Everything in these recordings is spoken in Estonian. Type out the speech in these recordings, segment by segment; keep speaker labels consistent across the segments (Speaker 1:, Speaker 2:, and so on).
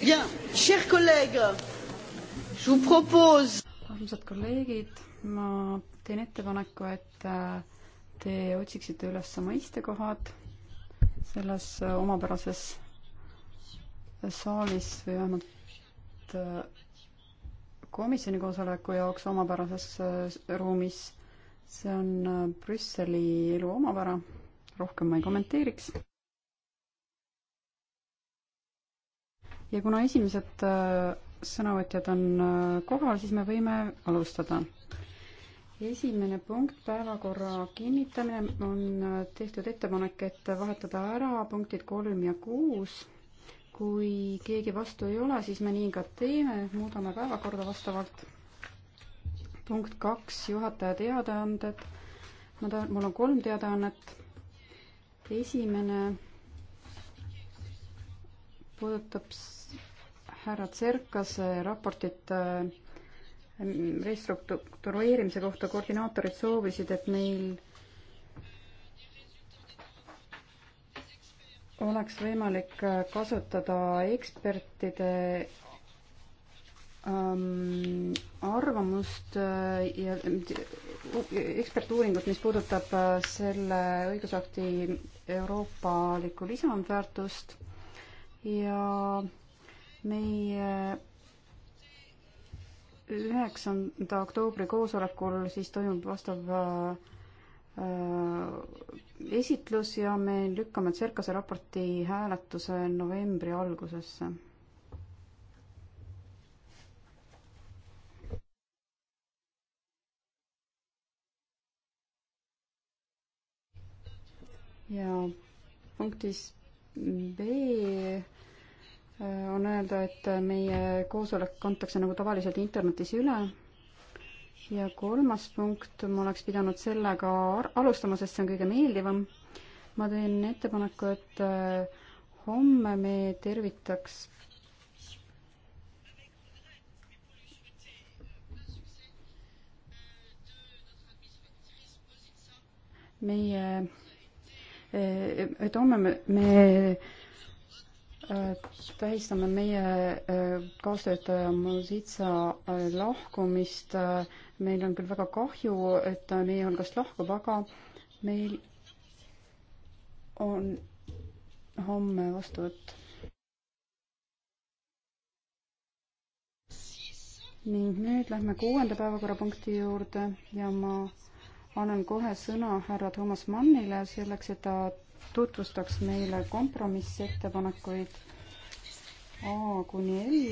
Speaker 1: Bien, chers collègues, je vous propose.
Speaker 2: armsad kolleegid, ma teen ettepaneku, et äh, te otsiksite üles mõistekohad selles äh, omapärases saalis või vähemalt äh, komisjoni koosoleku jaoks omapärases ruumis. see on Brüsseli elu omapära, rohkem ma ei kommenteeriks. ja kuna esimesed äh, sõnavõtjad on äh, kohal, siis me võime alustada. esimene punkt, päevakorra kinnitamine, on äh, tehtud ettepanek, et vahetada ära punktid kolm ja kuus. kui keegi vastu ei ole, siis me nii ka teeme, muudame päevakorda vastavalt. punkt kaks, juhataja teadaanded. ma tahan, mul on kolm teadaannet. esimene puudutab härra Tserkase raportit äh, restruktureerimise kohta koordinaatorid soovisid, et neil oleks võimalik äh, kasutada ekspertide ähm, arvamust äh, ja ekspertuuringut, mis puudutab selle õigusakti euroopalikku lisandväärtust ja meie äh, üheksanda oktoobri koosolekul siis toimub vastav äh, äh, esitlus ja me lükkame Tserkase raporti hääletuse novembri algusesse ja punktis B on öelda, et meie koosolek kantakse nagu tavaliselt internetis üle. ja kolmas punkt, ma oleks pidanud sellega alustama, sest see on kõige meeldivam. ma teen ettepaneku, et äh, homme me tervitaks meie, äh, et homme me, me tähistame meie äh, kaastöötaja Mositsa äh, lahkumist. Äh, meil on küll väga kahju, et ta meie hulgast lahkub, aga meil on homme vastuvõtt. ning nüüd lähme kuuenda päevakorrapunkti juurde ja ma annan kohe sõna härra Toomas Mannile selleks, et ta tutvustaks meile kompromissettepanekuid A kuni L,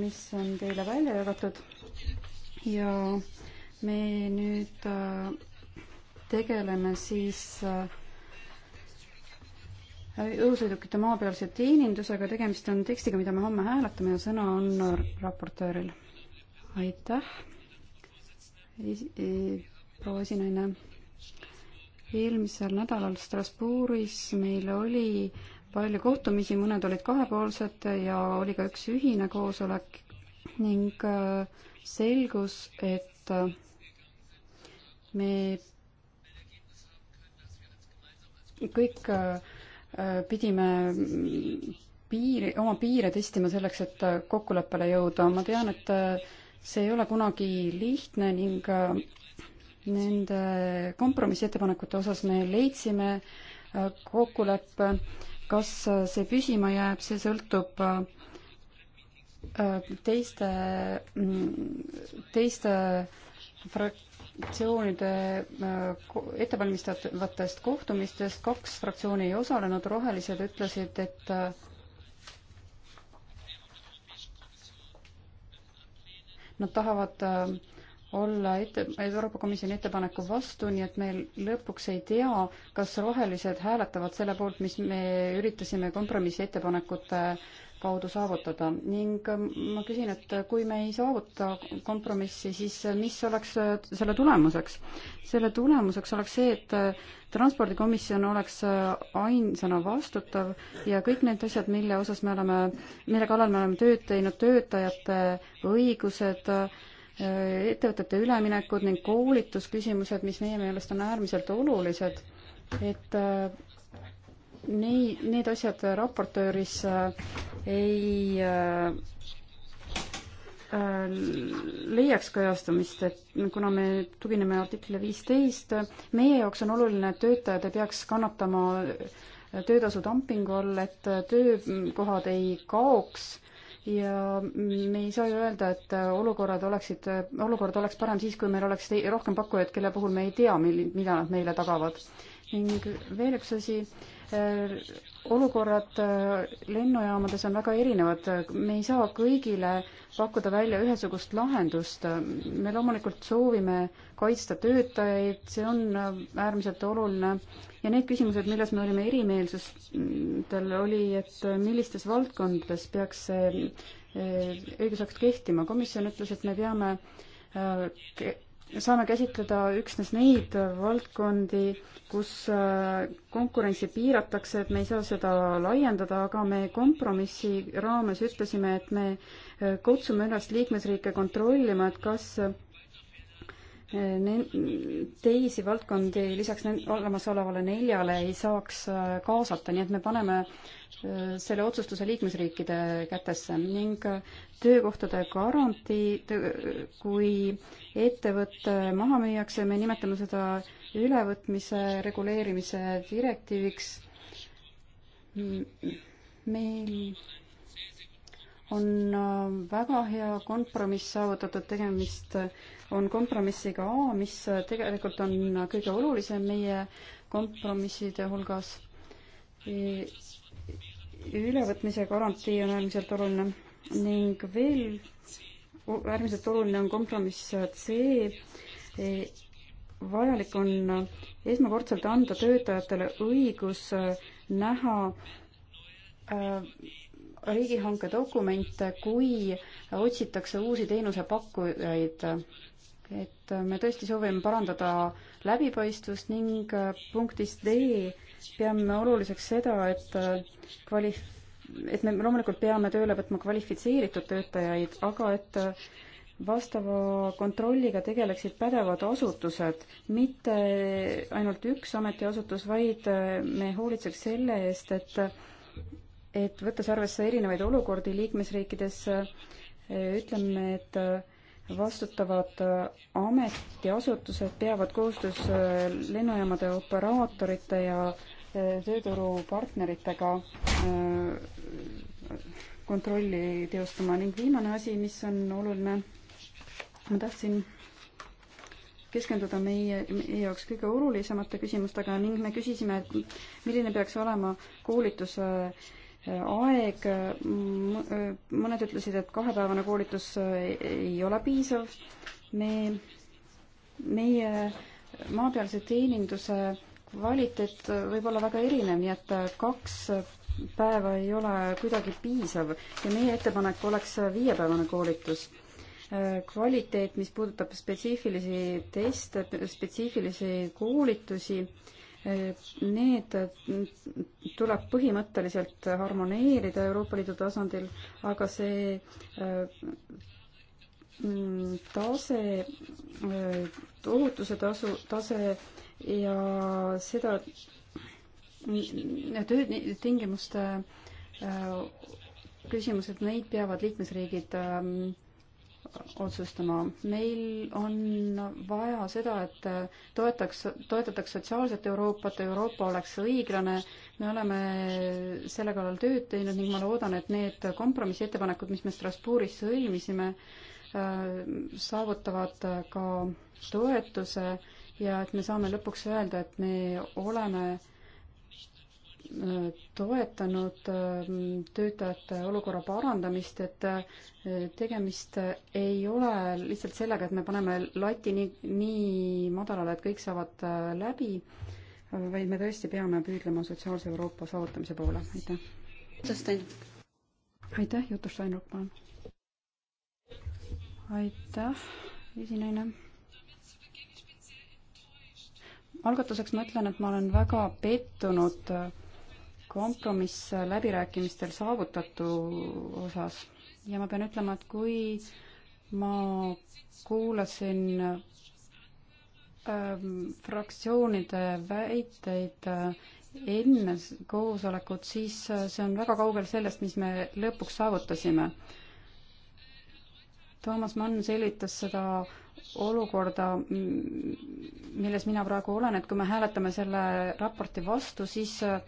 Speaker 2: mis on teile välja jagatud ja me nüüd äh, tegeleme siis äh, õhusõidukite maapealse teenindusega, tegemist on tekstiga, mida me homme hääletame ja sõna on raportööril. aitäh, e, proua esinaine eelmisel nädalal Strasbourgis meil oli palju kohtumisi, mõned olid kahepoolsed ja oli ka üks ühine koosolek ning äh, selgus, et äh, me kõik äh, pidime piiri, oma piire testima selleks, et kokkuleppele jõuda. ma tean, et see ei ole kunagi lihtne ning nende kompromissettepanekute osas me leidsime äh, kokkuleppe, kas äh, see püsima jääb, see sõltub äh, teiste, mm, teiste fraktsioonide ettevalmistavatest kohtumistest, kaks fraktsiooni ei osalenud, rohelised ütlesid, et nad tahavad äh, olla ette, Euroopa Komisjoni ettepaneku vastu, nii et me lõpuks ei tea, kas rohelised hääletavad selle poolt, mis me üritasime kompromissi ettepanekute kaudu saavutada ning ähm, ma küsin, et kui me ei saavuta kompromissi, siis äh, mis oleks äh, selle tulemuseks? selle tulemuseks oleks see, et äh, transpordikomisjon oleks ainsana vastutav ja kõik need asjad, mille osas me oleme, mille kallal me oleme tööd teinud, töötajate õigused äh,, ettevõtete üleminekud ning koolitusküsimused, mis meie meelest on äärmiselt olulised, et äh, nii, need asjad raportööris äh, ei äh, leiaks kajastamist, et kuna me tugineme artiklile viisteist, meie jaoks on oluline, et töötajad ei peaks kannatama töötasu dumpingu all, et töökohad ei kaoks ja me ei saa ju öelda, et olukorrad oleksid, olukord oleks parem siis, kui meil oleks rohkem pakkujaid, kelle puhul me ei tea, mil-, mida nad meile tagavad. ning veel üks asi, äh, olukorrad äh, lennujaamades on väga erinevad, me ei saa kõigile pakkuda välja ühesugust lahendust, me loomulikult soovime äh, kaitsta töötajaid, see on äh, äärmiselt oluline. ja need küsimused, milles me olime erimeelsustel, oli, et äh, millistes valdkondades peaks see äh, õigusakt kehtima. komisjon ütles, et me peame, saame käsitleda üksnes neid valdkondi, kus konkurentsi piiratakse, et me ei saa seda laiendada, aga me kompromissi raames ütlesime, et me kutsume üles liikmesriike kontrollima, et kas teisi valdkondi lisaks olemasolevale neljale ei saaks äh, kaasata, nii et me paneme äh, selle otsustuse liikmesriikide kätesse ning äh, töökohtade garantii, kui ettevõte maha müüakse, me nimetame seda ülevõtmise reguleerimise direktiiviks. meil on äh, väga hea kompromiss saavutatud, tegemist äh, on kompromissiga A, mis äh, tegelikult on kõige olulisem meie kompromisside hulgas. E, e, ülevõtmise garantii on äärmiselt oluline ning veel äärmiselt oluline on kompromiss C. E, vajalik on esmakordselt anda töötajatele õigus näha riigihanke dokumente, kui otsitakse uusi teenusepakkujaid. et me tõesti soovime parandada läbipaistvust ning punktis D peame oluliseks seda, et kvali-, et me loomulikult peame tööle võtma kvalifitseeritud töötajaid, aga et vastava kontrolliga tegeleksid pädevad asutused, mitte ainult üks ametiasutus, vaid me hoolitseks selle eest, et et võttes arvesse erinevaid olukordi liikmesriikides, ütleme, et vastutavad ametiasutused peavad koostöös lennujaamade operaatorite ja eh, tööturupartneritega eh, kontrolli teostama ning viimane asi, mis on oluline, ma tahtsin keskenduda meie, meie jaoks kõige olulisemate küsimustega ning me küsisime, et milline peaks olema koolituse äh, aeg, äh, mõned ütlesid, et kahepäevane koolitus äh, ei ole piisav. me, meie maapealse teeninduse kvaliteet võib olla väga erinev, nii et kaks päeva ei ole kuidagi piisav ja meie ettepanek oleks viiepäevane koolitus. Äh, kvaliteet, mis puudutab spetsiifilisi teste, spetsiifilisi koolitusi Need tuleb põhimõtteliselt harmoneerida Euroopa Liidu tasandil, aga see mm, tase, äh, ohutuse tasu, tase ja seda mm, töötingimuste äh, küsimused, neid peavad liikmesriigid ähm, otsustama. meil on vaja seda, et toetaks, toetataks sotsiaalset Euroopat, Euroopa oleks õiglane. me oleme selle kallal tööd teinud ning ma loodan, et need kompromissettepanekud, mis me Strasbourgis sõlmisime, äh, saavutavad ka toetuse ja et me saame lõpuks öelda, et me oleme äh, toetanud ähm, töötajate olukorra parandamist, et äh, tegemist ei ole lihtsalt sellega, et me paneme lati nii, nii madalale, et kõik saavad äh, läbi, vaid me tõesti peame püüdlema sotsiaalse Euroopa saavutamise poole, aitäh. aitäh, Jutu Steinruck, palun. aitäh, esinaine algatuseks ma ütlen, et ma olen väga pettunud äh, kompromiss läbirääkimistel saavutatu osas ja ma pean ütlema, et kui ma kuulasin ähm, fraktsioonide väiteid äh, enne koosolekut, siis äh, see on väga kaugel sellest, mis me lõpuks saavutasime. Toomas Mann selgitas seda olukorda, milles mina praegu olen, et kui me hääletame selle raporti vastu, siis äh,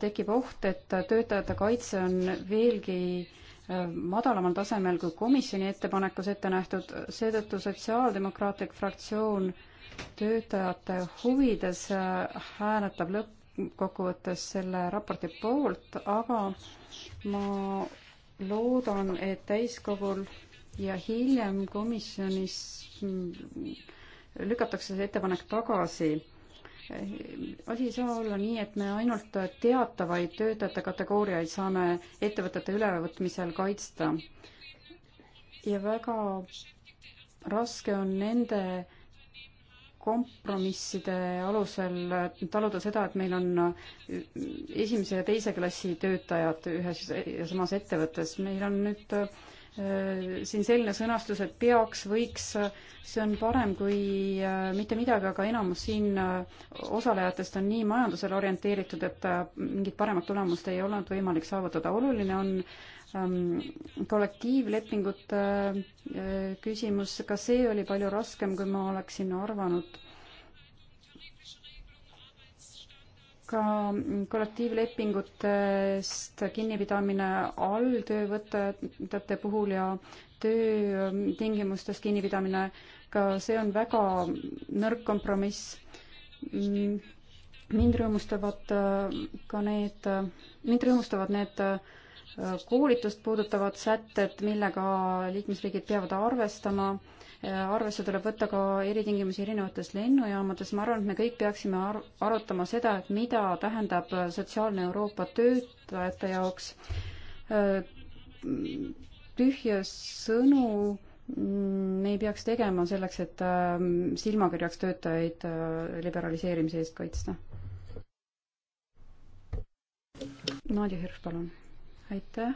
Speaker 2: tekib oht, et töötajate kaitse on veelgi äh, madalamal tasemel kui komisjoni ettepanekus ette nähtud, seetõttu Sotsiaaldemokraatlik fraktsioon töötajate huvides äh, hääletab lõppkokkuvõttes selle raporti poolt, aga ma loodan, et täiskogul ja hiljem komisjonis mm, lükatakse see ettepanek tagasi Eh, asi ei saa olla nii, et me ainult teatavaid töötajate kategooriaid saame ettevõtete ülevõtmisel kaitsta. ja väga raske on nende kompromisside alusel taluda seda, et meil on esimese ja teise klassi töötajad ühes ja samas ettevõttes. meil on nüüd äh, Äh, siin selline sõnastus, et peaks, võiks, see on parem kui äh, mitte midagi, aga enamus siin äh, osalejatest on nii majandusele orienteeritud, et mingit paremat tulemust ei olnud võimalik saavutada. oluline on ähm, kollektiivlepingute küsimus, ka see oli palju raskem, kui ma oleksin arvanud ka kollektiivlepingutest kinnipidamine alltöövõtjate puhul ja töötingimustest kinnipidamine, ka see on väga nõrk kompromiss. mind rõõmustavad äh, ka need, äh, mind rõõmustavad need äh, koolitust puudutavad sätted, millega liikmesriigid peavad arvestama äh, arvesse tuleb võtta ka eritingimusi erinevates lennujaamades. ma arvan, et me kõik peaksime ar arutama seda, et mida tähendab sotsiaalne Euroopa töötajate jaoks tühje sõnu me ei peaks tegema selleks, et ähm, silmakirjaks töötajaid äh, liberaliseerimise eest kaitsta. Nadja Hirš, palun. aitäh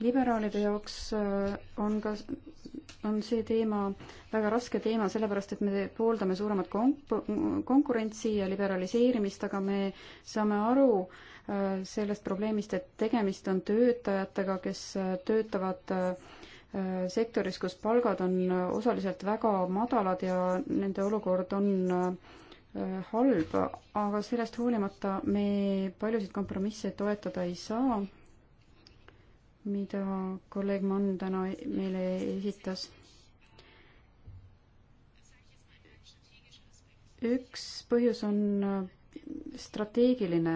Speaker 2: liberaalide jaoks äh, on ka, on see teema väga raske teema, sellepärast et me pooldame suuremat konk-, konkurentsi ja liberaliseerimist, aga me saame aru äh, sellest probleemist, et tegemist on töötajatega, kes äh, töötavad sektoris, kus palgad on osaliselt väga madalad ja nende olukord on halb, aga sellest hoolimata me paljusid kompromisse toetada ei saa mida kolleeg Mann täna meile esitas. üks põhjus on strateegiline.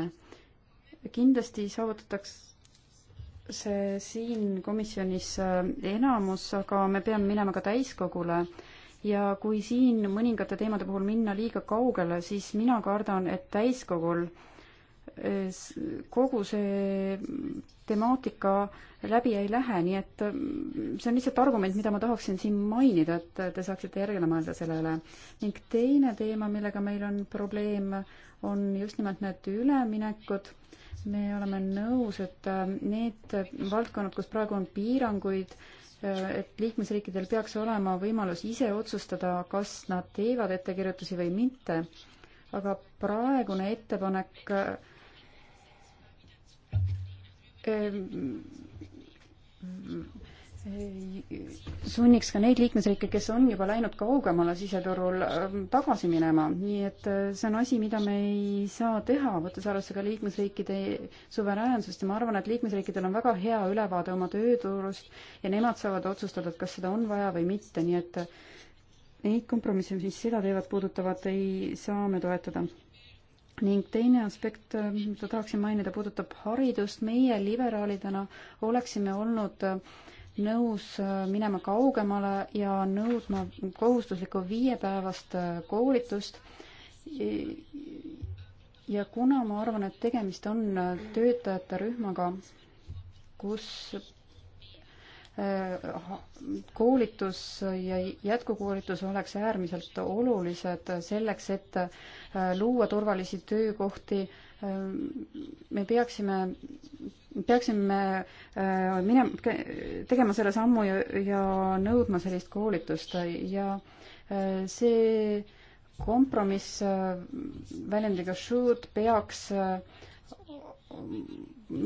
Speaker 2: kindlasti saavutatakse siin komisjonis enamus, aga me peame minema ka täiskogule ja kui siin mõningate teemade puhul minna liiga kaugele, siis mina kardan, et täiskogul ka kogu see temaatika läbi ei lähe, nii et mm, see on lihtsalt argument, mida ma tahaksin siin mainida, et te saaksite järgele mõelda selle üle. ning teine teema, millega meil on probleem, on just nimelt need üleminekud me oleme nõus, et äh, need valdkonnad, kus praegu on piiranguid, äh, et liikmesriikidel peaks olema võimalus ise otsustada, kas nad teevad ettekirjutusi või mitte, aga praegune ettepanek äh,
Speaker 1: sunniks
Speaker 2: ka neid liikmesriike, kes on juba läinud kaugemale siseturul, tagasi minema, nii et see on asi, mida me ei saa teha, võttes arvesse ka liikmesriikide suveräänsust ja ma arvan, et liikmesriikidel on väga hea ülevaade oma tööturust ja nemad saavad otsustada, et kas seda on vaja või mitte, nii et neid kompromisse, mis seda teevad, puudutavad, ei saa me toetada ning teine aspekt, äh, mida tahaksin mainida, puudutab haridust. meie liberaalidena oleksime olnud äh, nõus äh, minema kaugemale ja nõudma kohustuslikku viiepäevast koolitust. ja kuna ma arvan, et tegemist on töötajate rühmaga, kus koolitus ja jätkukoolitus oleks äärmiselt olulised selleks, et äh, luua turvalisi töökohti. Äh, me peaksime, peaksime äh, minema, tegema selle sammu ja, ja nõudma sellist koolitust ja see kompromiss väljendiga should peaks äh,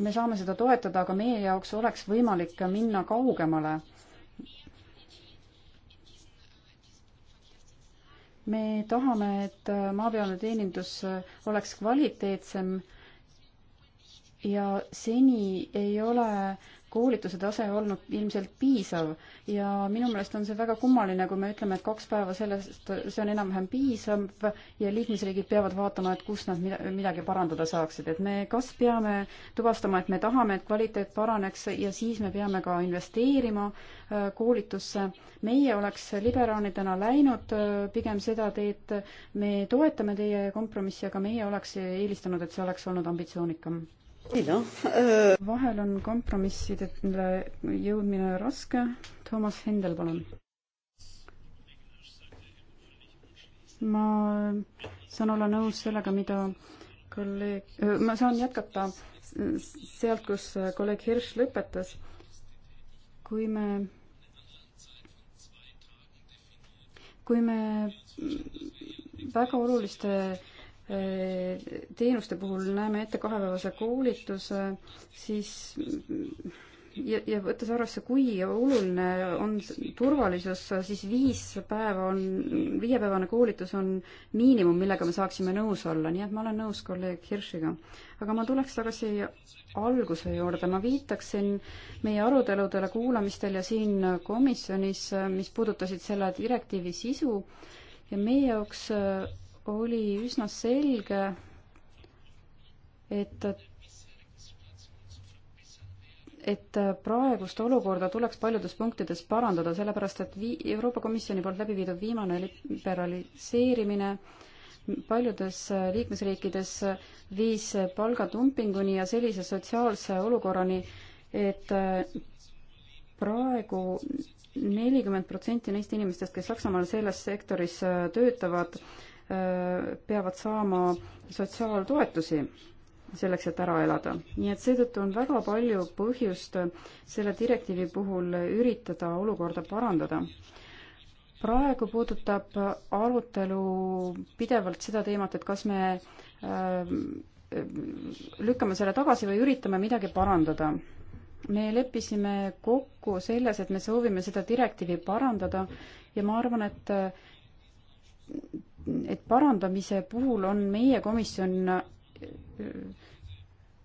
Speaker 2: me saame seda toetada, aga meie jaoks oleks võimalik minna kaugemale. me tahame, et maapealne teenindus oleks kvaliteetsem ja seni ei ole koolituse tase olnud ilmselt piisav ja minu meelest on see väga kummaline, kui me ütleme, et kaks päeva sellest, see on enam-vähem piisav ja liikmesriigid peavad vaatama, et kus nad midagi parandada saaksid, et me kas peame tuvastama, et me tahame, et kvaliteet paraneks ja siis me peame ka investeerima äh, koolitusse. meie oleks liberaalidena läinud äh, pigem seda teed, me toetame teie kompromissi, aga meie oleks eelistanud, et see oleks olnud ambitsioonikam vahel on kompromissidele jõudmine raske. Toomas Hendel, palun. ma saan olla nõus sellega, mida kolleeg, ma saan jätkata sealt, kus kolleeg Hirš lõpetas. kui me, kui me väga oluliste teenuste puhul näeme ette kahepäevase koolituse, siis ja, ja võttes arvesse, kui oluline on turvalisus, siis viis päeva on, viiepäevane koolitus on miinimum, millega me saaksime nõus olla, nii et ma olen nõus kolleeg Hirschiga. aga ma tuleks tagasi alguse juurde, ma viitaksin meie aruteludele kuulamistel ja siin komisjonis, mis puudutasid selle direktiivi sisu ja meie jaoks oli üsna selge, et et praegust olukorda tuleks paljudes punktides parandada, sellepärast et vii-, Euroopa Komisjoni poolt läbi viidud viimane liberaliseerimine paljudes liikmesriikides viis palgatumpinguni ja sellise sotsiaalse olukorrani, et praegu nelikümmend protsenti neist inimestest, kes Saksamaal selles sektoris töötavad, peavad saama sotsiaaltoetusi selleks, et ära elada. nii et seetõttu on väga palju põhjust selle direktiivi puhul üritada olukorda parandada. praegu puudutab arutelu pidevalt seda teemat, et kas me äh, lükkame selle tagasi või üritame midagi parandada. me leppisime kokku selles, et me soovime seda direktiivi parandada ja ma arvan, et et parandamise puhul on meie komisjon äh,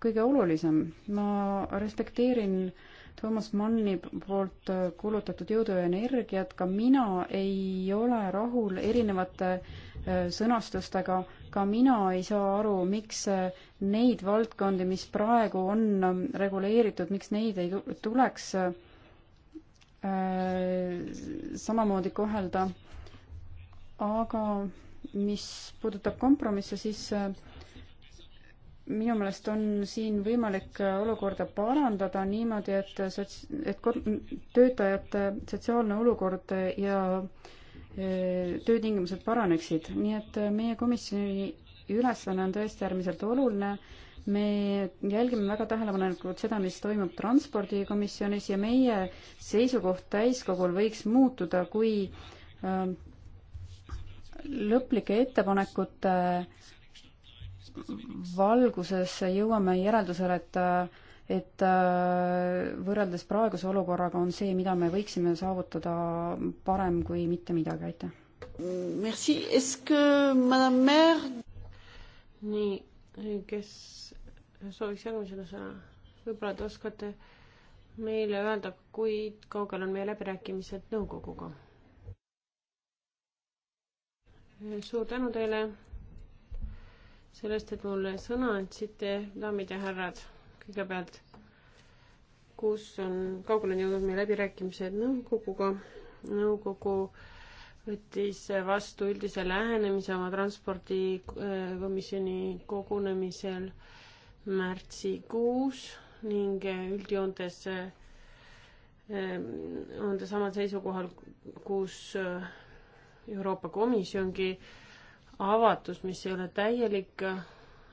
Speaker 2: kõige olulisem. ma respekteerin Toomas Manni poolt kulutatud jõudu ja energiat, ka mina ei ole rahul erinevate äh, sõnastustega, ka mina ei saa aru, miks äh, neid valdkondi, mis praegu on ähm, reguleeritud, miks neid ei tuleks samamoodi kohelda. aga mis puudutab kompromisse, siis äh, minu meelest on siin võimalik äh, olukorda parandada niimoodi, et äh, sots-, et kod-, töötajate sotsiaalne olukord ja töötingimused paraneksid, nii et meie komisjoni ülesanne on tõesti äärmiselt oluline. me jälgime väga tähelepanelikult seda, mis toimub transpordikomisjonis ja meie seisukoht täiskogul võiks muutuda, kui lõplike ettepanekute valguses jõuame järeldusele, et et äh, võrreldes praeguse olukorraga on see, mida me võiksime saavutada, parem kui mitte midagi, aitäh. Merci, est-ce que madame Mer?
Speaker 3: nii, kes sooviks järgmisena sõna? võib-olla te oskate meile öelda, kui kaugel on meie läbirääkimised nõukoguga? suur tänu teile sellest, et mulle sõna andsite, daamid ja härrad, kõigepealt, kus on, kaugele on jõudnud meie läbirääkimised nõukoguga. nõukogu võttis vastu üldise lähenemise oma transpordikomisjoni kogunemisel märtsikuus ning üldjoontes eh, on ta samal seisukohal, kus eh, Euroopa Komisjongi avatus, mis ei ole täielik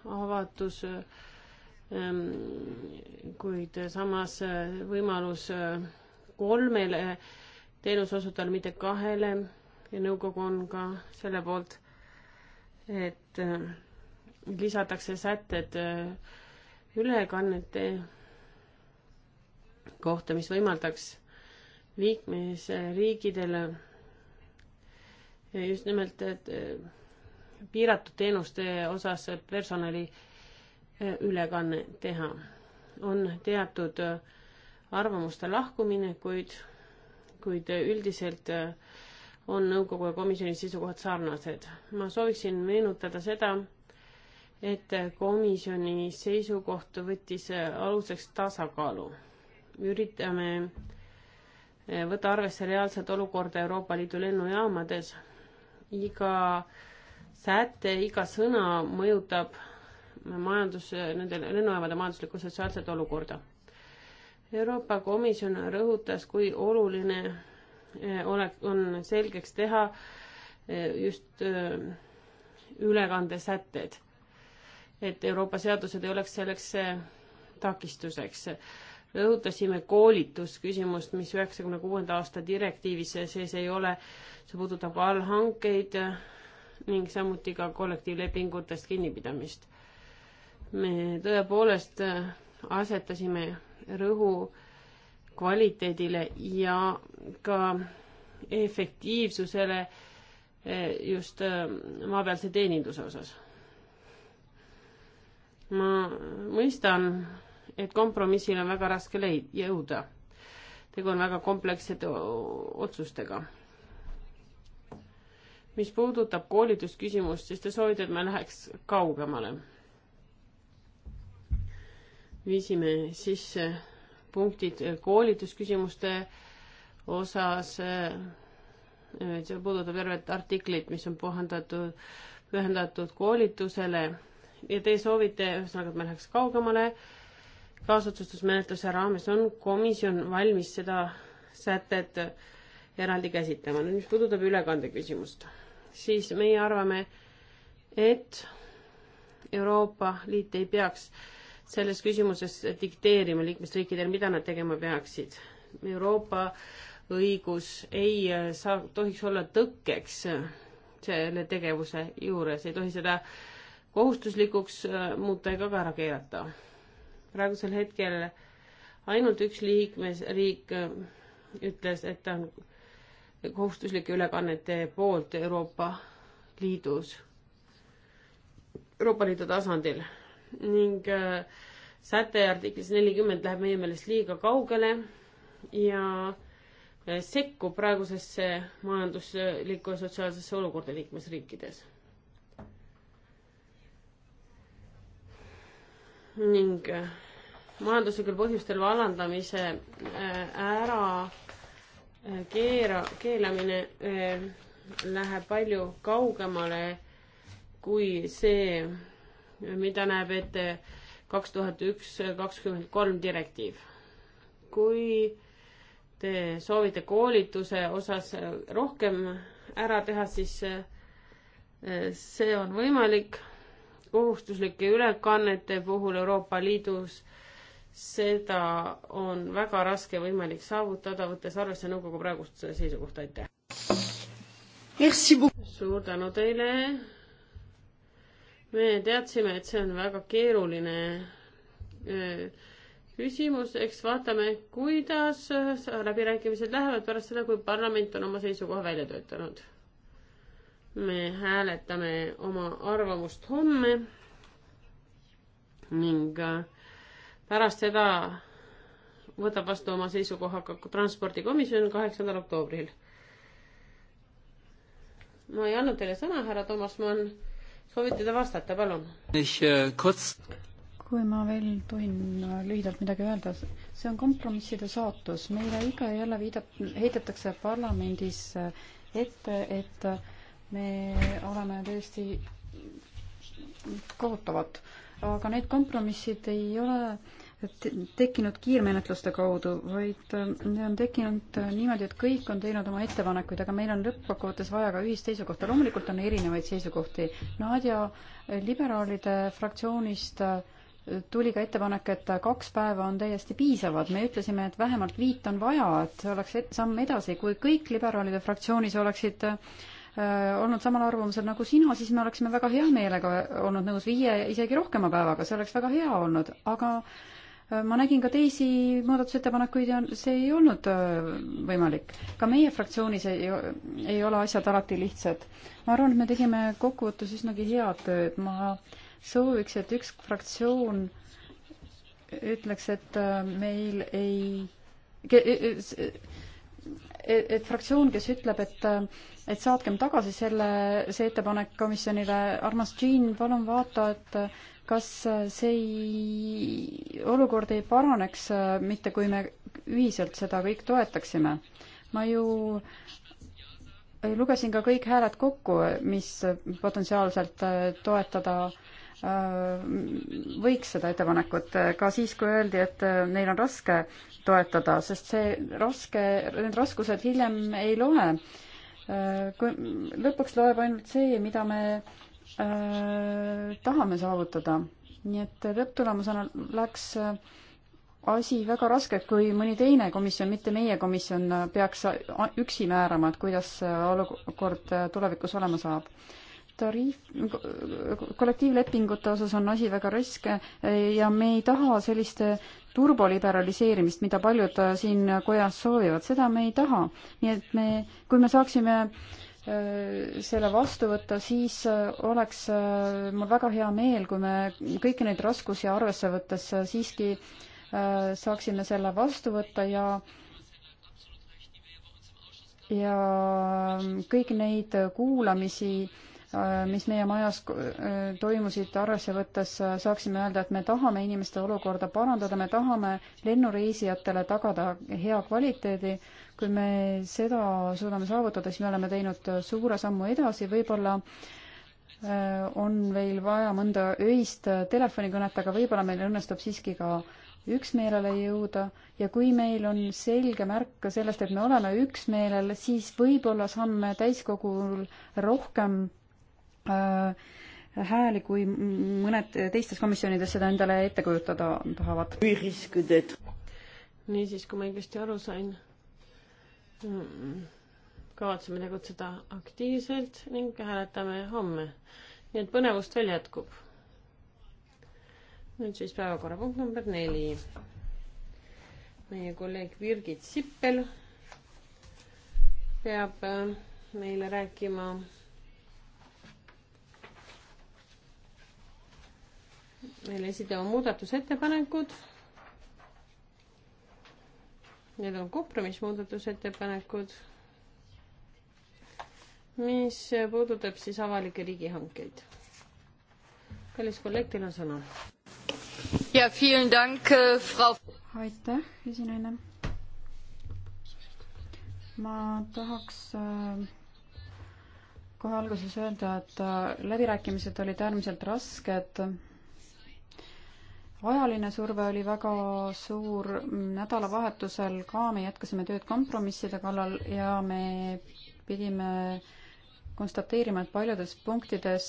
Speaker 3: avatus, ehm, kuid samas eh, võimalus eh, kolmele teenuseosutajale, mitte kahele ja nõukogu on ka selle poolt, et eh, lisatakse sätted ülekannete kohta, mis võimaldaks liikmesriigidele just nimelt eh, piiratud teenuste osas personali eh, ülekanne teha. on teatud eh, arvamuste lahkumine, kuid, kuid üldiselt on nõukogu ja komisjoni seisukohad sarnased. ma sooviksin meenutada seda, et komisjoni seisukoht võttis aluseks tasakaalu. üritame võtta arvesse reaalset olukorda Euroopa Liidu lennujaamades iga säte, iga sõna mõjutab majandus, nende lennujaamade majanduslikku sotsiaalset olukorda. Euroopa Komisjon rõhutas, kui oluline eh, ole, on selgeks teha eh, just eh, ülekandesätted, et Euroopa seadused ei oleks selleks takistuseks rõhutasime koolitusküsimust, mis üheksakümne kuuenda aasta direktiivis sees ei ole. see puudutab allhankeid ning samuti ka kollektiivlepingutest kinnipidamist. me tõepoolest asetasime rõhu kvaliteedile ja ka efektiivsusele just maapealse teeninduse osas. ma mõistan et kompromissile on väga raske leid-, jõuda. tegu on väga komplekssete otsustega. mis puudutab koolitusküsimust, siis te soovite, et me läheks kaugemale. viisime sisse punktid koolitusküsimuste osas, see puudutab tervet artiklit, mis on puhandatud, pühendatud koolitusele ja te soovite, ühesõnaga, et me läheks kaugemale kaasotsustusmenetluse raames on komisjon valmis seda sätet eraldi käsitlema. nüüd, mis puudutab ülekande küsimust, siis meie arvame, et Euroopa Liit ei peaks selles küsimuses dikteerima liikmesriikidele, mida nad tegema peaksid. Euroopa õigus ei saa, tohiks olla tõkkeks selle tegevuse juures, ei tohi seda kohustuslikuks muuta ega ka ära keelata praegusel hetkel ainult üks liikmesriik äh, ütles, et ta on kohustuslike ülekannete poolt Euroopa Liidus, Euroopa Liidu tasandil ning äh, säte artiklis nelikümmend läheb meie meelest liiga kaugele ja äh, sekkub praegusesse majanduslikku ja sotsiaalsesse olukorda liikmesriikides. ning äh, majanduslikel põhjustel vallandamise äh, ära äh, keera, keelamine läheb palju kaugemale kui see, mida näeb ette kaks tuhat üks kakskümmend kolm direktiiv. kui te soovite koolituse osas rohkem ära teha, siis see on võimalik kohustuslike ülekannete puhul Euroopa Liidus, seda on väga raske võimalik saavutada, võttes arvesse nõukogu praegust seisukohta, aitäh! suur tänu teile! me teadsime, et see on väga keeruline küsimus, eks vaatame, kuidas läbirääkimised lähevad pärast seda, kui parlament on oma seisukoha välja töötanud me hääletame oma arvamust homme ning äh, pärast seda võtab vastu oma seisukoha ka transpordikomisjon kaheksandal oktoobril. ma ei andnud teile sõna, härra Toomas Mann, soovite te vastata, palun?
Speaker 1: Äh,
Speaker 2: kui ma veel tohin äh, lühidalt midagi öelda, see on kompromisside saatus, meile ikka ja jälle viidab, heidetakse parlamendis ette, et, et me oleme tõesti kaotavad, aga need kompromissid ei ole tekkinud kiirmenetluste kaudu, vaid äh, need on tekkinud äh, niimoodi, et kõik on teinud oma ettepanekuid, aga meil on lõppkokkuvõttes vaja ka ühist seisukohta. loomulikult on erinevaid seisukohti. Nadja äh, liberaalide fraktsioonist tuli ka ettepanek, et kaks päeva on täiesti piisavad. me ütlesime, et vähemalt viit on vaja, et see oleks et samm edasi. kui kõik liberaalide fraktsioonis oleksid äh, Äh, olnud samal arvamusel nagu sina, siis me oleksime väga hea meelega olnud nõus viie, isegi rohkema päevaga, see oleks väga hea olnud, aga äh, ma nägin ka teisi muudatusettepanekuid ja see ei olnud äh, võimalik. ka meie fraktsioonis ei, ei ole asjad alati lihtsad. ma arvan, et me tegime kokkuvõttes üsnagi head tööd, ma sooviks, et üks fraktsioon ütleks, et meil ei e-, e-, et, et fraktsioon, kes ütleb, et et saatkem tagasi selle, see ettepanek komisjonile, armas Jean, palun vaata, et kas see ei, olukord ei paraneks mitte, kui me ühiselt seda kõik toetaksime. ma ju lugesin ka kõik hääled kokku, mis potentsiaalselt toetada äh, Äh, võiks seda ettepanekut äh, ka siis, kui öeldi, et äh, neil on raske toetada, sest see raske, need raskused hiljem ei loe. kui lõpuks loeb ainult see, mida me äh, tahame saavutada. nii et lõpptulemusena läks asi väga raske, kui mõni teine komisjon, mitte meie komisjon, peaks üksi määrama, et kuidas olukord tulevikus olema saab tariif, kollektiivlepingute osas on asi väga raske eh, ja me ei taha sellist eh, turboliberaliseerimist, mida paljud eh, siin kojas soovivad, seda me ei taha. nii et me, kui me saaksime selle vastu võtta, siis oleks mul väga hea meel, kui me kõiki neid raskusi arvesse võttes siiski saaksime selle vastu võtta ja ja kõiki neid kuulamisi Äh, mis meie majas äh, toimusid arvesse võttes, äh, saaksime öelda, et me tahame inimeste olukorda parandada, me tahame lennureisijatele tagada hea kvaliteedi. kui me seda suudame saavutada, siis me oleme teinud suure sammu edasi, võib-olla on veel vaja mõnda öist telefonikõnet, aga võib-olla meil õnnestub siiski ka üksmeelele jõuda ja kui meil on selge märk sellest, et me oleme üksmeelel, siis võib-olla saame täiskogul rohkem Äh, hääli, kui mõned teistes komisjonides seda endale ette kujutada tahavad. niisiis, kui ma õigesti aru sain,
Speaker 3: mm, kavatseme tegutseda aktiivselt ning hääletame homme. nii et põnevust veel jätkub. nüüd siis päevakorrapunkt number neli. meie kolleeg Birgit Sippel peab äh, meile rääkima meile esitama muudatusettepanekud. Need on kompromissmuudatusettepanekud, mis puudutab siis
Speaker 2: avalikke riigihankeid. kallis kolleeg, teil on sõna. ja, dank, äh, Frau. aitäh, esinaine. ma tahaks äh, kohe alguses öelda, et äh, läbirääkimised olid äärmiselt rasked ajaline surve oli väga suur, nädalavahetusel ka me jätkasime tööd kompromisside kallal ja me pidime konstateerima, et paljudes punktides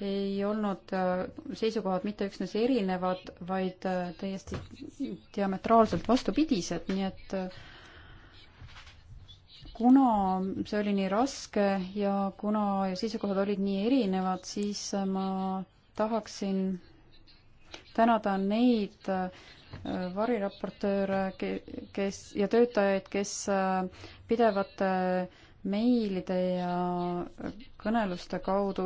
Speaker 2: ei olnud seisukohad mitte üksnes erinevad, vaid täiesti diametraalselt vastupidised, nii et kuna see oli nii raske ja kuna seisukohad olid nii erinevad, siis ma tahaksin tänada neid äh, variraportööre, kes ja töötajaid, kes äh, pidevate meilide ja kõneluste kaudu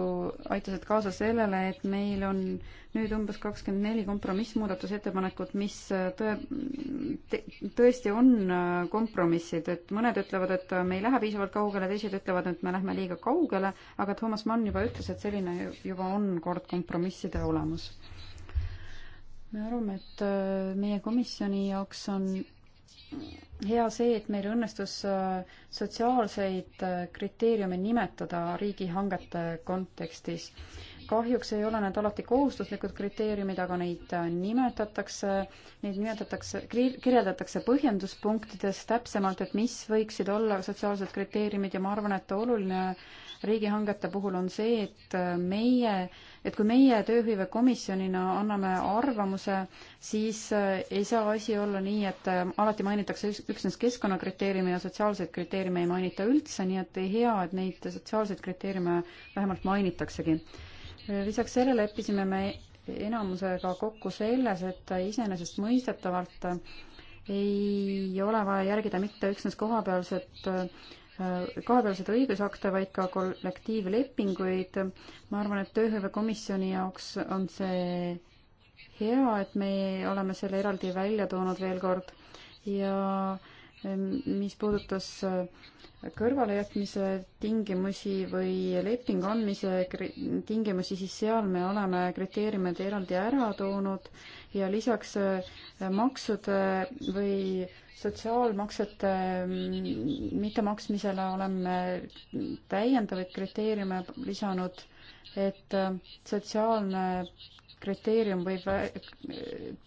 Speaker 2: aitasid kaasa sellele, et meil on nüüd umbes kakskümmend neli kompromissmuudatusettepanekut, mis äh, tõe, tõesti on kompromissid, et mõned ütlevad, et me ei lähe piisavalt kaugele, teised ütlevad, et me lähme liiga kaugele, aga Toomas Mann juba ütles, et selline juba on kord kompromisside olemus me arvame, et äh, meie komisjoni jaoks on hea see, et meil õnnestus äh, sotsiaalseid äh, kriteeriume nimetada riigihangete kontekstis. kahjuks ei ole need alati kohustuslikud kriteeriumid, aga neid nimetatakse, neid nimetatakse, kirjeldatakse põhjenduspunktides täpsemalt, et mis võiksid olla sotsiaalsed kriteeriumid ja ma arvan, et oluline riigihangete puhul on see, et meie, et kui meie tööhõivekomisjonina anname arvamuse, siis äh, ei saa asi olla nii, et äh, alati mainitakse üksnes keskkonnakriteeriume ja sotsiaalseid kriteeriume ei mainita üldse, nii et hea, et neid sotsiaalseid kriteeriume vähemalt mainitaksegi. lisaks sellele leppisime me enamusega kokku selles, et iseenesestmõistetavalt ei ole vaja järgida mitte üksnes kohapealset äh, Äh, kahepoolseid õigusakte, vaid ka kollektiivlepinguid. ma arvan, et tööhõivekomisjoni jaoks on see hea, et me oleme selle eraldi välja toonud veel kord ja ähm, mis puudutas äh, kõrvalejätmise tingimusi või lepingu andmise tingimusi, siis seal me oleme kriteeriumid eraldi ära toonud ja lisaks äh, maksude või sotsiaalmaksete mm, mittemaksmisele oleme täiendavaid kriteeriume lisanud, et äh, sotsiaalne kriteerium võib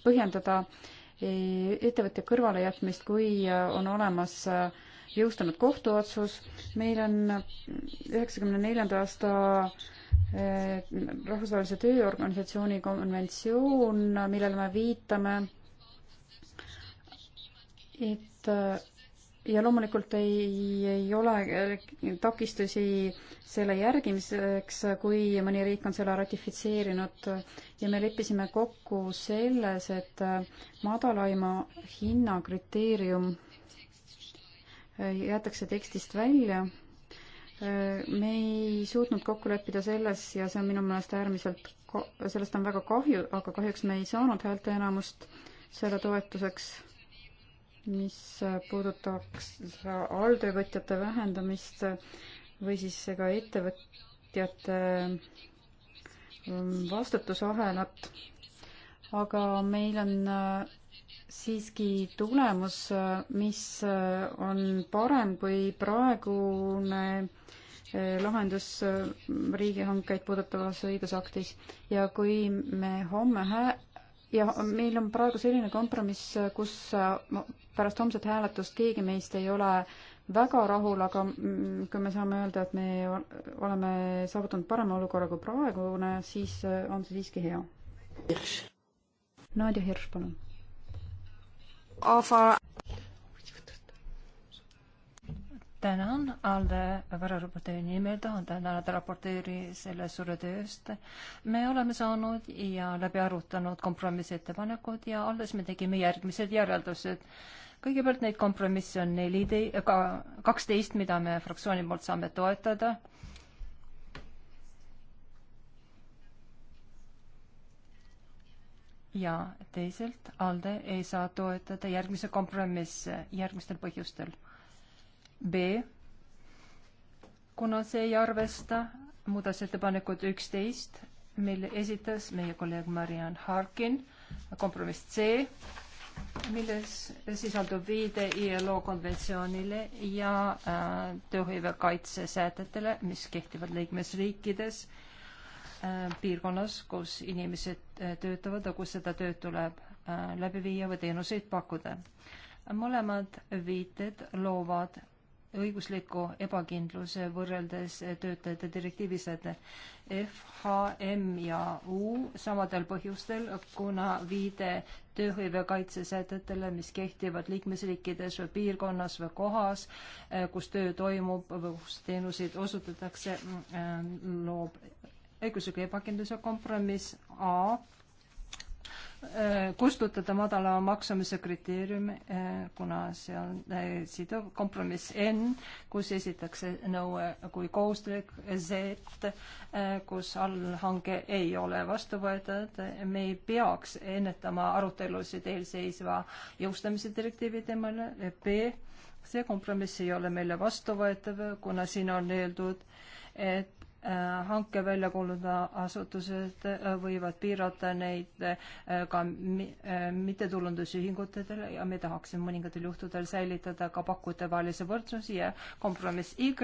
Speaker 2: põhjendada äh, ettevõtja kõrvalejätmist, kui äh, on olemas jõustunud kohtuotsus. meil on üheksakümne neljanda aasta rahvusvahelise tööorganisatsiooni konventsioon, millele me viitame et ja loomulikult ei, ei ole eh, takistusi selle järgimiseks, kui mõni riik on selle ratifitseerinud ja me leppisime kokku selles, et madalaima hinna kriteerium eh, jäetakse tekstist välja. Eh, me ei suutnud kokku leppida selles ja see on minu meelest äärmiselt, sellest on väga kahju, aga kahjuks me ei saanud häälteenamust selle toetuseks mis puudutaks alltöövõtjate vähendamist või siis ka ettevõtjate mm, vastutusahelat. aga meil on äh, siiski tulemus, äh, mis äh, on parem kui praegune lahendus riigihankeid puudutavas õigusaktis ja kui me homme hää- ja meil on praegu selline kompromiss, kus pärast homset hääletust keegi meist ei ole väga rahul, aga kui me saame öelda, et me oleme saavutanud parema olukorra kui praegune, siis äh, on see siiski hea. Nadja Hirš, palun.
Speaker 4: tänan Alde vararaportööri nimel, tahan tänada raportööri selle suure töö eest. me oleme saanud ja läbi arutanud kompromissettepanekud ja alles me tegime järgmised järeldused. kõigepealt neid kompromisse on neli, ka kaksteist, mida me fraktsiooni poolt saame toetada. ja teisalt, ALDE ei saa toetada järgmise kompromisse järgmistel põhjustel B, kuna see ei arvesta muudatusettepanekut üksteist, mille esitas meie kolleeg Mariann Harkin, kompromiss C, milles sisaldub viide ILO konventsioonile ja äh, tööhõive kaitsesätetele, mis kehtivad liikmesriikides äh, piirkonnas, kus inimesed äh, töötavad ja kus seda tööd tuleb äh, läbi viia või teenuseid pakkuda. mõlemad viited loovad õigusliku ebakindluse võrreldes töötajate direktiivised FHM ja U samadel põhjustel, kuna viide tööhõive kaitsesätetele, mis kehtivad liikmesriikides või piirkonnas või kohas, eh, kus töö toimub või kus teenuseid osutatakse, mm, eh, loob õigusliku ebakindluse kompromiss A Äh, kustutada madala maksumise kriteerium, äh, kuna see äh, on siduv kompromiss N, kus esitakse nõue kui kohustuslik Z, kus allhange ei ole vastu võetud. me ei peaks ennetama arutelusid eelseisva jõustamise direktiivi teemal. B, see kompromiss ei ole meile vastuvõetav, kuna siin on öeldud, et Äh, hanke välja kuulutada asutused äh, võivad piirata neid äh, ka mittetulundusühingutele ja me tahaksime mõningatel juhtudel säilitada ka pakkujatevahelise võrdsuse ja kompromiss Y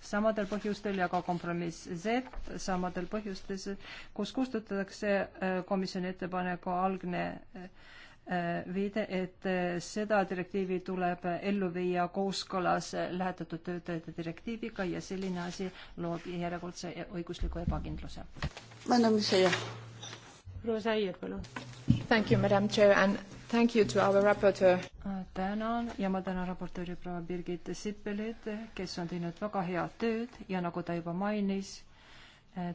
Speaker 4: samadel põhjustel ja ka kompromiss Z samadel põhjustes, kus kustutatakse komisjoni ettepaneku algne äh, viide, et äh, seda direktiivi tuleb ellu viia kooskõlas äh, lähetatud töötajate direktiiviga ja selline asi loob järjekordse õigusliku ebakindluse. proua Saier, palun. Thank you, madam chair and thank you to our raportöör. Äh, tänan ja ma tänan raportööri proua Birgit Sippelit, kes on teinud väga head tööd ja nagu ta juba mainis,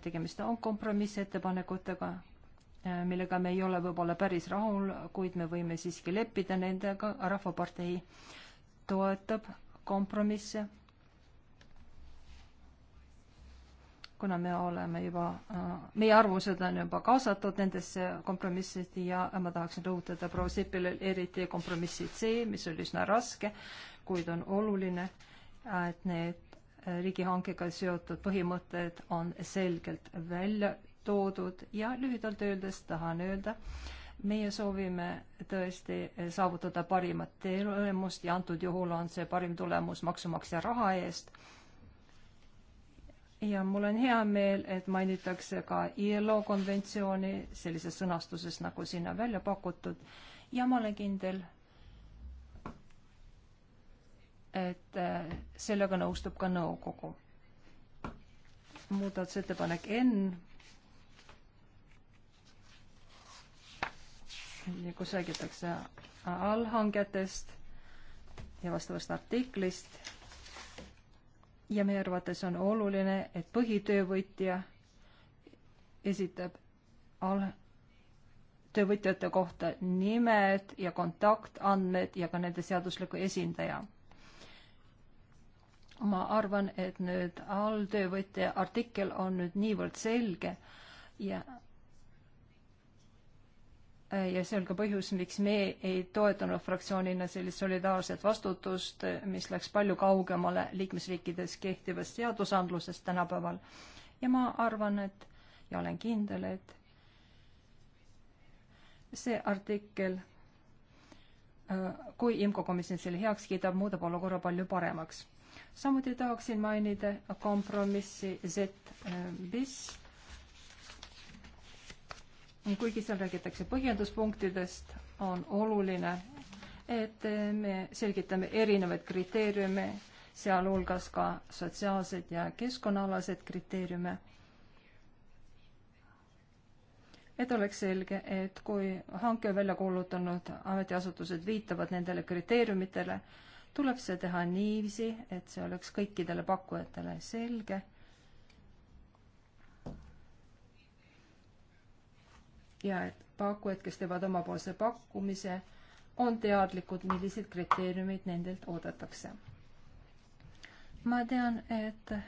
Speaker 4: tegemist on kompromissettepanekutega Äh, millega me ei ole võib-olla päris rahul, kuid me võime siiski leppida nendega, Rahvapartei toetab kompromisse. kuna me oleme juba, äh, meie arvamused on juba kaasatud nendesse kompromissidesse ja ma tahaksin rõhutada proua Sipilil eriti kompromissi C, mis oli üsna raske, kuid on oluline, et need riigihankega seotud põhimõtted on selgelt välja toodud ja lühidalt öeldes tahan öelda, meie soovime tõesti saavutada parimat tulemust ja antud juhul on see parim tulemus maksumaksja raha eest. ja mul on hea meel, et mainitakse ka ILO konventsiooni sellises sõnastuses, nagu sinna välja pakutud ja ma olen kindel, et äh, sellega nõustub ka nõukogu. muudatusettepanek N kus räägitakse allhangetest ja vastavast artiklist. ja meie arvates on oluline, et põhitöövõtja esitab al-, töövõtjate kohta nimed ja kontaktandmed ja ka nende seadusliku esindaja. ma arvan, et nüüd alltöövõtja artikkel on nüüd niivõrd selge ja ja see on ka põhjus, miks me ei toetanud fraktsioonina sellist solidaarset vastutust, mis läks palju kaugemale liikmesriikides kehtivast seadusandlusest tänapäeval. ja ma arvan, et ja olen kindel, et see artikkel, äh, kui IMCO komisjon selle heaks kiidab, muudab olukorra palju paremaks. samuti tahaksin mainida kompromissi Z-BIS äh, kuigi seal räägitakse põhjenduspunktidest, on oluline, et me selgitame erinevaid kriteeriume, sealhulgas ka sotsiaalsed ja keskkonnaalased kriteeriume. et oleks selge, et kui hanke välja kuulutanud ametiasutused viitavad nendele kriteeriumitele, tuleb see teha niiviisi, et see oleks kõikidele pakkujatele selge ja et pakkujad, kes teevad omapoolse pakkumise, on teadlikud, milliseid kriteeriumeid nendelt oodatakse. ma tean, et ähm,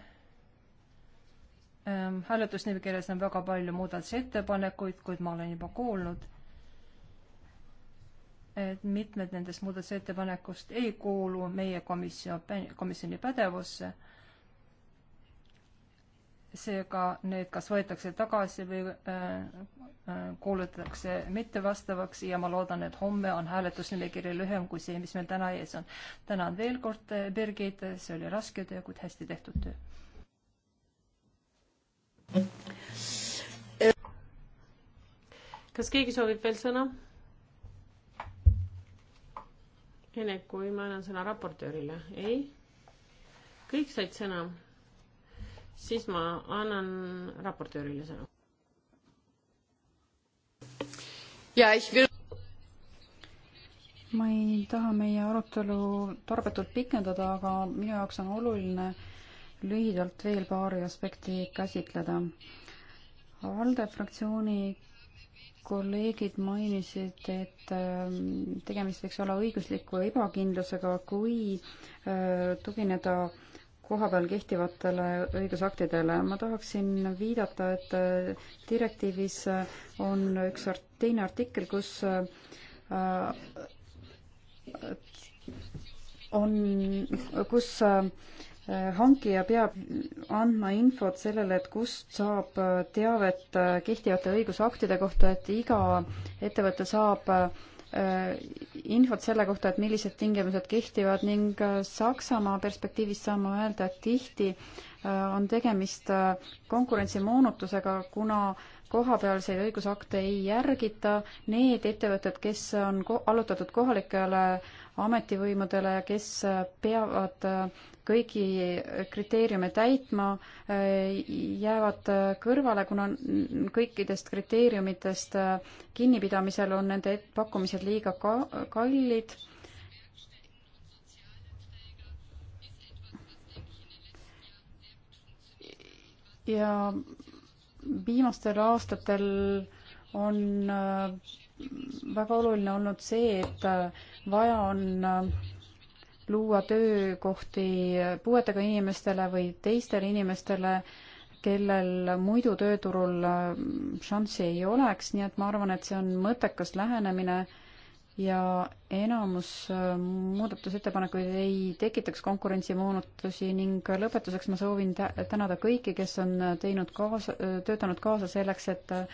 Speaker 4: hääletusnimekirjas on väga palju muudatusettepanekuid, kuid ma olen juba kuulnud, et mitmed nendest muudatusettepanekust ei kuulu meie komisjon, komisjoni pädevusse äh, seega need kas võetakse tagasi või äh, äh, kuulutatakse mittevastavaks ja ma loodan, et homme on hääletusnimekiri lühem kui see, mis meil täna ees on. tänan veel kord, äh, Birgit, see oli raske töö, kuid hästi tehtud töö.
Speaker 3: kas keegi soovib veel sõna? enne kui ma annan sõna raportöörile, ei? kõik said sõna siis ma annan raportöörile sõna.
Speaker 1: ja,
Speaker 2: will... ma ei taha meie arutelu tarbetult pikendada, aga minu jaoks on oluline lühidalt veel paari aspekti käsitleda. ALDE fraktsiooni kolleegid mainisid, et ähm, tegemist võiks olla õigusliku ebakindlusega, kui äh, tugineda äh, kohapeal kehtivatele õigusaktidele. ma tahaksin viidata, et äh, direktiivis äh, on üks art-, teine artikkel, kus äh, on, kus hankija peab andma infot sellele, et kust saab teavet kehtivate õigusaktide kohta, et iga ettevõte saab äh, Äh, infot selle kohta, et millised tingimused kehtivad ning äh, Saksamaa perspektiivist saan ma öelda, et tihti äh, on tegemist konkurentsimoonutusega, kuna kohapealseid õigusakte ei järgita, need ettevõtted, kes on ko allutatud kohalikele ametivõimudele ja kes peavad kõigi kriteeriume täitma, äh, jäävad kõrvale, kuna kõikidest kriteeriumitest äh, kinnipidamisel on nende pakkumised liiga ka-, kallid. ja viimastel aastatel on äh, väga oluline olnud see, et vaja on äh, luua töökohti puuetega inimestele või teistele inimestele, kellel muidu tööturul äh, šanssi ei oleks, nii et ma arvan, et see on mõttekas lähenemine ja enamus äh, muudatusettepanekuid ei tekitaks konkurentsimoonutusi ning lõpetuseks ma soovin tänada kõiki, kes on teinud kaasa, töötanud kaasa selleks, et äh,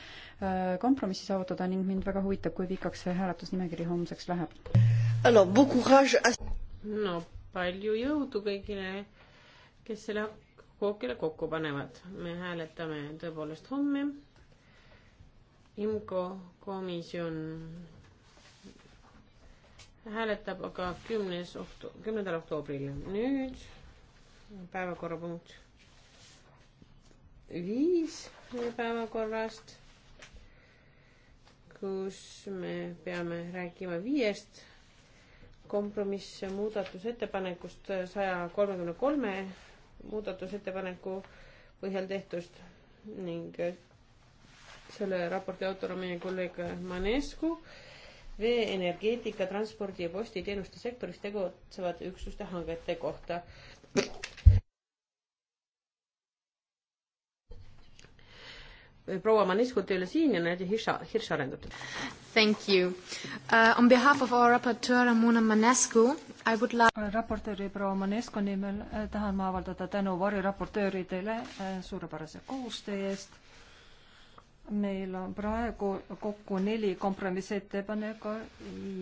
Speaker 2: kompromissi saavutada ning mind väga huvitab, kui pikaks see hääletusnimekiri homseks läheb
Speaker 3: no palju jõudu kõigile, kes selle kookile kokku panevad. me hääletame tõepoolest homme. IMCO komisjon hääletab aga kümnes ohtu-, kümnendal oktoobril. nüüd päevakorrapunkt viis meie päevakorrast, kus me peame rääkima viiest kompromiss muudatusettepanekust saja kolmekümne kolme muudatusettepaneku põhjal tehtust ning selle raporti autor on meie kolleeg Manescu, vee, energeetika, transpordi ja postiteenuste sektoris tegutsevad üksuste hangete kohta. proua Maneskut ei ole siin ja Nadia Hirša, Hirš arendab teda. Thank you.
Speaker 2: Uh, on behalf of our rapporteur Ramona Manescu, I would like raportööri
Speaker 4: proua Manescu nimel äh, tahan ma avaldada tänu variraportööridele äh, suurepärase koostöö eest meil on praegu kokku neli kompromissettepaneku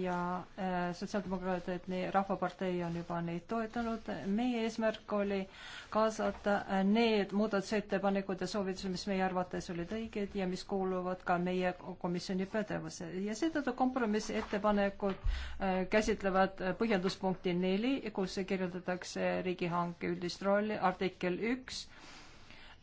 Speaker 4: ja äh, sotsiaaldemokraadid, nii Rahvapartei on juba neid toetanud. meie eesmärk oli kaasata äh, need muudatusettepanekud ja soovitused, mis meie arvates olid õiged ja mis kuuluvad ka meie komisjoni pädevusse ja seetõttu kompromissettepanekud äh, käsitlevad põhjenduspunkti neli, kus kirjeldatakse riigihanke üldist rolli, artikkel üks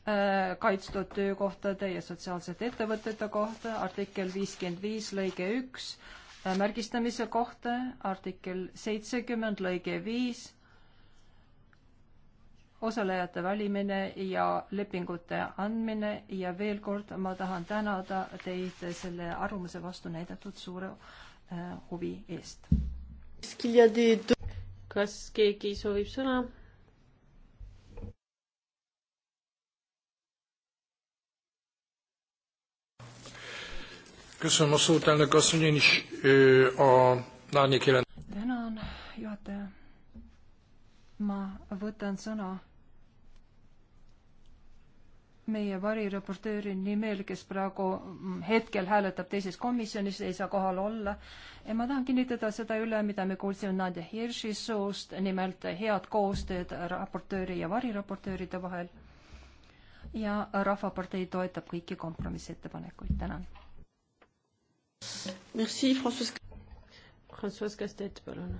Speaker 4: Äh, kaitstud töökohtade ja sotsiaalsete ettevõtete kohta, artikkel viiskümmend viis lõige üks äh, märgistamise kohta, artikkel seitsekümmend lõige viis osalejate valimine ja lepingute andmine ja veel kord ma tahan tänada teid selle arvamuse vastu näidatud suure äh, huvi eest. kas keegi
Speaker 3: soovib sõna?
Speaker 1: Köszönöm a szót, elnök asszony, én is ö, a lányék jelent.
Speaker 4: Tänan, juhataja. Ma võtan sõna meie variraportööri nimel, kes praegu hetkel hääletab teises komisjonis, ei saa kohal olla. ja ma tahan kinnitada seda üle, mida me kuulsime Nadja Hirši suust, nimelt head koostööd raportööri ja variraportööride vahel. ja Rahvapartei toetab kõiki kompromissettepanekuid, tänan Merci, Françoise. Françoise Kastet, palun.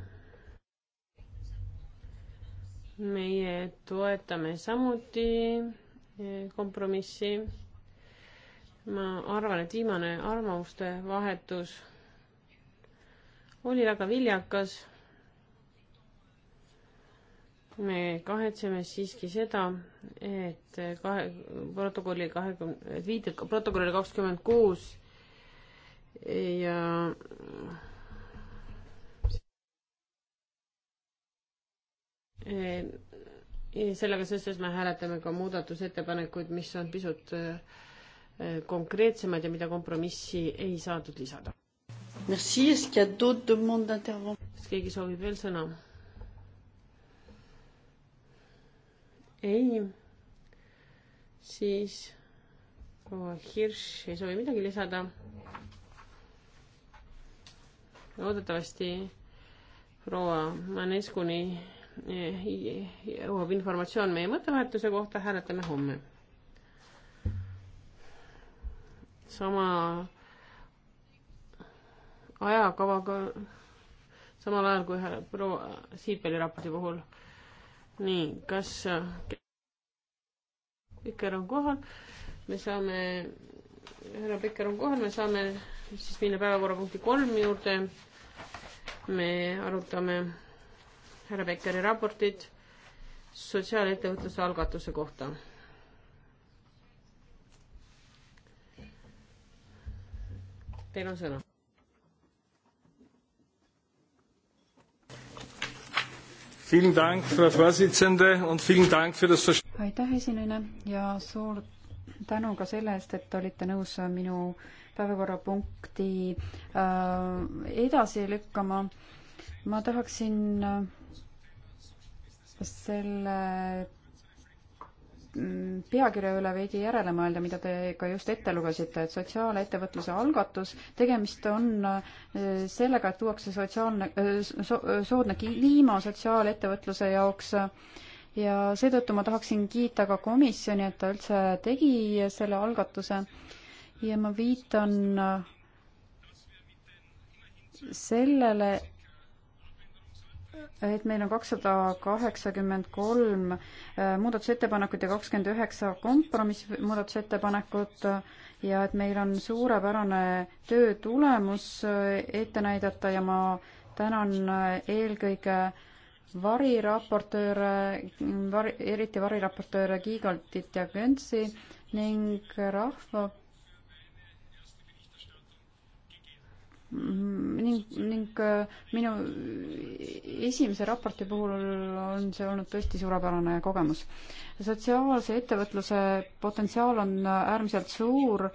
Speaker 3: meie toetame samuti eh, kompromissi. ma arvan, et viimane arvamuste vahetus oli väga viljakas. me kahetseme siiski seda, et kahe, protokolli kahekümne, viite, protokollile kakskümmend kuus Eh, ja sellega seoses me hääletame ka muudatusettepanekuid, mis on pisut eh, eh, konkreetsemad ja mida kompromissi ei saadud lisada. kas keegi soovib veel sõna? ei, siis proua Hirš ei soovi midagi lisada loodetavasti proua Maneskuni eh, jõuab informatsioon meie mõttevahetuse kohta, hääletame homme. sama ajakavaga, samal ajal kui proua Siipeli raporti puhul. nii, kas Pikker on kohal, me saame, härra Pikker on kohal, me saame siis minna päevakorrapunkti kolm juurde. me arutame härra Pekkeri raportit sotsiaalettevõtluse algatuse kohta. Teil on sõna.
Speaker 2: aitäh, esinejana ja suur tänu ka selle eest, et olite nõus minu päevakorrapunkti äh, edasi lükkama. ma tahaksin äh, selle mm, peakirja üle veidi järele mõelda, mida te ka just ette lugesite, et sotsiaalettevõtluse algatus, tegemist on äh, sellega, et tuuakse sotsiaalne so,, soodne kliima sotsiaalettevõtluse jaoks ja seetõttu ma tahaksin kiita ka komisjoni, et ta üldse tegi selle algatuse ja ma viitan äh, sellele, et meil on kakssada kaheksakümmend kolm äh, muudatusettepanekut ja kakskümmend üheksa kompromissmuudatusettepanekut äh, ja et meil on suurepärane töö tulemus ette näidata ja ma tänan eelkõige variraportööre vari,, eriti variraportööre Kiigaltit ja Köntsi ning rahva ning, ning äh, minu esimese raporti puhul on see olnud tõesti suurepärane kogemus. sotsiaalse ettevõtluse potentsiaal on äärmiselt suur,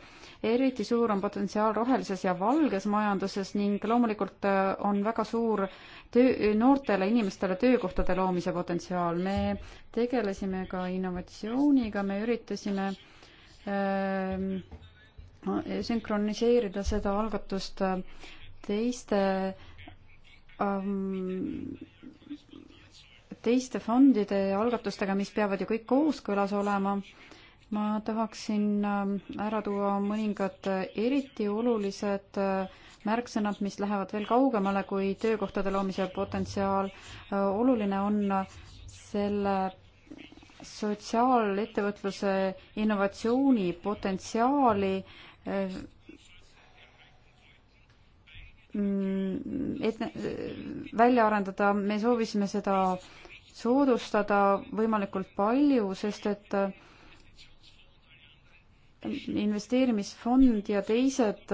Speaker 2: eriti suur on potentsiaal rohelises ja valges majanduses ning loomulikult äh, on väga suur töö, noortele inimestele töökohtade loomise potentsiaal. me tegelesime ka innovatsiooniga, me üritasime öö, ähm, sünkroniseerida seda algatust äh, teiste ähm, teiste fondide algatustega, mis peavad ju kõik kooskõlas olema. ma tahaksin äh, ära tuua mõningad äh, eriti olulised märksõnad, mis lähevad veel kaugemale kui töökohtade loomise potentsiaal. oluline on selle sotsiaalettevõtluse innovatsiooni potentsiaali äh, Äh, et äh, välja arendada, me soovisime seda soodustada võimalikult palju, sest et äh, investeerimisfond ja teised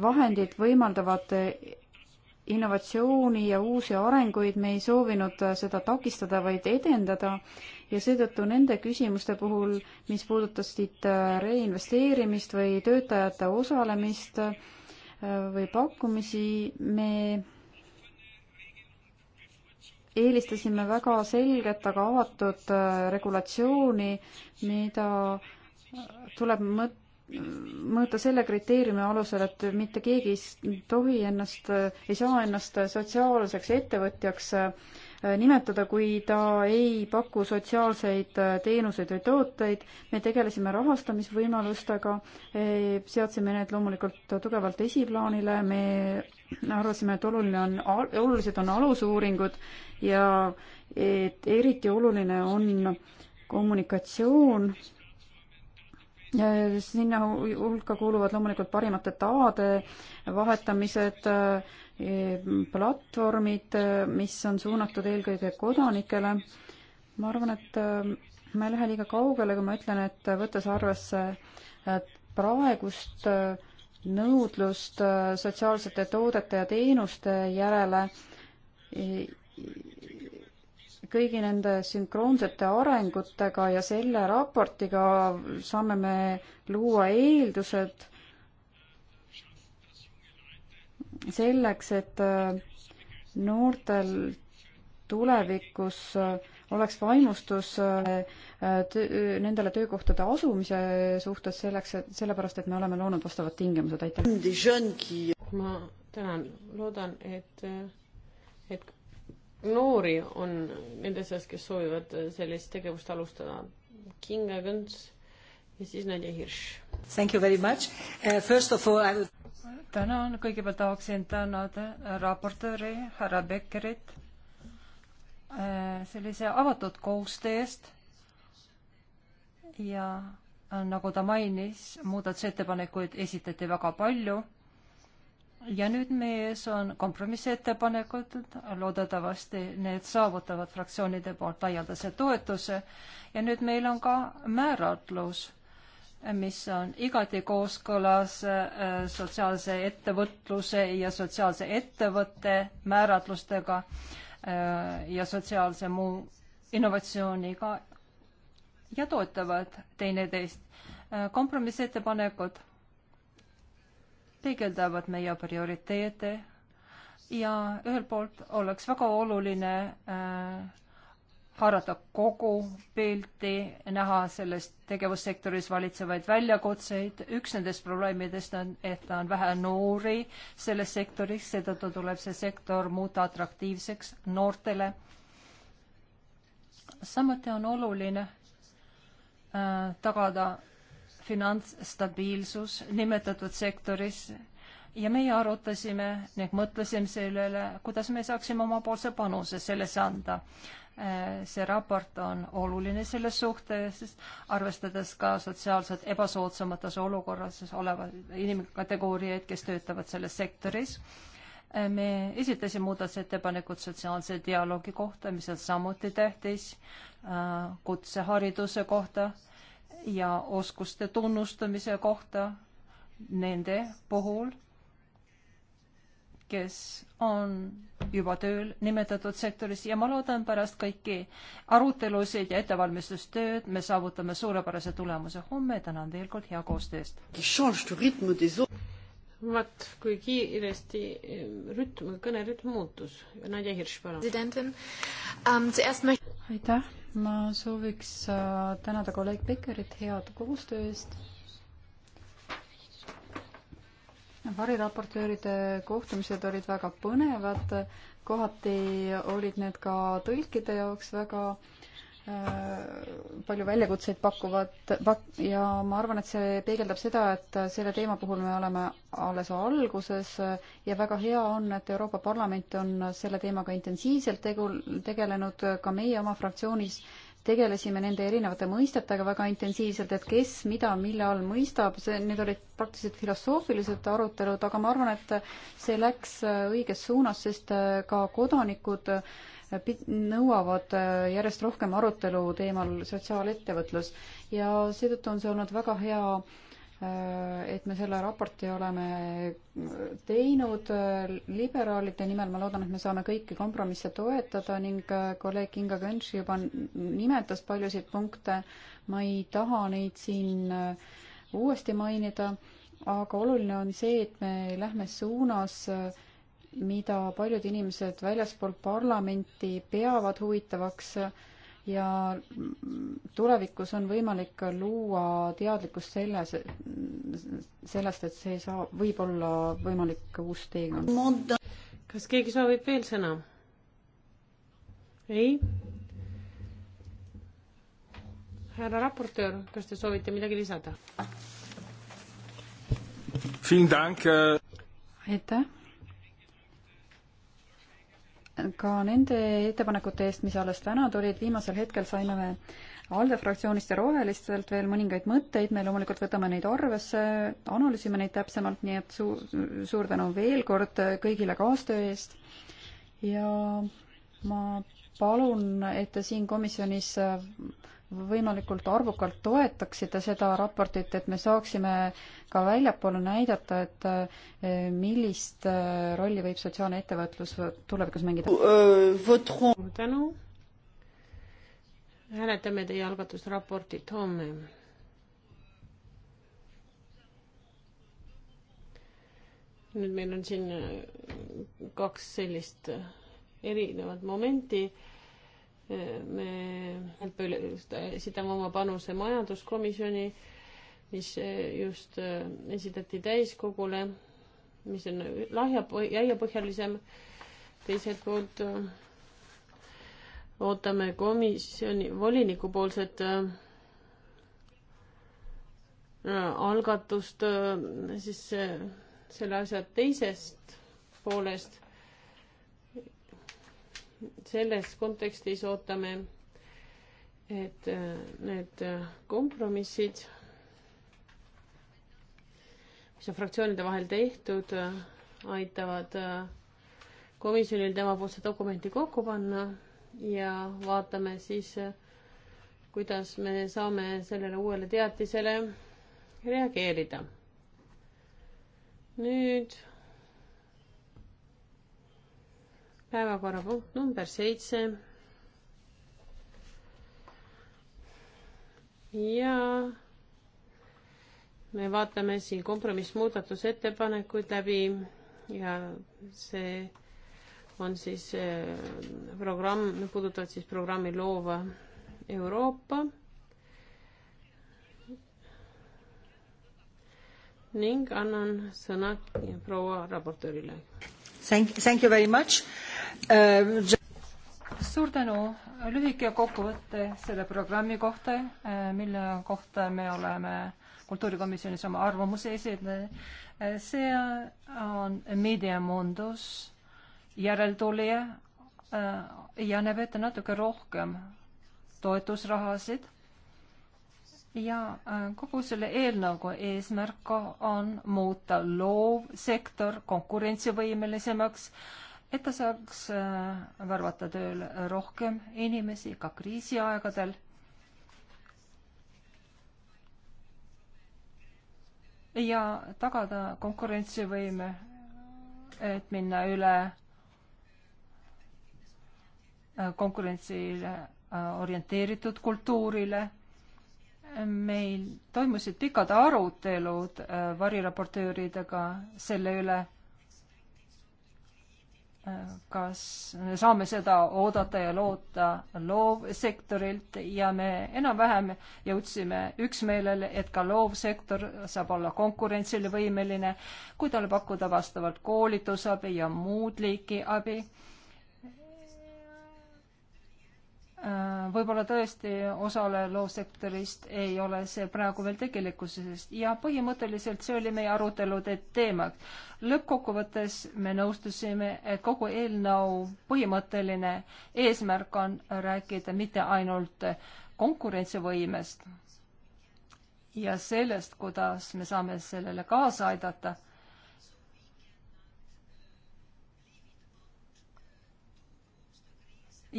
Speaker 2: vahendid võimaldavad innovatsiooni ja uusi arenguid, me ei soovinud seda takistada, vaid edendada ja seetõttu nende küsimuste puhul, mis puudutasid äh, reinvesteerimist või töötajate osalemist äh, või pakkumisi, me eelistasime väga selget, aga avatud äh, regulatsiooni, mida tuleb mõt-, mõõta selle kriteeriumi alusel, et mitte keegi ei tohi ennast, ei saa ennast sotsiaalseks ettevõtjaks äh, Äh, nimetada, kui ta ei paku sotsiaalseid äh, teenuseid või tooteid. me tegelesime rahastamisvõimalustega, e, seadsime need loomulikult tugevalt esiplaanile, me arvasime, et oluline on, olulised on alusuuringud ja et eriti oluline on kommunikatsioon sinna hulka kuuluvad loomulikult parimate tavade vahetamised, platvormid, mis on suunatud eelkõige kodanikele. ma arvan, et äh, ma ei lähe liiga kaugele, kui ma ütlen, et äh, võttes arvesse äh, praegust nõudlust sotsiaalsete toodete ja teenuste järele, kõigi nende sünkroonsete arengutega ja selle raportiga saame me luua eeldused selleks, et äh, noortel tulevikus äh, oleks vaimustus äh, nendele töökohtade asumise suhtes selleks, et sellepärast, et me oleme loonud vastavad tingimused, aitäh. Euh, ma
Speaker 3: tänan, loodan, et, et noori on nende seas, kes soovivad sellist tegevust alustada. Kinga Kõnts ja siis Nadja
Speaker 4: Hirš. Thank you very much uh,. First of all I would tänan, kõigepealt tahaksin tänada raportööri härra Beckerit äh, sellise avatud koostöö eest ja äh, nagu ta mainis, muudatusettepanekuid esitati väga palju. ja nüüd meie ees on kompromissettepanekud, loodetavasti need saavutavad fraktsioonide poolt laialdase toetuse ja nüüd meil on ka määratlus mis on igati kooskõlas äh, sotsiaalse ettevõtluse ja sotsiaalse ettevõtte määratlustega äh, ja sotsiaalse muu innovatsiooniga ja toetavad teineteist. Äh, kompromissettepanekud peegeldavad meie prioriteete ja ühelt poolt oleks väga oluline äh, haarata kogu pilti, näha selles tegevussektoris valitsevaid väljakutseid. üks nendest probleemidest on, et on vähe noori selles sektoris, seetõttu tuleb see sektor muuta atraktiivseks noortele. samuti on oluline äh, tagada finantsstabiilsus nimetatud sektoris ja meie arutasime ning mõtlesime selle üle, kuidas me saaksime omapoolse panuse sellesse anda see raport on oluline selles suhtes, arvestades ka sotsiaalselt ebasoodsamates olukorras olevaid inimkategooriaid, kes töötavad selles sektoris. me esitasime muudatusettepanekud sotsiaalse dialoogi kohta, mis on samuti tähtis, äh, kutsehariduse kohta ja oskuste tunnustamise kohta nende puhul, kes on juba tööl nimetatud sektoris ja ma loodan pärast kõiki arutelusid ja ettevalmistustööd me saavutame suurepärase tulemuse homme ja tänan veel kord hea koostöö
Speaker 1: eest.
Speaker 4: vaat kui kiiresti
Speaker 3: eh, rütm, kõnerütm muutus. Nadja Hirš, palun.
Speaker 2: Ähm, aitäh, ma sooviks äh, tänada kolleeg Pekkerit head koostöö eest variraportööride kohtumised olid väga põnevad, kohati olid need ka tõlkide jaoks väga äh, palju väljakutseid pakuvad pak- ja ma arvan, et see peegeldab seda, et selle teema puhul me oleme alles alguses ja väga hea on, et Euroopa Parlament on selle teemaga intensiivselt tegu-, tegelenud ka meie oma fraktsioonis äh, tegelesime nende erinevate mõistetega väga intensiivselt, et kes mida mille all mõistab, see, need olid praktiliselt filosoofilised arutelud, aga ma arvan, et see läks õiges suunas, sest ka kodanikud nõuavad järjest rohkem arutelu teemal sotsiaalettevõtlus ja seetõttu on see olnud väga hea äh, Äh, et me selle raporti oleme teinud äh, liberaalide nimel, ma loodan, et me saame kõiki kompromisse toetada ning äh, kolleeg Inga Könš juba nimetas paljusid punkte, ma ei taha neid siin uuesti mainida, aga oluline on see, et me lähme suunas, mida paljud inimesed väljaspoolt parlamenti peavad huvitavaks ja tulevikus on võimalik luua teadlikkust selles, sellest, et see saa, võib olla võimalik uus teekond.
Speaker 3: kas keegi soovib veel sõna? ei? härra raportöör, kas te soovite midagi lisada?
Speaker 1: Äh,
Speaker 2: aitäh ka nende ettepanekute eest, mis alles täna tulid, viimasel hetkel saime me ALDE fraktsioonist ja Rohelistelt veel mõningaid mõtteid, me loomulikult võtame neid arvesse, analüüsime neid täpsemalt, nii et suur, suur tänu veel kord kõigile kaastöö eest ja ma palun, et te siin komisjonis võimalikult arvukalt toetaksite seda raportit, et me saaksime ka väljapoole näidata, et eh, millist eh, rolli võib sotsiaalne ettevõtlus tulevikus mängida? Äh, suur tänu.
Speaker 3: hääletame teie algatusraportit homme. nüüd meil on siin eh, kaks sellist erinevat momenti me esitame oma panuse majanduskomisjoni, mis eh, just eh, esitati täiskogule, mis on lahja, laiapõhjalisem. teiselt poolt eh, ootame komisjoni volinikupoolset algatust siis selle asja teisest poolest selles kontekstis ootame, et äh, need äh, kompromissid, mis on fraktsioonide vahel tehtud, äh, aitavad komisjonil temapoolse dokumenti kokku panna ja vaatame siis, kuidas me saame sellele uuele teatisele reageerida. nüüd päevakorrapunkt number seitse. ja me vaatame siin kompromissmuudatusettepanekuid läbi ja see on siis äh, programm, puudutavad siis programmi Loova Euroopa. ning annan sõna proua raportöörile.
Speaker 4: Thank, thank you very much suur tänu, lühike kokkuvõte selle programmi kohta, eh, mille kohta me oleme kultuurikomisjonis oma arvamuse esitanud. Eh, see on Media Mundus järeltulija eh, ja näeb ette natuke rohkem toetusrahasid ja kogu selle eelnõu eesmärk on muuta loovsektor konkurentsivõimelisemaks äh, et ta saaks äh, värvata tööle rohkem inimesi ka kriisiaegadel. ja tagada konkurentsivõime, et minna üle äh, konkurentsile äh, orienteeritud kultuurile meil toimusid pikad arutelud variraportööridega selle üle, kas me saame seda oodata ja loota loovsektorilt ja me enam-vähem jõudsime üksmeelele, et ka loovsektor saab olla konkurentsivõimeline, kui talle pakkuda vastavalt koolitusabi ja muud liiki abi Äh, võib-olla tõesti osale loovsektorist ei ole see praegu veel tegelikkuses ja põhimõtteliselt see oli meie arutelude teema. lõppkokkuvõttes me nõustusime, et kogu eelnõu põhimõtteline eesmärk on rääkida mitte ainult konkurentsivõimest ja sellest, kuidas me saame sellele kaasa aidata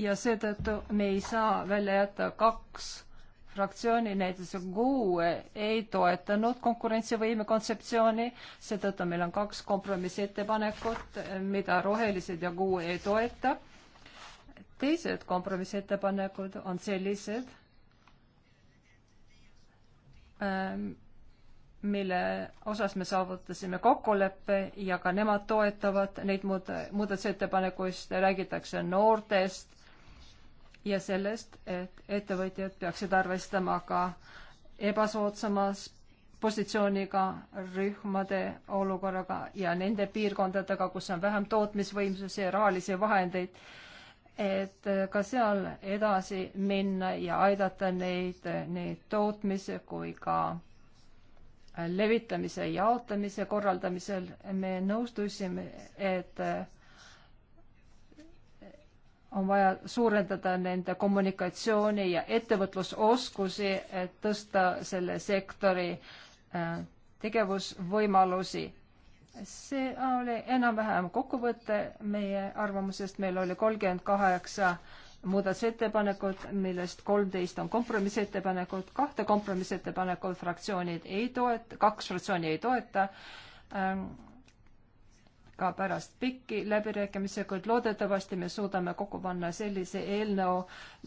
Speaker 4: ja seetõttu me ei saa välja jätta kaks fraktsiooni, näiteks GUE ei toetanud konkurentsivõime kontseptsiooni, seetõttu meil on kaks kompromissettepanekut, mida rohelised ja GUE ei toeta. teised kompromissettepanekud on sellised, ähm, mille osas me saavutasime kokkuleppe ja ka nemad toetavad neid muud, muudatusettepanekuid, räägitakse noortest ja sellest, et ettevõtjad peaksid arvestama ka ebasoodsamas positsiooniga rühmade olukorraga ja nende piirkondadega, kus on vähem tootmisvõimsusi ja rahalisi vahendeid, et ka seal edasi minna ja aidata neid nii tootmise kui ka levitamise, jaotamise korraldamisel me nõustusime, et on vaja suurendada nende kommunikatsiooni ja ettevõtlusoskusi, et tõsta selle sektori äh, tegevusvõimalusi. see oli enam-vähem kokkuvõte meie arvamusest, meil oli kolmkümmend kaheksa muudatusettepanekut, millest kolmteist on kompromissettepanekud, kahte kompromissettepanekut fraktsioonid ei toeta, kaks fraktsiooni ei toeta ähm, ka pärast pikki läbirääkimisi, kuid loodetavasti me suudame kokku panna sellise eelnõu,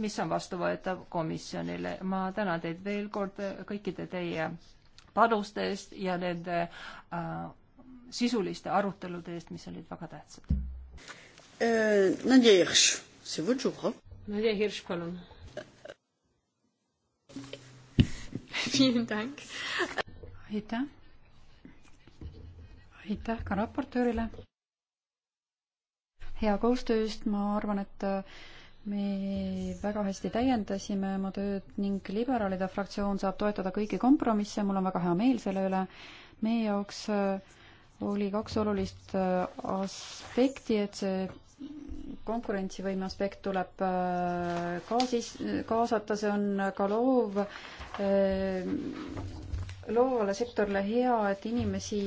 Speaker 4: mis on vastuvõetav komisjonile. ma tänan teid veel kord kõikide teie panuste eest ja nende äh, sisuliste arutelude eest, mis olid väga tähtsad äh,. Nadja Hirš, see on teie. Nadja Hirš, palun.
Speaker 2: aitäh aitäh ka raportöörile hea koostöö eest, ma arvan, et me väga hästi täiendasime oma tööd ning liberaalide fraktsioon saab toetada kõiki kompromisse, mul on väga hea meel selle üle. meie jaoks äh, oli kaks olulist äh, aspekti, et see konkurentsivõime aspekt tuleb äh, ka siis kaasata, see on ka loov, loovale sektorile hea, et inimesi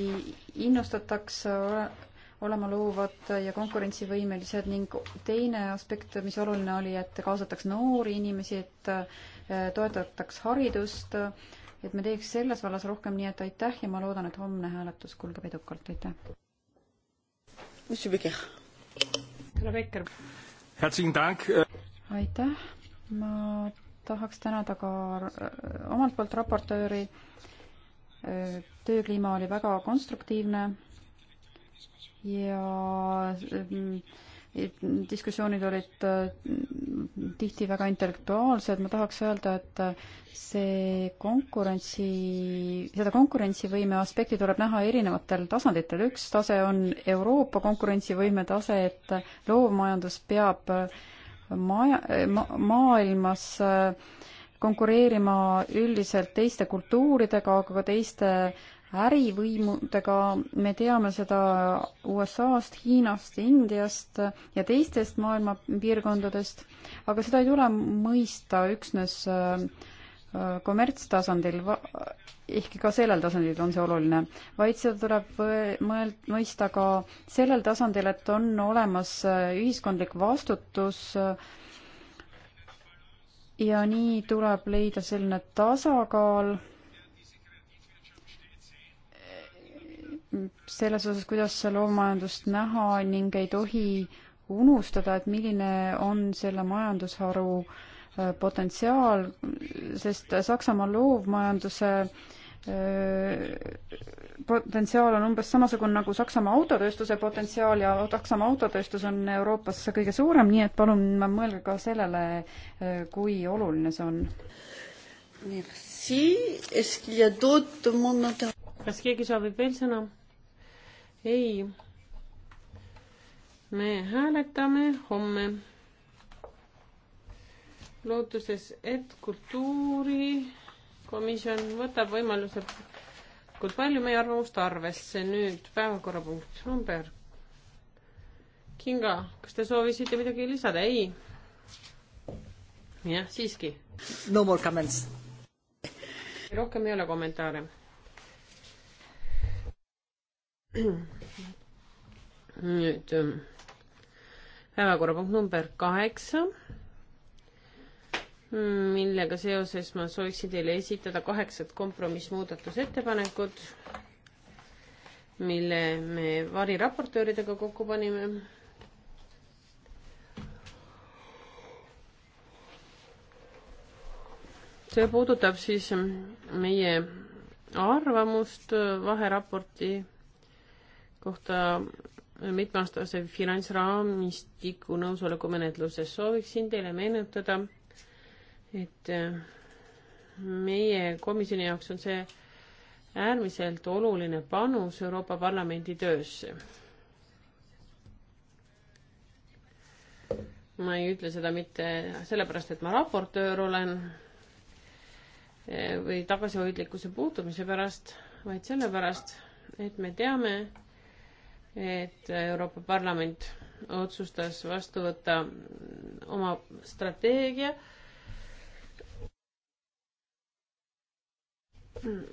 Speaker 2: innustataks olema loovad ja konkurentsivõimelised ning teine aspekt, mis oluline oli, et kaasataks noori inimesi, et äh, toetataks haridust, et me teeks selles vallas rohkem, nii et aitäh ja ma loodan, et homne hääletus kulgeb edukalt, aitäh. härra Peker. aitäh, ma tahaks tänada ka äh, omalt poolt raportööri äh, töökliima oli väga konstruktiivne ja mm, diskussioonid olid mm, tihti väga intellektuaalsed, ma tahaks öelda, et see konkurentsi, seda konkurentsivõime aspekti tuleb näha erinevatel tasanditel, üks tase on Euroopa konkurentsivõime tase, et loovmajandus peab maja ma,, maailmas äh, konkureerima üldiselt teiste kultuuridega, aga ka teiste ärivõimudega, me teame seda USA-st, Hiinast, Indiast ja teistest maailma piirkondadest, aga seda ei tule mõista üksnes äh, kommertstasandil, ehkki ka sellel tasandil on see oluline, vaid seda tuleb mõel-, mõista ka sellel tasandil, et on olemas äh, ühiskondlik vastutus äh, ja nii tuleb leida selline tasakaal selles osas, kuidas loomajandust näha ning ei tohi unustada, et milline on selle majandusharu äh, potentsiaal, sest Saksamaa loovmajanduse äh, potentsiaal on umbes samasugune nagu Saksamaa autotööstuse potentsiaal ja Saksamaa autotööstus on Euroopas kõige suurem, nii et palun mõelge ka sellele, kui oluline see on.
Speaker 3: kas keegi soovib veel sõna? ei. me hääletame homme lootuses, et kultuuri komisjon võtab võimaluse kui palju meie arvamust arvesse nüüd päevakorrapunkt number. Kinga, kas te soovisite midagi lisada? ei? jah, siiski.
Speaker 4: no more comments.
Speaker 3: rohkem ei ole kommentaare.
Speaker 4: nüüd ähm,
Speaker 3: päevakorrapunkt number kaheksa millega seoses ma sooviksin teile esitada kaheksat kompromissmuudatusettepanekut, mille me variraportööridega kokku panime. see puudutab siis meie arvamust vaheraporti kohta mitmeaastase finantsraamistiku nõusoleku menetluses. sooviksin teile meenutada, et äh, meie komisjoni jaoks on see äärmiselt oluline panus Euroopa Parlamendi töösse. ma ei ütle seda mitte sellepärast, et ma raportöör olen äh, või tagasihoidlikkuse puudumise pärast, vaid sellepärast, et me teame, et Euroopa Parlament otsustas vastu võtta oma strateegia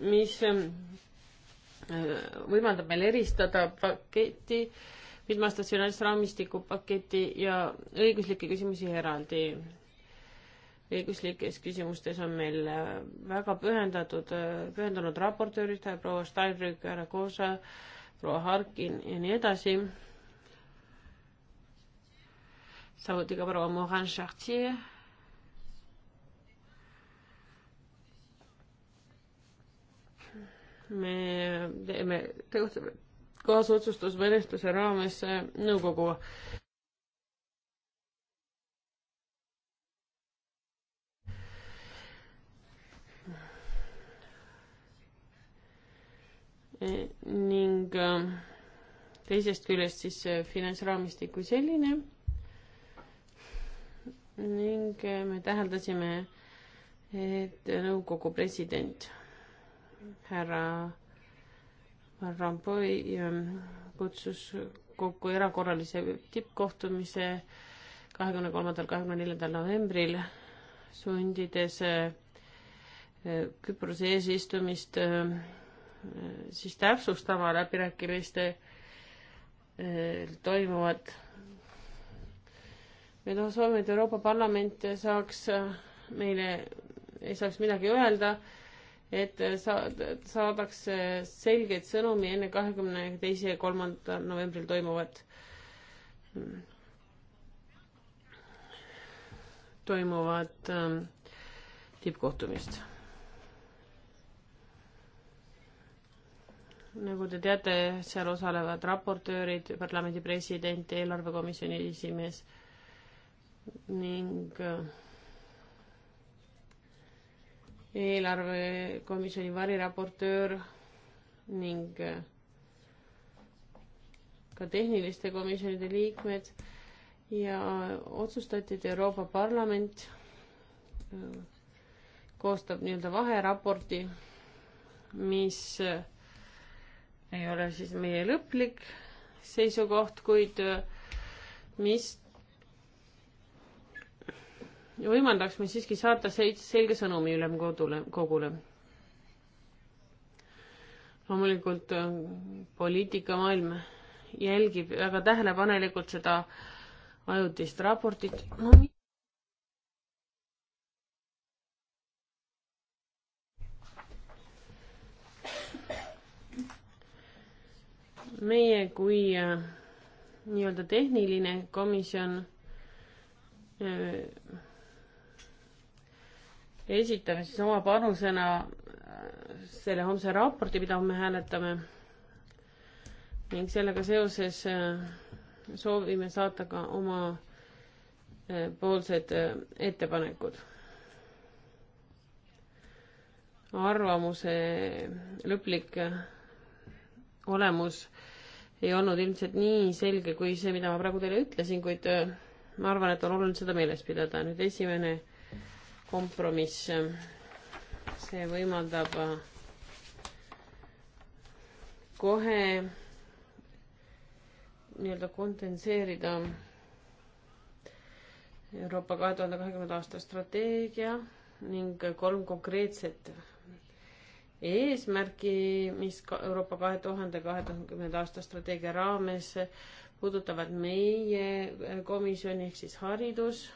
Speaker 3: mis ähm, äh, võimaldab meil eristada paketi, mitmeaastast finantsraamistiku paketi ja õiguslikke küsimusi eraldi. õiguslikes küsimustes on meil äh, väga pühendatud, äh, pühendunud raportöörid, proua Steinrück, härra Koosa, proua Harkin ja nii edasi. samuti ka proua Mohan Chartier me teeme, tegutseme kaasotsustusmenetluse raames äh, nõukogu. Äh, ning ähm, teisest küljest siis äh, finantsraamistik kui selline. ning me täheldasime, et nõukogu president härra Van Rompuy ähm, kutsus kokku erakorralise tippkohtumise kahekümne kolmandal, kahekümne neljandal novembril, sundides äh, äh, Küprose eesistumist äh, siis täpsustama läbirääkimiste toimuvat. me noh, soovime, et Euroopa Parlament saaks meile, ei saaks midagi öelda et saadaks selgeid sõnumi enne kahekümne teise ja kolmanda novembril toimuvat, mm, toimuvat ähm, tippkohtumist. nagu te teate, seal osalevad raportöörid, parlamendi president, eelarvekomisjoni esimees ning äh, eelarvekomisjoni variraportöör ning äh, ka tehniliste komisjonide liikmed ja otsustati, et Euroopa Parlament äh, koostab nii-öelda vaheraporti, mis äh, ei ole siis meie lõplik seisukoht, kuid mis võimaldaks meil siiski saata selge sõnumi ülemkogule, kogule. loomulikult äh, poliitikamaailm jälgib väga tähelepanelikult seda ajutist raportit no,. meie kui äh, nii-öelda tehniline komisjon öö, äh, esitame siis oma panusena äh, selle homse raporti, mida me hääletame. ning sellega seoses äh, soovime saata ka oma äh, poolsed ettepanekud. arvamuse lõplik olemus ei olnud ilmselt nii selge kui see, mida ma praegu teile ütlesin, kuid ma arvan, et on oluline seda meeles pidada. nüüd esimene kompromiss. see võimaldab äh, kohe nii-öelda kompenseerida Euroopa kahe tuhande kahekümnenda aasta strateegia ning kolm konkreetset eesmärki, mis ka Euroopa kahe tuhande kahekümnenda aasta strateegia raames puudutavad meie komisjoni ehk siis haridus,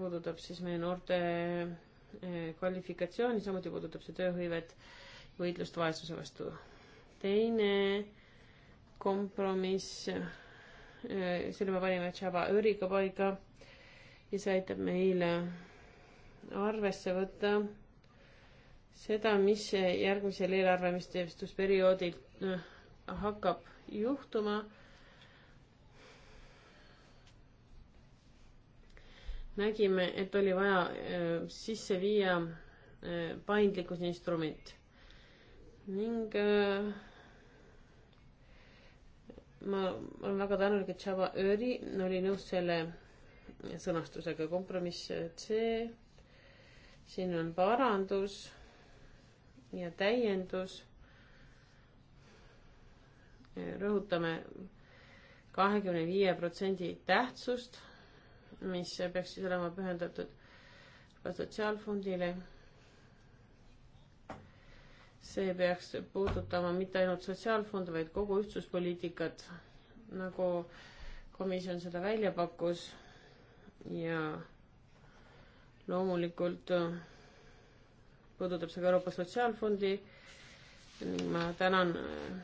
Speaker 3: puudutab siis meie noorte eh, kvalifikatsiooni, samuti puudutab see tööhõivet, võitlust vaesuse vastu. teine kompromiss, eh, selle me panime Java Öriga paika ja see aitab meil arvesse võtta seda, mis järgmisel eelarvamistööstusperioodil eh, hakkab juhtuma nägime, et oli vaja äh, sisse viia äh, paindlikkusinstrument ning äh, ma olen väga tänulik, et Java Öri oli nõus selle sõnastusega kompromiss C. siin on parandus ja täiendus. rõhutame kahekümne viie protsendi tähtsust mis peaks siis olema pühendatud ka sotsiaalfondile. see peaks puudutama mitte ainult sotsiaalfondi, vaid kogu ühtsuspoliitikat, nagu komisjon seda välja pakkus ja loomulikult puudutab see ka Euroopa Sotsiaalfondi ning ma tänan äh,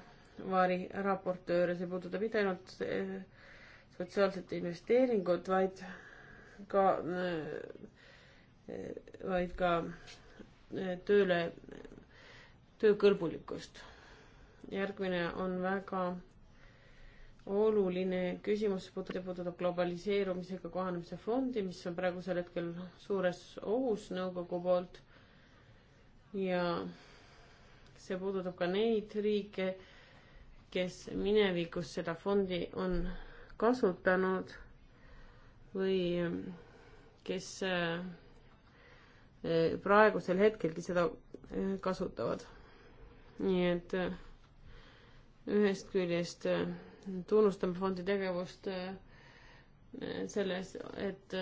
Speaker 3: Vaari raportööre, see puudutab mitte ainult äh, sotsiaalset investeeringut, vaid ka, vaid ka tööle, töökõlbulikkust. järgmine on väga oluline küsimus, puudutab globaliseerumisega kohanemise fondi, mis on praegusel hetkel suures ohus nõukogu poolt. ja see puudutab ka neid riike, kes minevikus seda fondi on kasutanud või ähm, kes äh, äh, praegusel hetkelgi seda äh, kasutavad. nii et ühest küljest tunnustame fondi tegevust selles, et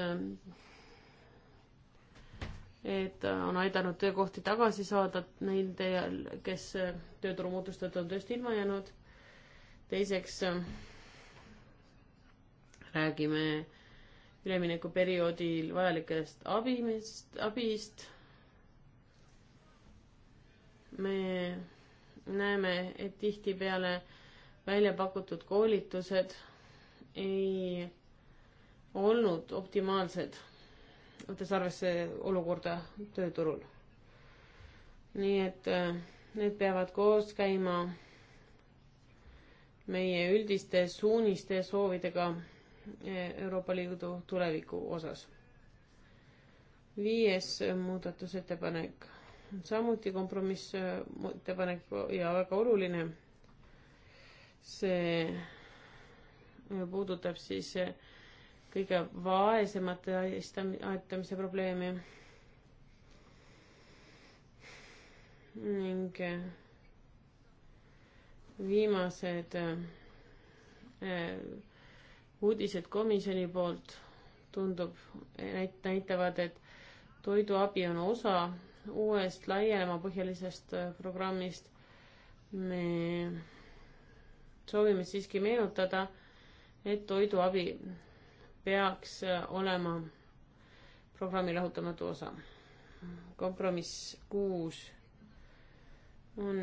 Speaker 3: et on aidanud töökohti tagasi saada nendel, kes tööturumuutuste tõttu on tööst ilma jäänud. teiseks räägime äh, üleminekuperioodil vajalikest abimist, abist. me näeme, et tihtipeale välja pakutud koolitused ei olnud optimaalsed, võttes arvesse olukorda tööturul. nii et äh, need peavad koos käima meie üldiste suuniste soovidega Euroopa Liidu tuleviku osas. viies muudatusettepanek, samuti kompromissettepanek ja väga oluline. see puudutab siis kõige vaesemate aitamise probleemi ning viimased äh, uudised komisjoni poolt tundub, näitavad, et toiduabi on osa uuest laiemapõhjalisest äh, programmist. me soovime siiski meenutada, et toiduabi peaks äh, olema programmi lahutamatu osa. kompromiss kuus on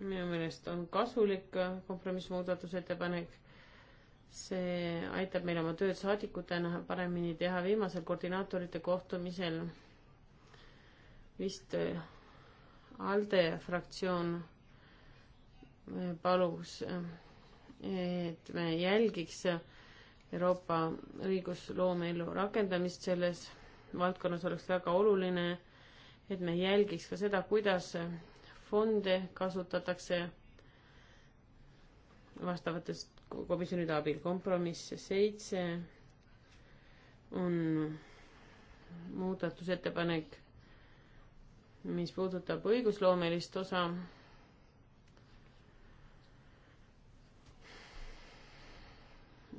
Speaker 3: minu meelest on kasulik kompromissmuudatusettepanek. see aitab meil oma tööd saadikutena paremini teha. viimasel koordinaatorite kohtumisel vist äh, ALDE fraktsioon äh, palus, äh, et me jälgiks Euroopa õigusloome ellu rakendamist selles valdkonnas oleks väga oluline, et me jälgiks ka seda, kuidas fonde kasutatakse vastavatest komisjonide abil. kompromiss seitse on muudatusettepanek, mis puudutab õigusloomelist osa.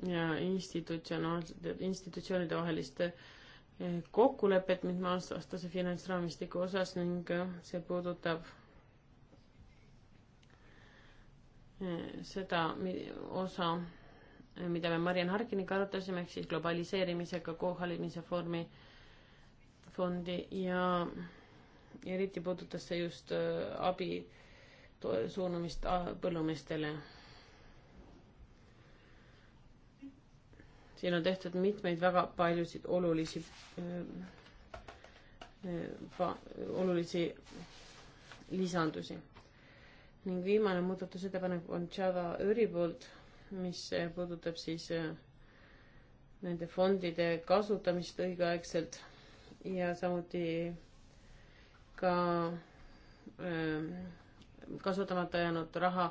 Speaker 3: ja institutsionaalsete, institutsioonide vahelist eh, kokkulepet mitmeaastase finantsraamistiku osas ning eh, see puudutab seda osa, mida me Mariann Harkiniga arutasime, ehk siis globaliseerimisega kohalimise foorumi fondi ja eriti puudutas see just äh, abi suunamist põllumeestele. siin on tehtud mitmeid väga paljusid olulisi äh,, äh olulisi lisandusi ning viimane muudatusettepanek on Java Öri poolt, mis puudutab siis äh, nende fondide kasutamist õigeaegselt ja samuti ka ähm, kasutamata jäänud raha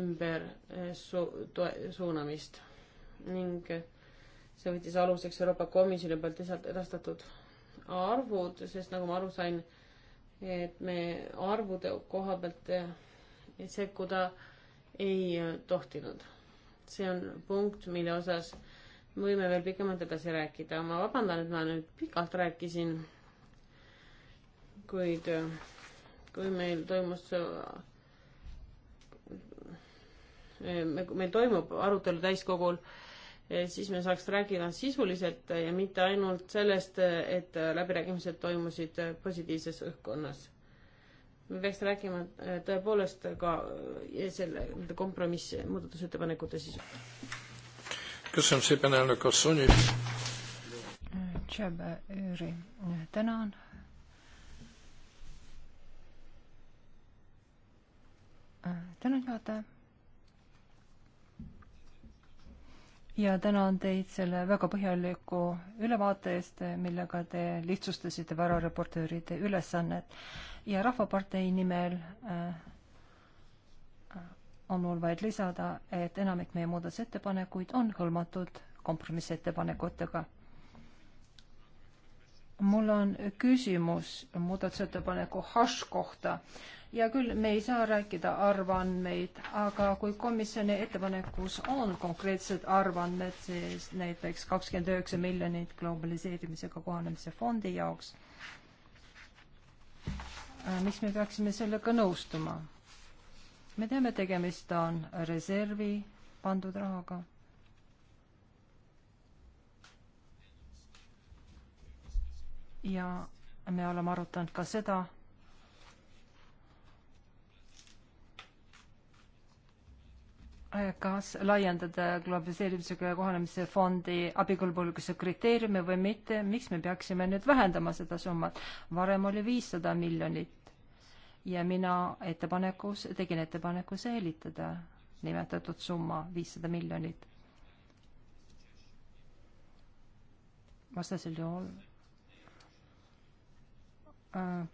Speaker 3: ümber äh, su-, toe-, suunamist ning äh, see võttis aluseks Euroopa Komisjoni poolt edastatud arvud, sest nagu ma aru sain, et me arvude koha pealt sekkuda ei tohtinud. see on punkt, mille osas võime veel pikemalt edasi rääkida. ma vabandan, et ma nüüd pikalt rääkisin, kuid äh, kui meil toimus äh, meil toimub arutelu täiskogul, äh, siis me saaks rääkida sisuliselt ja mitte ainult sellest, et läbirääkimised toimusid positiivses õhkkonnas me peaks rääkima äh, tõepoolest ka äh, selle nende kompromiss muudatusettepanekute sisu.
Speaker 1: köszönöm szépen, elnök
Speaker 3: asszony!
Speaker 4: Csaba Őri, tänan! tänan, juhataja! ja tänan teid selle väga põhjaliku ülevaate eest, millega te lihtsustasite varareportööride ülesannet ja Rahvapartei nimel äh, on mul vaid lisada, et enamik meie muudatusettepanekuid on hõlmatud kompromissettepanekutega mul on küsimus muudatusettepaneku hash kohta. hea küll, me ei saa rääkida arvandmeid, aga kui komisjoni ettepanekus on konkreetsed arvandmed, siis näiteks kakskümmend üheksa miljonit globaliseerimisega kohanemise fondi jaoks, äh, miks me peaksime sellega nõustuma? me teame, tegemist on reservi pandud rahaga ja me oleme arutanud ka seda, kas laiendada globaliseerimisega kohanemise fondi abikõlbulikkuse kriteeriume või mitte, miks me peaksime nüüd vähendama seda summat. varem oli viissada miljonit ja mina ettepanekus, tegin ettepaneku säilitada nimetatud summa viissada miljonit. vastasel juhul Äh,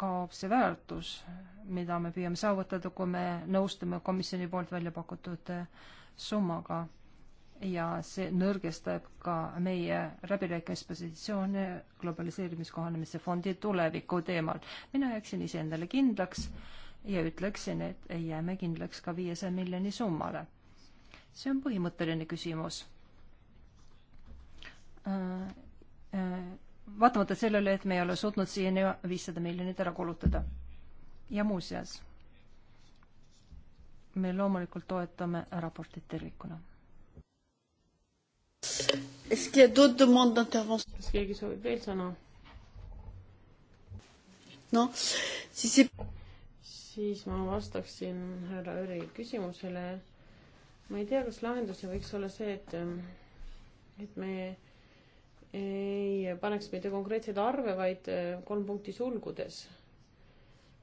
Speaker 4: kaob see väärtus, mida me püüame saavutada, kui me nõustume komisjoni poolt välja pakutud äh, summaga. ja see nõrgestab ka meie läbirääkimispositsioone globaliseerimiskohanemise fondi tuleviku teemal. mina jääksin iseendale kindlaks ja ütleksin, et jääme kindlaks ka viiesaja miljoni summale. see on põhimõtteline küsimus äh,. Äh, vaatamata sellele, et me ei ole suutnud siiani viissada miljonit ära kulutada. ja muuseas, me loomulikult toetame raportit tervikuna.
Speaker 3: kas keegi soovib veel sõna?
Speaker 2: noh, siis see...
Speaker 3: siis ma vastaksin härra Öri küsimusele. ma ei tea, kas lahendusi võiks olla see, et, et me ei paneks mitte konkreetseid arve, vaid äh, kolm punkti sulgudes.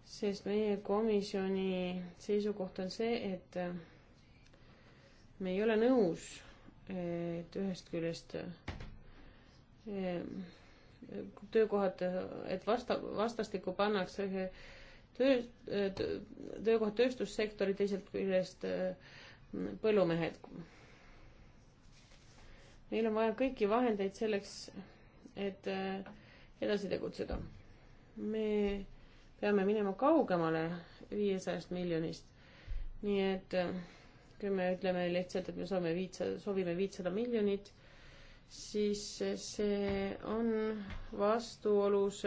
Speaker 3: sest meie komisjoni seisukoht on see, et äh, me ei ole nõus, et ühest küljest äh, töökohad, et vasta, vastastikku pannakse töö, töökohad tööstussektori, teiselt küljest põllumehed meil on vaja kõiki vahendeid selleks, et äh, edasi tegutseda. me peame minema kaugemale viiesajast miljonist. nii et äh, kui me ütleme lihtsalt, et me soovime viitsada, soovime viitsada miljonit, siis see on vastuolus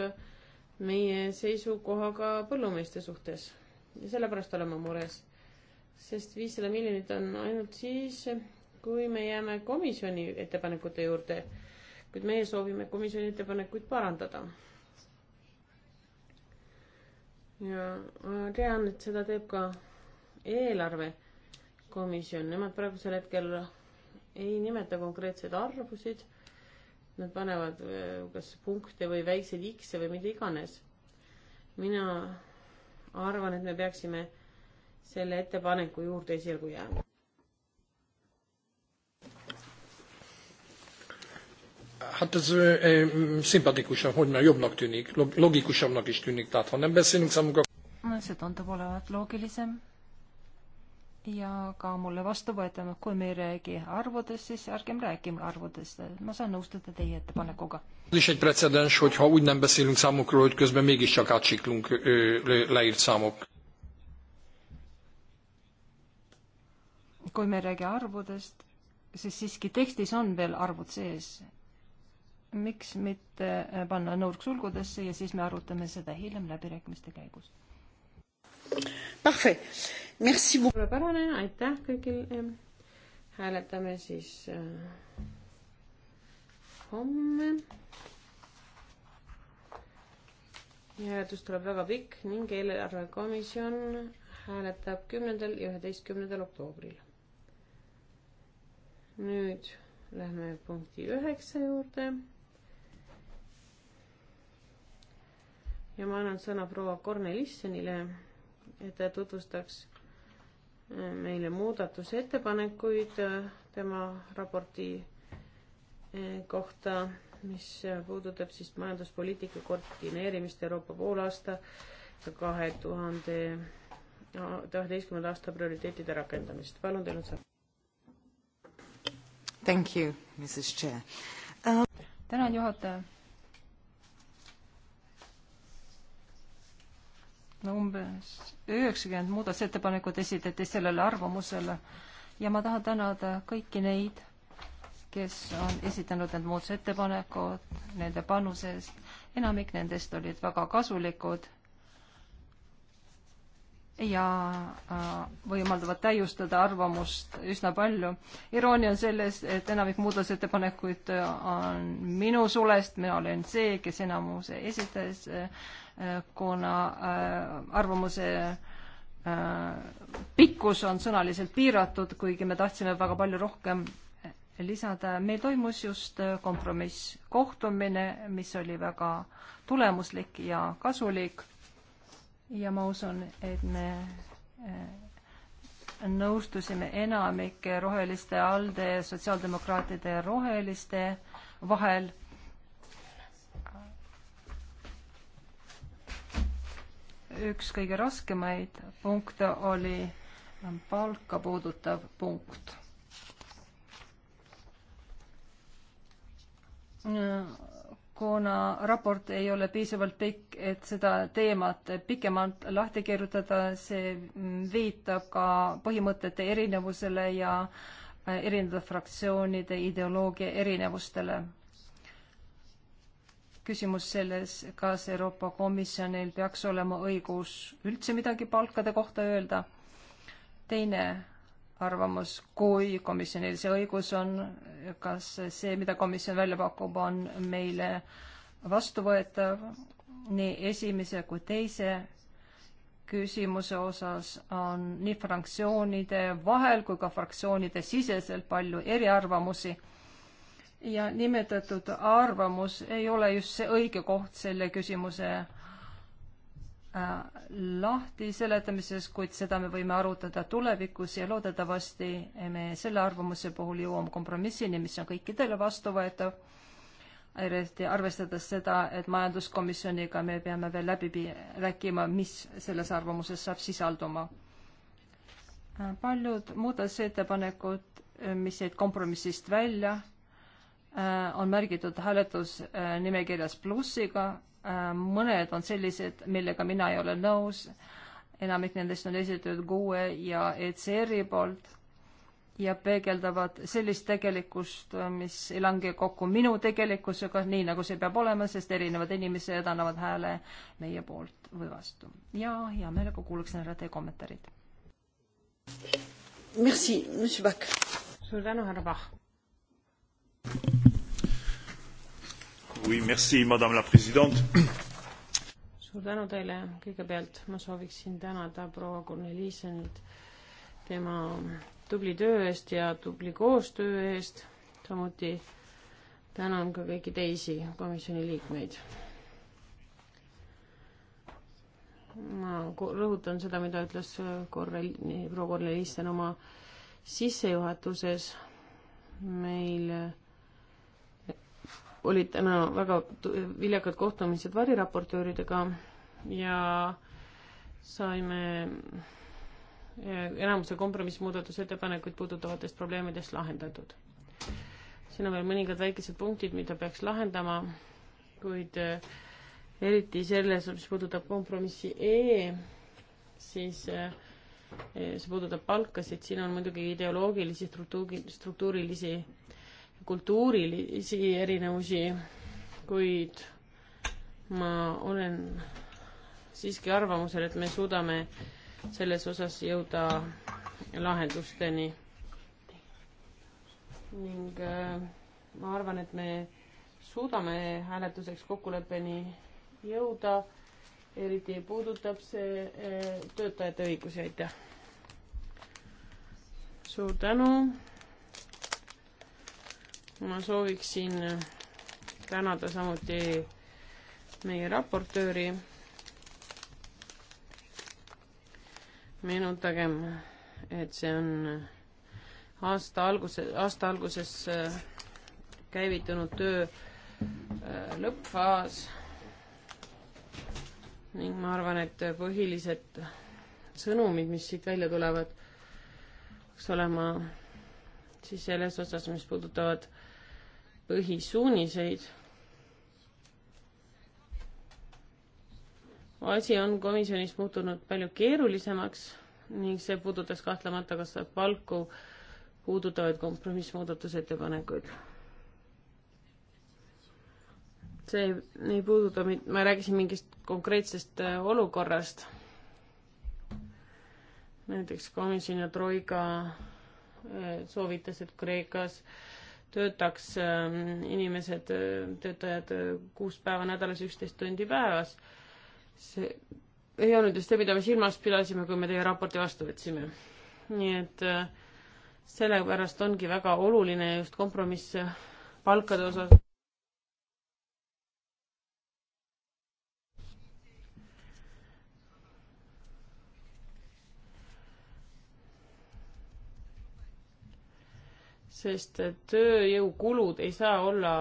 Speaker 3: meie seisukohaga põllumeeste suhtes ja sellepärast oleme mures, sest viissada miljonit on ainult siis kui me jääme komisjoni ettepanekute juurde, kuid meie soovime komisjoni ettepanekuid parandada. ja ma tean, et seda teeb ka eelarvekomisjon, nemad praegusel hetkel ei nimeta konkreetseid arvusid, nad panevad äh, kas punkte või väikseid X-e või mida iganes. mina arvan, et me peaksime selle ettepaneku juurde esialgu jääma.
Speaker 2: Hát ez ö, ö, szimpatikusan, hogy már jobbnak tűnik,
Speaker 1: logikusabbnak is tűnik. Tehát ha nem beszélünk számunkra...
Speaker 4: No, see tundub olevat loogilisem ja ka mulle vastuvõetav, kui me ei räägi arvudest, siis ärgem räägime arvudest. ma saan nõustuda teie ettepanekuga.
Speaker 1: Is egy precedens, hogyha úgy nem beszélünk számokról, hogy
Speaker 2: közben mégiscsak átsiklunk leírt számok.
Speaker 4: kui me ei räägi arvudest, siis siiski tekstis on veel arvud sees miks mitte panna nurk sulgudesse ja siis me arutame seda hiljem läbirääkimiste käigus.
Speaker 3: suurepärane, aitäh kõigile. hääletame siis äh, homme. hääletus tuleb väga pikk ning eelarvekomisjon hääletab kümnendal ja üheteistkümnendal oktoobril. nüüd lähme punkti üheksa juurde ja ma annan sõna proua Kornelissonile, et ta tutvustaks äh, meile muudatusettepanekuid äh, tema raporti äh, kohta, mis puudutab siis majanduspoliitika koordineerimist Euroopa poolaasta ja kahe tuhande üheteistkümnenda aasta prioriteetide rakendamist. palun, teil on sõna.
Speaker 1: Thank you, Mrs Chair
Speaker 4: uh.... tänan, juhataja umbes üheksakümmend muudatusettepanekut esitati sellele arvamusele ja ma tahan tänada kõiki neid, kes on esitanud need muudatusettepanekud, nende panuse eest. enamik nendest olid väga kasulikud ja äh, võimaldavad täiustada arvamust üsna palju. iroonia on selles, et enamik muudatusettepanekuid on minu sulest, mina olen see, kes enamuse esitas kuna äh, arvamuse äh, pikkus on sõnaliselt piiratud, kuigi me tahtsime väga palju rohkem lisada. meil toimus just äh, kompromisskohtumine, mis oli väga tulemuslik ja kasulik. ja ma usun, et me nõustusime enamike roheliste, ALDE, sotsiaaldemokraatide ja roheliste vahel üks kõige raskemaid punkte oli palka puudutav punkt. kuna raport ei ole piisavalt pikk, et seda teemat pikemalt lahti kirjutada, see viitab ka põhimõtete erinevusele ja erinevate fraktsioonide ideoloogia erinevustele küsimus selles, kas Euroopa Komisjonil peaks olema õigus üldse midagi palkade kohta öelda. teine arvamus, kui komisjonil see õigus on, kas see, mida komisjon välja pakub, on meile vastuvõetav nii esimese kui teise küsimuse osas on nii fraktsioonide vahel kui ka fraktsioonide siseselt palju eriarvamusi ja nimetatud arvamus ei ole just see õige koht selle küsimuse äh, lahti seletamises, kuid seda me võime arutada tulevikus ja loodetavasti me selle arvamuse puhul jõuame kompromissini, mis on kõikidele vastuvõetav. eriti arvestades seda, et majanduskomisjoniga me peame veel läbi rääkima, mis selles arvamuses saab sisalduma. Äh, paljud muudatusettepanekud, mis jäid kompromissist välja Äh, on märgitud hääletusnimekirjas äh, plussiga, äh, mõned on sellised, millega mina ei ole nõus, enamik nendest on esitatud GUE ja ECR-i poolt ja peegeldavad sellist tegelikkust, mis ei lange kokku minu tegelikkusega, nii nagu see peab olema, sest erinevad inimesed annavad hääle meie poolt või vastu. ja hea meelega kuulaksin ära teie kommentaarid. suur tänu, härra Pahh. Oui, merci, madame la president.
Speaker 3: suur tänu teile, kõigepealt ma sooviksin tänada proua Kornelissenit tema tubli töö eest ja tubli koostöö eest, samuti tänan ka kõiki teisi komisjoni liikmeid. ma rõhutan seda, mida ütles Kornel, proua Kornelissen oma sissejuhatuses. meil olid täna väga viljakad kohtumised variraportööridega ja saime enamuse kompromissmuudatusettepanekuid puudutavatest probleemidest lahendatud. siin on veel mõningad väikesed punktid, mida peaks lahendama, kuid eh, eriti selles, mis puudutab kompromissi E, siis eh, eh, see puudutab palkasid, siin on muidugi ideoloogilisi struktuuri, struktuurilisi kultuurilisi erinevusi, kuid ma olen siiski arvamusel, et me suudame selles osas jõuda lahendusteni. ning äh, ma arvan, et me suudame hääletuseks kokkuleppeni jõuda. eriti puudutab see äh, töötajate õigusi, aitäh. suur tänu ma sooviksin tänada samuti meie raportööri. meenutagem, et see on aasta alguse, aasta alguses äh, käivitunud töö äh, lõppfaas ning ma arvan, et põhilised sõnumid, mis siit välja tulevad, peaks olema siis selles osas, mis puudutavad äh, põhisuuniseid. asi on komisjonis muutunud palju keerulisemaks ning see puudutas kahtlemata ka seda palku puudutavaid kompromissmuudatusettepanekuid. see ei, ei puuduta, ma rääkisin mingist konkreetsest äh, olukorrast. näiteks komisjon ja Troika äh, soovitas, et Kreekas äh, töötaks ähm, inimesed, äh, töötajad äh, kuus päeva nädalas, üksteist tundi päevas. see ei olnud just see, mida me silmas pidasime, kui me teie raporti vastu võtsime. nii et äh, sellepärast ongi väga oluline just kompromiss palkade osas sest tööjõukulud ei saa olla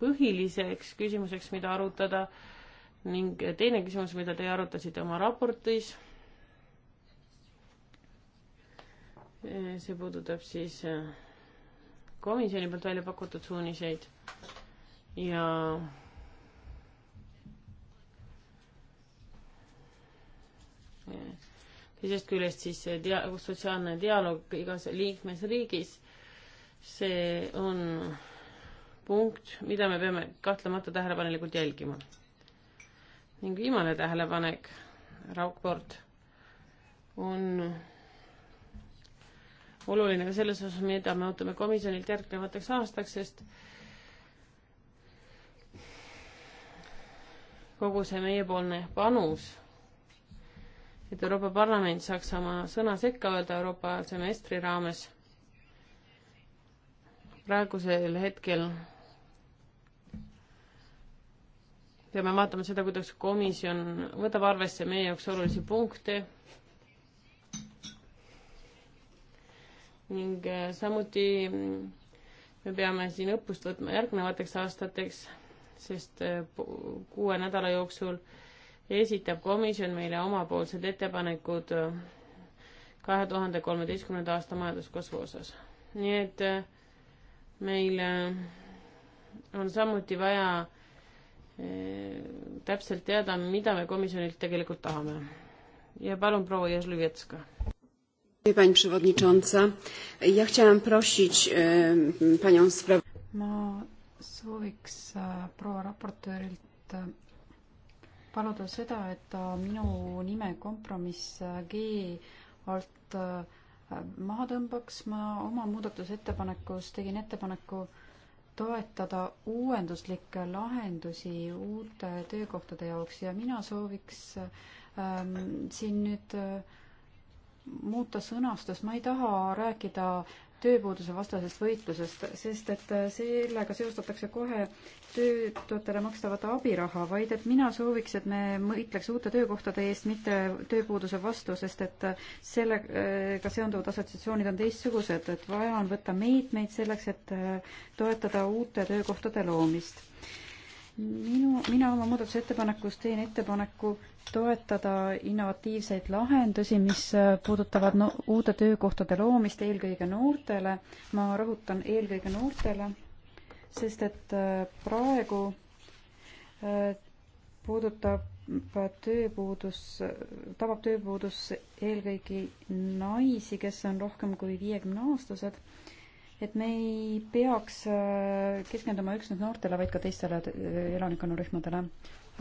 Speaker 3: põhiliseks küsimuseks, mida arutada ning teine küsimus, mida te arutasite oma raportis, see puudutab siis äh, komisjoni poolt välja pakutud suuniseid ja teisest küljest siis dia-, sotsiaalne dialoog igas liikmesriigis see on punkt, mida me peame kahtlemata tähelepanelikult jälgima. ning viimane tähelepanek, Raukport, on oluline ka selles osas, mida me ootame komisjonilt järgnevateks aastaks, sest kogu see meiepoolne panus, et Euroopa Parlament saaks oma sõna sekka öelda Euroopa semestri raames praegusel hetkel peame vaatama seda, kuidas komisjon võtab arvesse meie jaoks olulisi punkte ning äh, samuti me peame siin õppust võtma järgnevateks aastateks, sest äh, kuue nädala jooksul esitab komisjon meile omapoolsed ettepanekud äh, kahe tuhande kolmeteistkümnenda aasta majanduskasvu osas. nii et äh, meil äh, on samuti vaja äh, täpselt teada, mida me komisjonilt tegelikult tahame. ja palun, proua Jaslõvetska.
Speaker 2: Pani przewodnicząca, ja chciałam prosić e, panią spraw-. ma sooviks e, proua raportöörilt e, paluda seda, et ta minu nime kompromiss G alt maha tõmbaks, ma oma muudatusettepanekus tegin ettepaneku toetada uuenduslikke lahendusi uute töökohtade jaoks ja mina sooviks ähm, siin nüüd äh, muuta sõnastust, ma ei taha rääkida äh, tööpuuduse vastasest võitlusest, sest et äh, sellega seostatakse kohe töötajatele makstavat abiraha, vaid et mina sooviks, et me mõtleks uute töökohtade eest, mitte tööpuuduse vastu, sest et äh, sellega seonduvad assotsiatsioonid on teistsugused, et vaja on võtta meetmeid selleks, et äh, toetada uute töökohtade loomist minu, mina oma muudatusettepanekus teen ettepaneku toetada innovatiivseid lahendusi, mis puudutavad no uute töökohtade loomist eelkõige noortele. ma rõhutan eelkõige noortele, sest et äh, praegu äh, puudutab tööpuudus, tabab tööpuudus eelkõige naisi, kes on rohkem kui viiekümne aastased. et me ei peaks äh, keskenduma üksnes noortele, vaid ka teistele elanikkonnarühmadele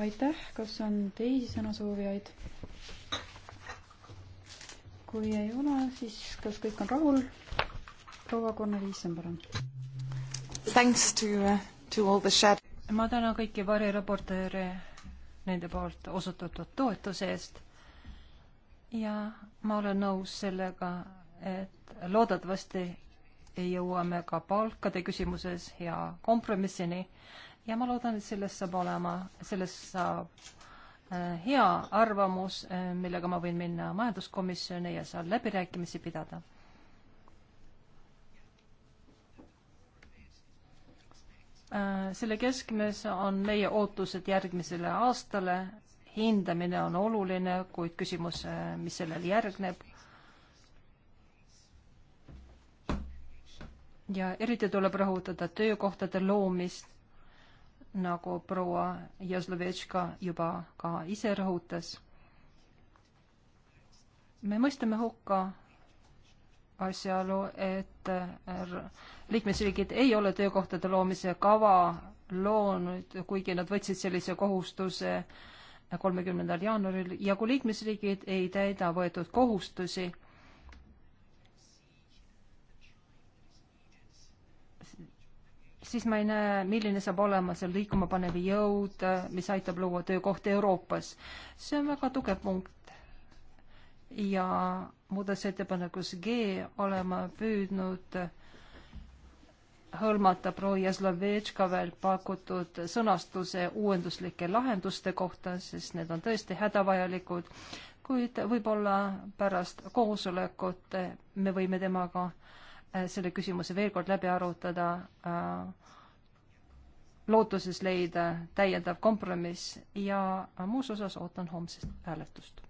Speaker 2: aitäh, kas on teisi sõnasoovijaid? kui ei ole, siis kas kõik on rahul? proua Korneliisen, palun. Thanks to uh,,
Speaker 4: to all the chat. ma tänan kõiki variraportööre nende poolt osutatud toetuse eest ja ma olen nõus sellega, et loodetavasti jõuame ka palkade küsimuses hea kompromissini ja ma loodan, et sellest saab olema, sellest saab äh, hea arvamus, äh, millega ma võin minna majanduskomisjoni ja seal läbirääkimisi pidada. Äh, selle keskmes on meie ootused järgmisele aastale, hindamine on oluline, kuid küsimus, mis sellele järgneb ja eriti tuleb rõhutada töökohtade loomist nagu proua Jaslovetška juba ka ise rõhutas. me mõistame hukka asjaolu, et liikmesriigid ei ole töökohtade loomise kava loonud, kuigi nad võtsid sellise kohustuse kolmekümnendal jaanuaril ja kui liikmesriigid ei täida võetud kohustusi, siis ma ei näe, milline saab olema see liikuma panev jõud, mis aitab luua töökohti Euroopas. see on väga tugev punkt. ja muudatusettepanekus G olema püüdnud hõlmata proua Jaslovetška veel pakutud sõnastuse uuenduslike lahenduste kohta, sest need on tõesti hädavajalikud, kuid võib-olla pärast koosolekut me võime temaga Äh, selle küsimuse veel kord läbi arutada, äh, lootuses leida täiendav kompromiss ja muus osas ootan homsest hääletust.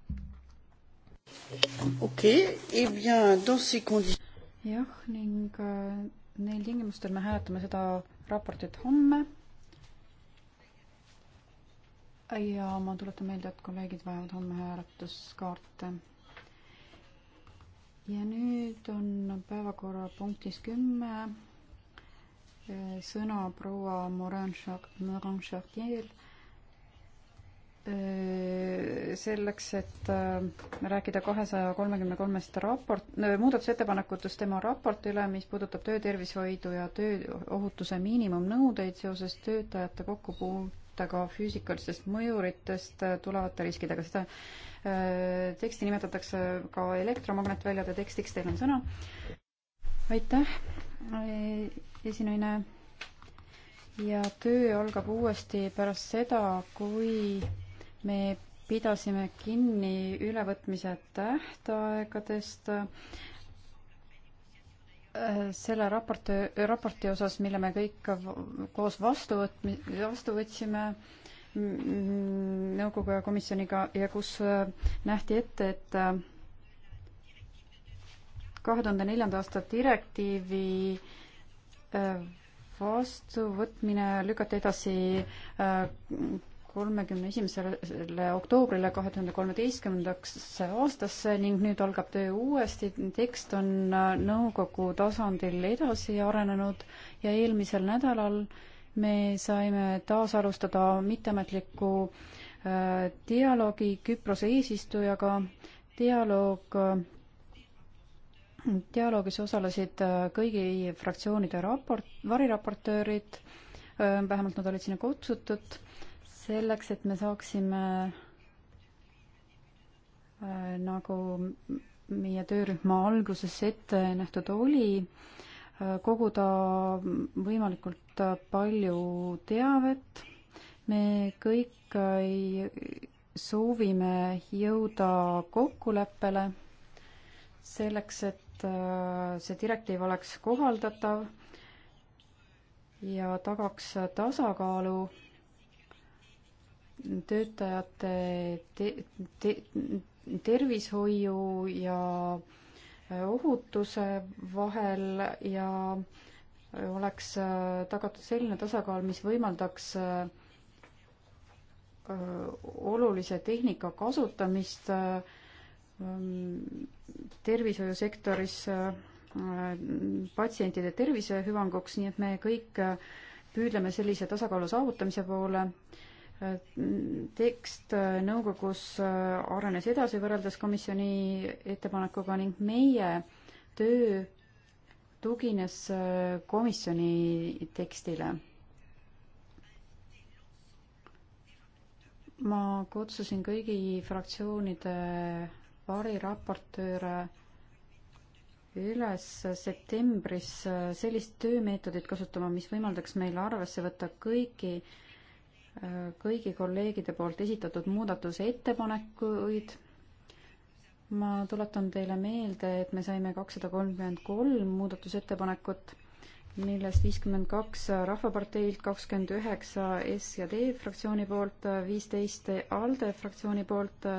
Speaker 2: okei okay,, eh bien dans ces conditions. jah, ning äh, neil tingimustel me hääletame seda raportit homme. ja ma tuletan meelde, et kolleegid vajavad homme hääletuskaarte ja nüüd on päevakorrapunktis kümme eh, sõna proua Morin-Chartier eh, selleks, et eh, rääkida kahesaja kolmekümne kolmest raport, muudatusettepanekutest tema raporti üle, mis puudutab töötervishoidu ja tööohutuse miinimumnõudeid seoses töötajate kokkupuutega füüsikalistest mõjuritest tulevate riskidega. seda Äh, teksti nimetatakse ka elektromagnetväljade tekstiks, teil on sõna. aitäh, äh, esinaine. ja töö algab uuesti pärast seda, kui me pidasime kinni ülevõtmise tähtaegadest äh, selle raporti, raporti osas, mille me kõik koos vastu võtmi-, vastu võtsime Mm-hmm. nõukogu ja komisjoniga ja kus äh, nähti ette, et äh, kahe tuhande neljanda aasta direktiivi äh, vastuvõtmine lükati edasi kolmekümne esimesele oktoobrile kahe tuhande kolmeteistkümnendaks aastasse ning nüüd algab töö uuesti. tekst on nõukogu tasandil edasi arenenud ja eelmisel nädalal äh, me saime taasalustada mitteametliku äh, dialoogi Küprose eesistujaga. dialoog, äh, dialoogis osalesid äh, kõigi fraktsioonide raport, variraportöörid, vähemalt nad olid sinna kutsutud, selleks, et me saaksime nagu meie töörühma alguses ette nähtud oli, koguda võimalikult palju teavet. me kõik soovime jõuda kokkuleppele selleks, et äh, see direktiiv oleks kohaldatav ja tagaks tasakaalu töötajate te te tervishoiu ja äh, ohutuse vahel ja oleks äh, tagatud selline tasakaal, mis võimaldaks äh, olulise tehnika kasutamist äh, tervishoiusektoris patsientide tervise hüvanguks, nii et me kõik püüdleme sellise tasakaalu saavutamise poole tekst nõukogus arenes edasi võrreldes komisjoni ettepanekuga ning meie töö tugines komisjoni tekstile. ma kutsusin kõigi fraktsioonide variraportööre üles septembris sellist töömeetodit kasutama, mis võimaldaks meil arvesse võtta kõiki äh, kõigi kolleegide poolt esitatud muudatusettepanekuid. ma tuletan teile meelde, et me saime kakssada kolmkümmend kolm muudatusettepanekut, millest viiskümmend kaks Rahvaparteilt, kakskümmend üheksa S ja D fraktsiooni poolt, viisteist ALDE fraktsiooni poolt,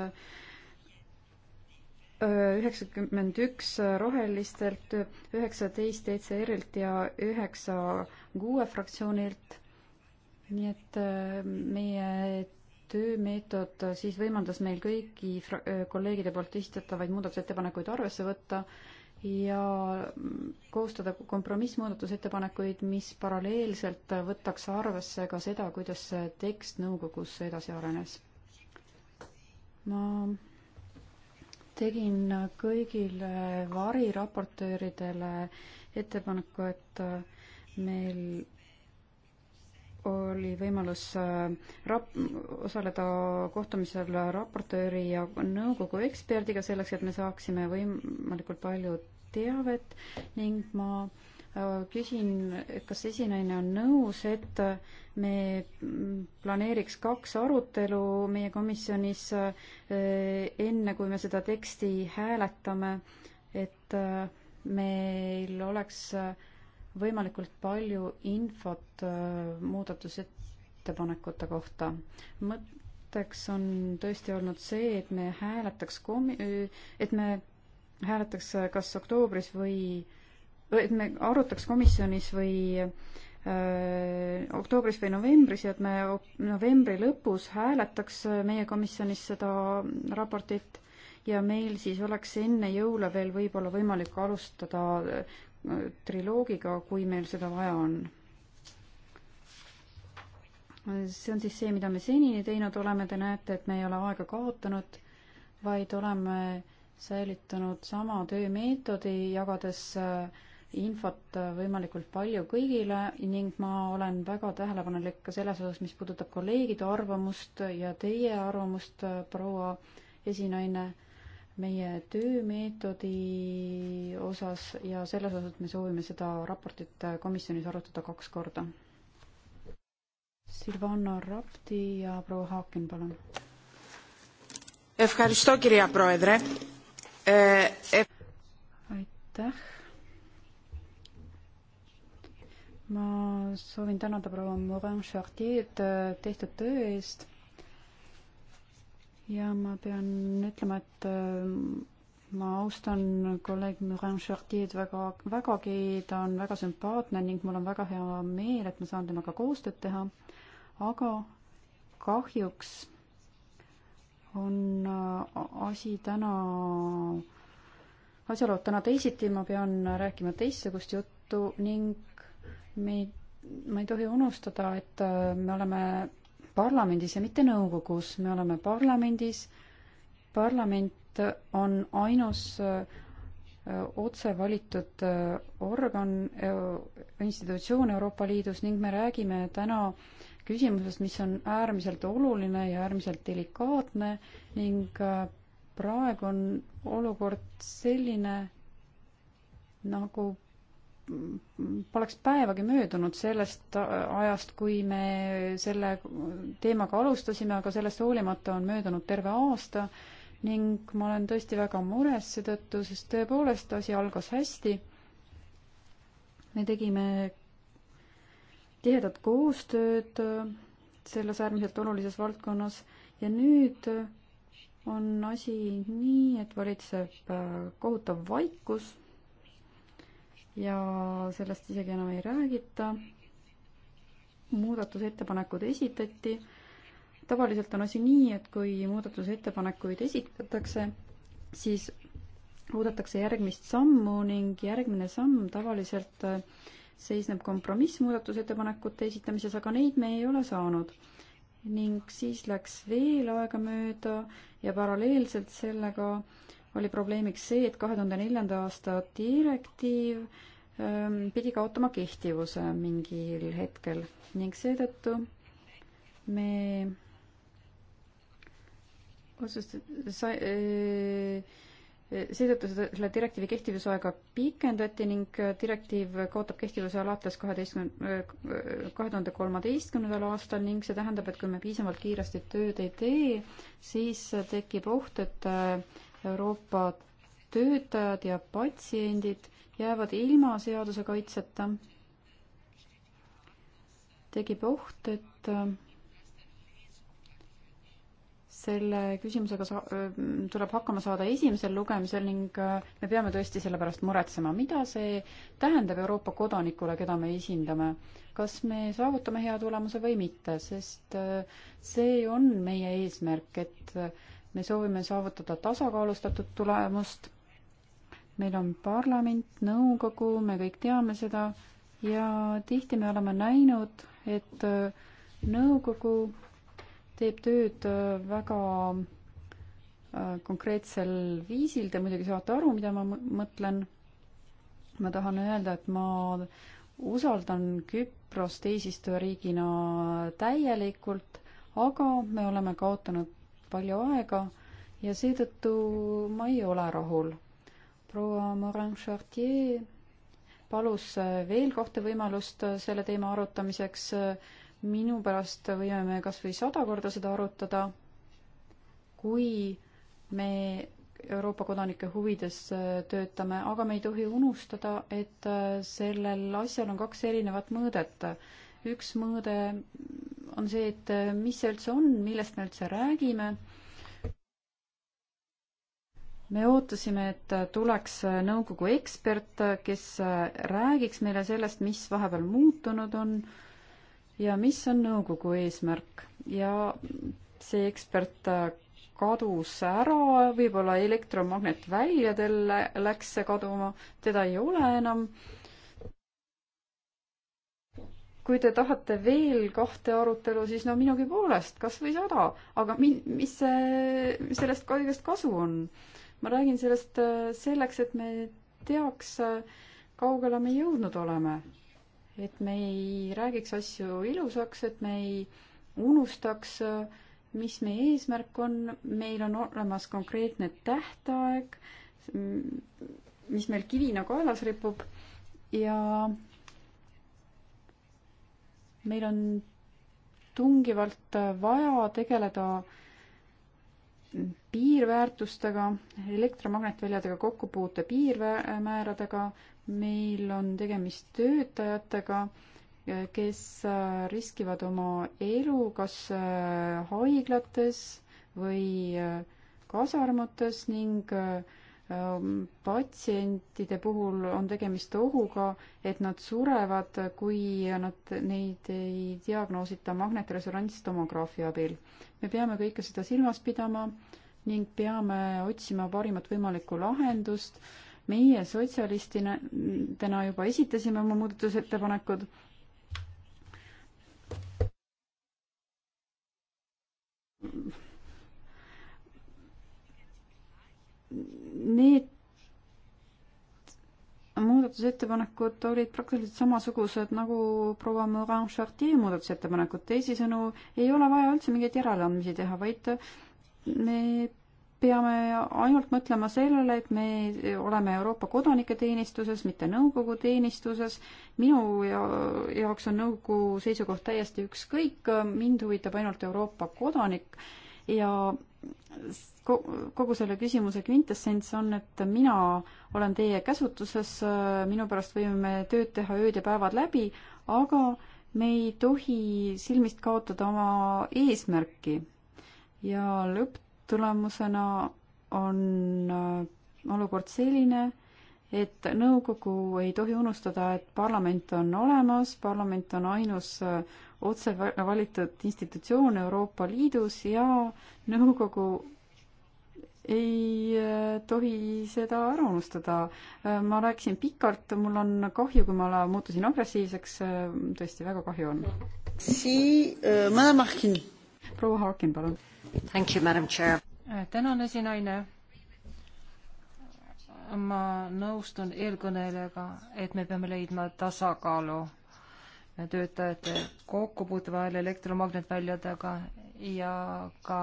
Speaker 2: üheksakümmend üks Rohelistelt, üheksateist ECR-ilt ja üheksa GUE fraktsioonilt nii et äh, meie töömeetod siis võimaldas meil kõiki äh, kolleegide poolt esitatavaid muudatusettepanekuid arvesse võtta ja mm, koostada kompromissmuudatusettepanekuid, mis paralleelselt võtaks arvesse ka seda, kuidas see tekst nõukogus edasi arenes. ma tegin kõigile variraportööridele ettepaneku, et meil oli võimalus äh, rap-, osaleda kohtumisel raportööri ja nõukogu eksperdiga selleks, et me saaksime võimalikult palju teavet ning ma äh, küsin, kas esinaine on nõus, et me planeeriks kaks arutelu meie komisjonis äh, enne, kui me seda teksti hääletame, et meil oleks äh, võimalikult palju infot äh, muudatusettepanekute kohta. mõtteks on tõesti olnud see, et me hääletaks komi-, äh, et me hääletaks kas oktoobris või, et me arutaks komisjonis või öö, äh, oktoobris või novembris ja et me novembri lõpus hääletaks meie komisjonis seda raportit ja meil siis oleks enne jõule veel võib-olla võimalik alustada triloogiga, kui meil seda vaja on. see on siis see, mida me senini teinud oleme, te näete, et me ei ole aega kaotanud, vaid oleme säilitanud sama töömeetodi, jagades äh, infot äh, võimalikult palju kõigile ning ma olen väga tähelepanelik ka selles osas, mis puudutab kolleegide arvamust ja teie arvamust, äh, proua esinaine meie töömeetodi osas ja selles osas, et me soovime seda raportit komisjonis arutada kaks korda. Silvana Rapti ja proua Haakin, palun. Eh, eh- aitäh. ma soovin tänada proua Morin Chartier'd eh, tehtud töö eest ja ma pean ütlema, et äh, ma austan kolleeg Murin Chartier'd väga, vägagi, ta on väga sümpaatne ning mul on väga hea meel, et ma saan temaga koostööd teha, aga kahjuks on äh, asi täna, asjalood täna teisiti, ma pean rääkima teistsugust juttu ning me ei, ma ei tohi unustada, et äh, me oleme parlamendis ja mitte nõukogus, me oleme parlamendis, parlament on ainus äh, otse valitud äh, organ, äh, institutsioon Euroopa Liidus ning me räägime täna küsimusest, mis on äärmiselt oluline ja äärmiselt delikaatne ning praegu on olukord selline, nagu poleks päevagi möödunud sellest ajast, kui me selle teemaga alustasime, aga sellest hoolimata on möödunud terve aasta ning ma olen tõesti väga mures seetõttu, sest tõepoolest asi algas hästi. me tegime tihedat koostööd selles äärmiselt olulises valdkonnas ja nüüd on asi nii, et valitseb kohutav vaikus ja sellest isegi enam ei räägita. muudatusettepanekud esitati. tavaliselt on asi nii, et kui muudatusettepanekuid esitatakse, siis oodatakse järgmist sammu ning järgmine samm tavaliselt äh, seisneb kompromissmuudatusettepanekute esitamises, aga neid me ei ole saanud. ning siis läks veel aega mööda ja paralleelselt sellega äh, oli probleemiks see, et kahe tuhande neljanda aasta direktiiv ähm, pidi kaotama kehtivuse mingil hetkel ning seetõttu me otsustasime, sai, äh, seetõttu selle direktiivi kehtivusaega pikendati ning direktiiv kaotab kehtivuse alates kaheteistkümne, äh, kahe tuhande kolmeteistkümnendal aastal ning see tähendab, et kui me piisavalt kiiresti tööd ei tee, siis tekib oht, et äh, Euroopa töötajad ja patsiendid jäävad ilma seaduse kaitseta, tekib oht, et äh, selle küsimusega sa-, äh, tuleb hakkama saada esimesel lugemisel ning äh, me peame tõesti selle pärast muretsema, mida see tähendab Euroopa kodanikule, keda me esindame. kas me saavutame hea tulemuse või mitte, sest see on meie eesmärk, et me soovime saavutada tasakaalustatud tulemust. meil on parlament, nõukogu, me kõik teame seda ja tihti me oleme näinud, et äh, nõukogu teeb tööd äh, väga äh, konkreetsel viisil, te muidugi saate aru, mida ma mõtlen. ma tahan öelda, et ma usaldan Küprost eesistujariigina täielikult, aga me oleme kaotanud palju aega ja seetõttu ma ei ole rahul. proua Morin Chartier palus veel kahte võimalust selle teema arutamiseks. minu pärast võime me kas või sada korda seda arutada, kui me Euroopa kodanike huvides töötame, aga me ei tohi unustada, et sellel asjal on kaks erinevat mõõdet. üks mõõde on see, et äh, mis see üldse on, millest me üldse räägime. me ootasime, et äh, tuleks äh, nõukogu ekspert, kes räägiks meile sellest, mis vahepeal muutunud on ja mis on nõukogu eesmärk ja see ekspert kadus ära, võib-olla elektromagnet välja talle läks see kaduma, teda ei ole enam kui te tahate veel kahte arutelu, siis no minugi poolest, kas või sada, aga mi-, mis see, mis sellest kõigest kasu on? ma räägin sellest äh, selleks, et me teaks, äh, kaugele me jõudnud oleme. et me ei räägiks asju ilusaks, et me ei unustaks, äh, mis meie eesmärk on, meil on olemas konkreetne tähtaeg, mis meil kivina kaelas ripub ja meil on tungivalt vaja tegeleda piirväärtustega, elektromagnetväljadega kokkupuute piirmääradega, meil on tegemist töötajatega, kes riskivad oma elu kas äh, haiglates või äh, kasarmutes ning äh, Ehm, patsientide puhul on tegemist ohuga, et nad surevad, kui nad, neid ei diagnoosita magnetresonantstomograafia abil. me peame kõike seda silmas pidama ning peame otsima parimat võimalikku lahendust. meie sotsialistidena juba esitasime oma muudatusettepanekud need muudatusettepanekud olid praktiliselt samasugused nagu proua Morin Chartier muudatusettepanekud, teisisõnu ei ole vaja üldse mingeid järeleandmisi teha, vaid me peame ainult mõtlema sellele, et me oleme Euroopa kodanike teenistuses, mitte nõukogu teenistuses. minu ja, jaoks on nõukogu seisukoht täiesti ükskõik, mind huvitab ainult Euroopa kodanik ja kogu selle küsimuse kvintessents on, et mina olen teie käsutuses, minu pärast võime me tööd teha ööd ja päevad läbi, aga me ei tohi silmist kaotada oma eesmärki. ja lõpptulemusena on äh, olukord selline, et nõukogu ei tohi unustada, et parlament on olemas, parlament on ainus äh, otse valitud institutsioon Euroopa Liidus ja nõukogu ei äh, tohi seda ära unustada. Äh, ma rääkisin pikalt, mul on kahju, kui ma muutusin agressiivseks, tõesti väga kahju on. sii- äh,, madam Harkin. proua Harkin, palun.
Speaker 4: tänan, esinaine ma nõustun eelkõnelejaga, et me peame leidma tasakaalu töötajate kokkupuutu vahel elektromagnetväljadega ja ka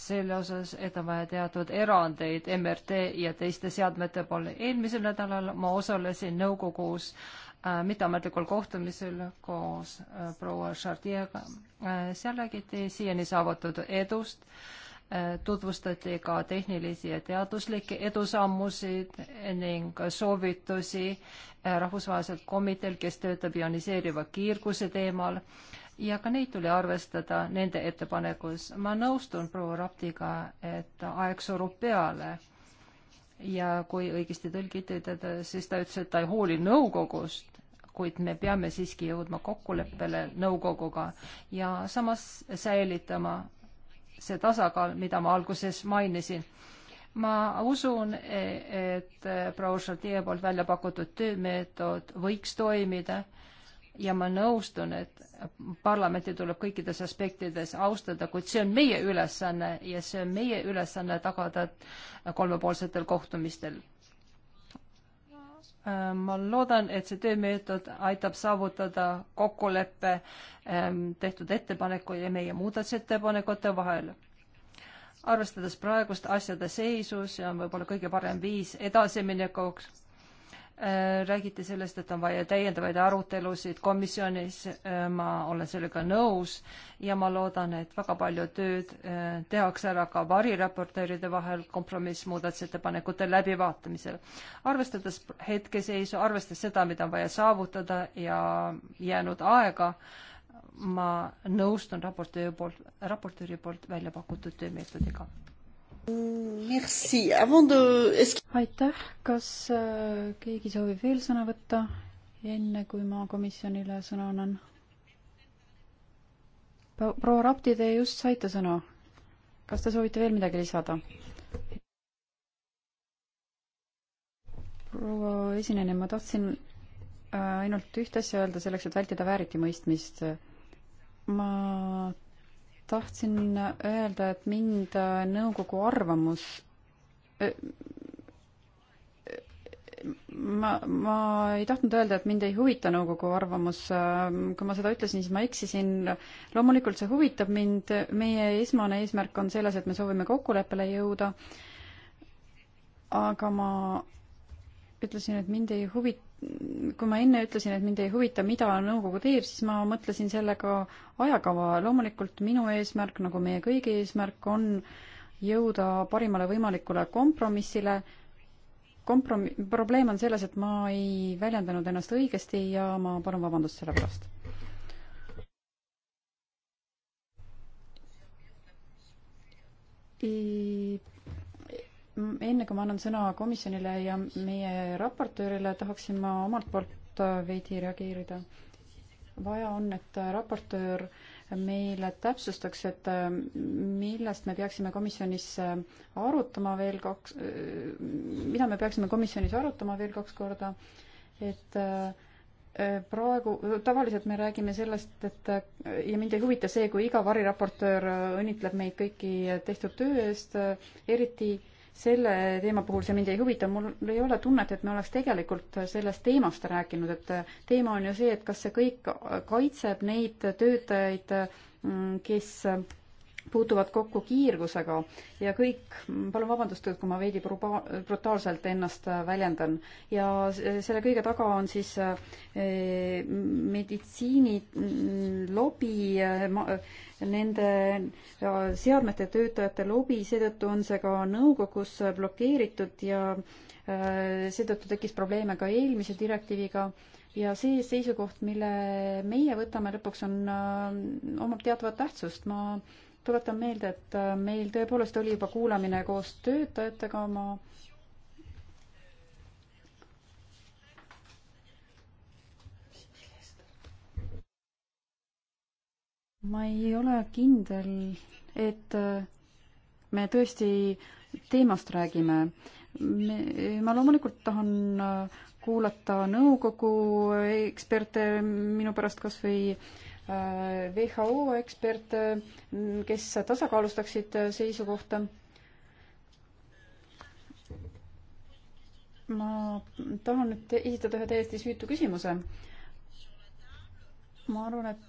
Speaker 4: selle osas, et on vaja teatud erandeid MRT ja teiste seadmete poole. eelmisel nädalal ma osalesin nõukogus äh, mitteametlikul kohtumisel koos äh, proua Chartier'ga äh,. seal räägiti siiani saavutatud edust äh, tutvustati ka tehnilisi ja teaduslikke edusammusid ning soovitusi eh, rahvusvaheliselt komiteel, kes töötab ioniseeriva kiirguse teemal ja ka neid tuli arvestada nende ettepanekus. ma nõustun proua Raptiga, et aeg surub peale ja kui õigesti tõlgiti teda, siis ta ütles, et ta ei hooli nõukogust, kuid me peame siiski jõudma kokkuleppele nõukoguga ja samas säilitama see tasakaal, mida ma alguses mainisin. ma usun, e, et e, proua Šatie poolt välja pakutud töömeetod võiks toimida ja ma nõustun, et parlamenti tuleb kõikides aspektides austada, kuid see on meie ülesanne ja see on meie ülesanne tagada kolmepoolsetel kohtumistel Äh, ma loodan, et see töömeetod aitab saavutada kokkuleppe ähm, tehtud ettepaneku ja meie muudatusettepanekute vahel. arvestades praegust asjade seisu, see on võib-olla kõige parem viis edasiminekuks Äh, räägiti sellest, et on vaja täiendavaid arutelusid komisjonis, äh, ma olen sellega nõus ja ma loodan, et väga palju tööd äh, tehakse ära ka variraportööride vahel kompromissmuudatusettepanekute läbivaatamisel. arvestades hetkeseisu, arvestades seda, mida on vaja saavutada ja jäänud aega, ma nõustun raportööri poolt, raportööri poolt välja pakutud töömeetodiga
Speaker 2: aitäh, kas äh, keegi soovib veel sõna võtta, enne kui ma komisjonile sõna annan? proua Rapti, te just saite sõna. kas te soovite veel midagi lisada? proua esineja, ma tahtsin äh, ainult ühte asja öelda selleks, et vältida vääritimõistmist. ma tahtsin öelda, et mind äh, nõukogu arvamus äh, ma, ma ei tahtnud öelda, et mind ei huvita nõukogu arvamus. Äh, kui ma seda ütlesin, siis ma eksisin. loomulikult see huvitab mind, meie esmane eesmärk on selles, et me soovime kokkuleppele jõuda. aga ma ütlesin, et mind ei huvita kui ma enne ütlesin, et mind ei huvita, mida nõukogu teeb, siis ma mõtlesin sellega ajakava. loomulikult minu eesmärk, nagu meie kõigi eesmärk, on jõuda parimale võimalikule kompromissile. komprom-, probleem on selles, et ma ei väljendanud ennast õigesti ja ma palun vabandust selle pärast enne kui ma annan sõna komisjonile ja meie raportöörile, tahaksin ma omalt poolt veidi reageerida. vaja on, et raportöör meile täpsustaks, et millest me peaksime komisjonis arutama veel kaks, mida me peaksime komisjonis arutama veel kaks korda, et praegu, tavaliselt me räägime sellest, et ja mind ei huvita see, kui iga variraportöör õnnitleb meid kõiki tehtud töö eest, eriti äh, selle teema puhul see mind ei huvita, mul ei ole tunnet, et me oleks tegelikult sellest teemast rääkinud, et teema on ju see, et kas see kõik kaitseb neid töötajaid, mm, kes puutuvad kokku kiirgusega ja kõik, palun vabandust, kui ma veidi bruba-, brutaalselt ennast väljendan, ja selle kõige taga on siis eh, meditsiinilobi, mm, eh, nende seadmete töötajate lobi, seetõttu on see ka nõukogus blokeeritud ja eh, seetõttu tekkis probleeme ka eelmise direktiiviga ja see seisukoht, mille meie võtame lõpuks, on, omab teatavat tähtsust. ma tuletan meelde, et äh, meil tõepoolest oli juba kuulamine koos töötajatega, ma ma ei ole kindel, et äh, me tõesti teemast räägime. ma loomulikult tahan äh, kuulata nõukogu eksperte, minu pärast kas või äh, WHO äh, eksperte, äh, kes tasakaalustaksid äh, seisukohta. ma tahan nüüd esitada ühe täiesti süütu küsimuse. ma arvan, et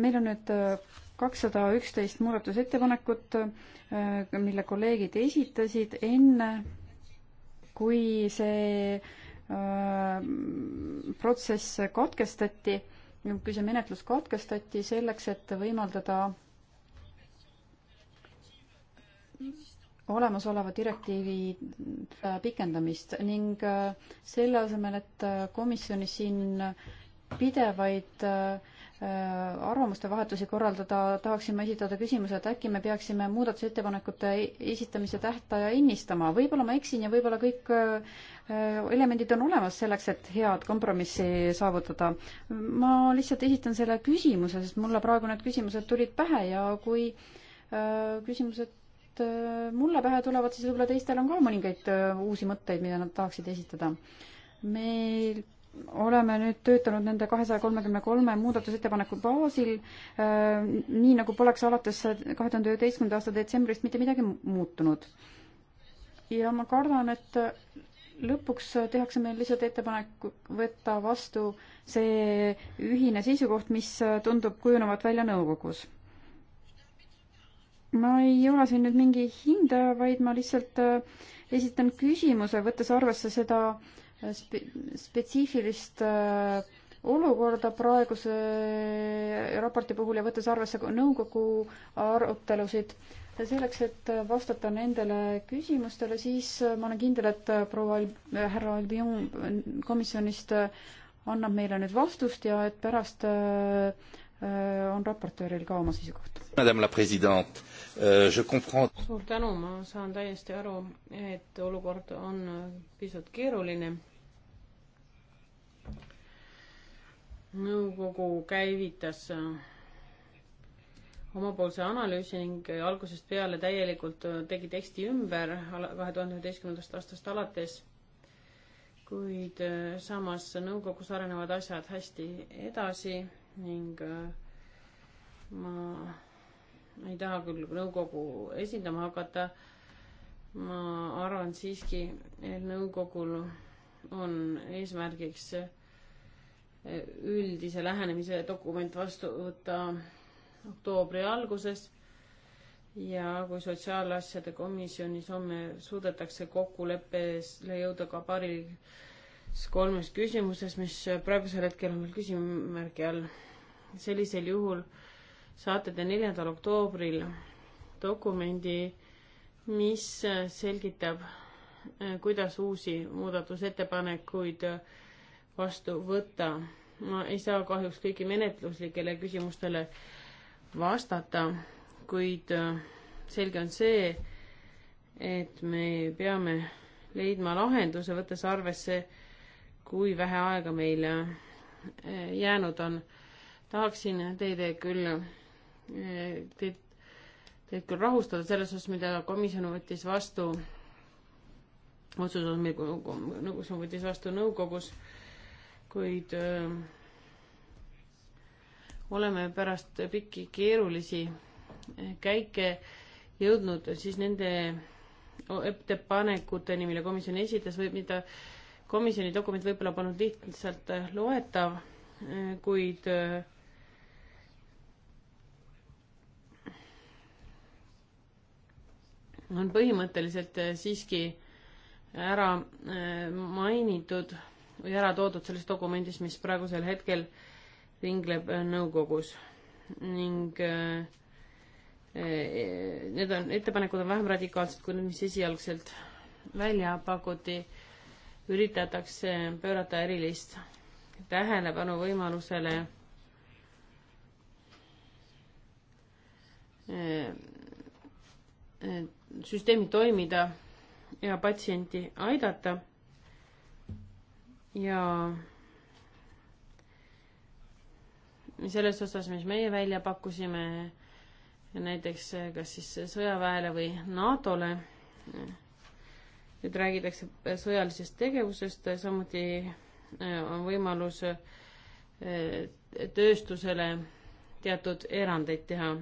Speaker 2: meil on nüüd kakssada üksteist muudatusettepanekut, mille kolleegid esitasid enne, kui see protsess katkestati kui see menetlus katkestati selleks, et võimaldada olemasoleva direktiivi äh, pikendamist ning äh, selle asemel, et äh, komisjonis siin pidevaid äh, Äh, arvamuste vahetusi korraldada, tahaksime esitada küsimuse, et äkki me peaksime muudatusettepanekute esitamise tähtaja ennistama, võib-olla ma eksin ja võib-olla kõik äh, äh, elemendid on olemas selleks, et head kompromissi saavutada. ma lihtsalt esitan selle küsimuse, sest mulle praegu need küsimused tulid pähe ja kui küsimused mulle pähe tulevad, siis võib-olla teistel on ka mõningaid uusi mõtteid, mida nad tahaksid esitada. meil oleme nüüd töötanud nende kahesaja kolmekümne kolme muudatusettepaneku baasil, äh, nii nagu poleks alates kahe tuhande üheteistkümnenda aasta detsembrist mitte midagi muutunud. ja ma kardan, et lõpuks tehakse meil lihtsalt ettepanek võtta vastu see ühine seisukoht, mis tundub kujunevat välja nõukogus. ma ei ole siin nüüd mingi hindaja, vaid ma lihtsalt äh, esitan küsimuse, võttes arvesse seda äh, spe-, spetsiifilist äh, olukorda praeguse raporti puhul ja võttes arvesse ka nõukogu arutelusid, selleks, et vastata nendele küsimustele, siis ma olen kindel, et proua härra Albion komisjonist annab meile nüüd vastust ja et pärast äh, on raportööril ka oma seisukoht.
Speaker 1: Euh, suur
Speaker 3: tänu, ma saan täiesti aru, et olukord on pisut keeruline nõukogu käivitas äh, omapoolse analüüsi ning algusest peale täielikult äh, tegi teksti ümber kahe tuhande üheteistkümnendast aastast alates, kuid äh, samas nõukogus arenevad asjad hästi edasi ning ma ei taha küll nõukogu esindama hakata, ma arvan siiski, et nõukogul on eesmärgiks üldise lähenemise dokument vastu võtta oktoobri alguses ja kui sotsiaalasjade komisjonis homme suudetakse kokkuleppele jõuda ka paaris kolmes küsimuses, mis praegusel hetkel on veel küsimärgi all, sellisel juhul saate te neljandal oktoobril dokumendi, mis selgitab, kuidas uusi muudatusettepanekuid äh, vastu võtta. ma ei saa kahjuks kõigi menetluslikele küsimustele vastata, kuid äh, selge on see, et me peame leidma lahenduse, võttes arvesse, kui vähe aega meil äh, jäänud on. tahaksin teile küll, äh, teid, teid küll rahustada selles osas, mida komisjon võttis vastu, otsus on meil, nagu, nagu, nagu see võttis vastu nõukogus kuid öö, äh, oleme pärast pikki keerulisi äh, käike jõudnud siis nende ettepanekuteni, mille komisjon esitas või mida komisjoni dokument võib-olla polnud lihtsalt äh, loetav, kuid on põhimõtteliselt siiski ära mainitud ära toodud selles dokumendis, mis praegusel hetkel ringleb äh, nõukogus ning äh, äh, need on, ettepanekud on vähem radikaalsed kui need, mis esialgselt välja pakuti. üritatakse pöörata erilist tähelepanu võimalusele süsteemi toimida ja patsienti aidata ja selles osas, mis meie välja pakkusime, näiteks kas siis sõjaväele või NATO-le, nüüd räägitakse sõjalisest tegevusest, samuti äh, on võimalus äh, tööstusele teatud erandeid teha.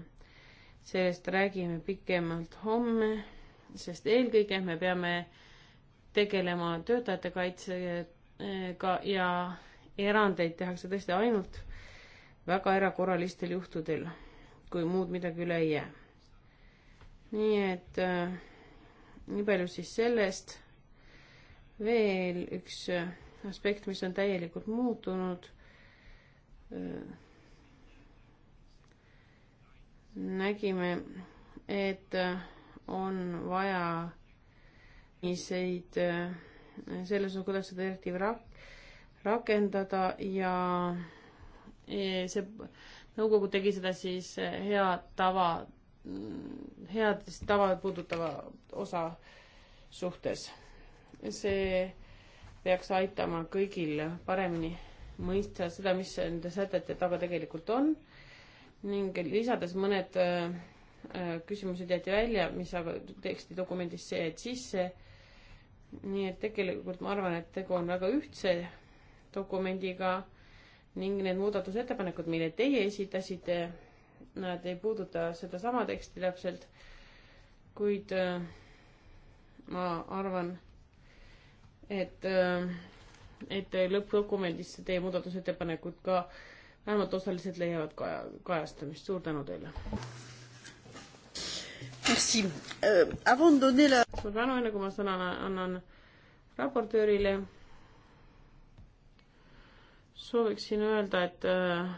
Speaker 3: sellest räägime pikemalt homme, sest eelkõige me peame tegelema töötajate kaitse ka ja erandeid tehakse tõesti ainult väga erakorralistel juhtudel, kui muud midagi üle ei jää. nii et äh, nii palju siis sellest. veel üks äh, aspekt, mis on täielikult muutunud. Äh, nägime, et on vaja niiseid äh, selles on, kuidas seda direktiivi rak-, rakendada ja e, see, nõukogu tegi seda siis hea tava, head tava puudutava osa suhtes. see peaks aitama kõigil paremini mõista seda, mis nende sätete taga tegelikult on ning lisades mõned äh, äh küsimused jäeti välja, mis aga tekstidokumendisse jäid sisse nii et tegelikult ma arvan, et tegu on väga ühtse dokumendiga ning need muudatusettepanekud, mille teie esitasite, nad ei puuduta sedasama teksti täpselt, kuid äh, ma arvan, et, äh, et lõppdokumendis teie muudatusettepanekud ka vähemalt osaliselt leiavad kaja, kajastamist. suur tänu teile!
Speaker 1: Merci. Euh,
Speaker 3: avant de donner la... suur tänu, enne kui ma sõna annan raportöörile, sooviksin öelda, et äh,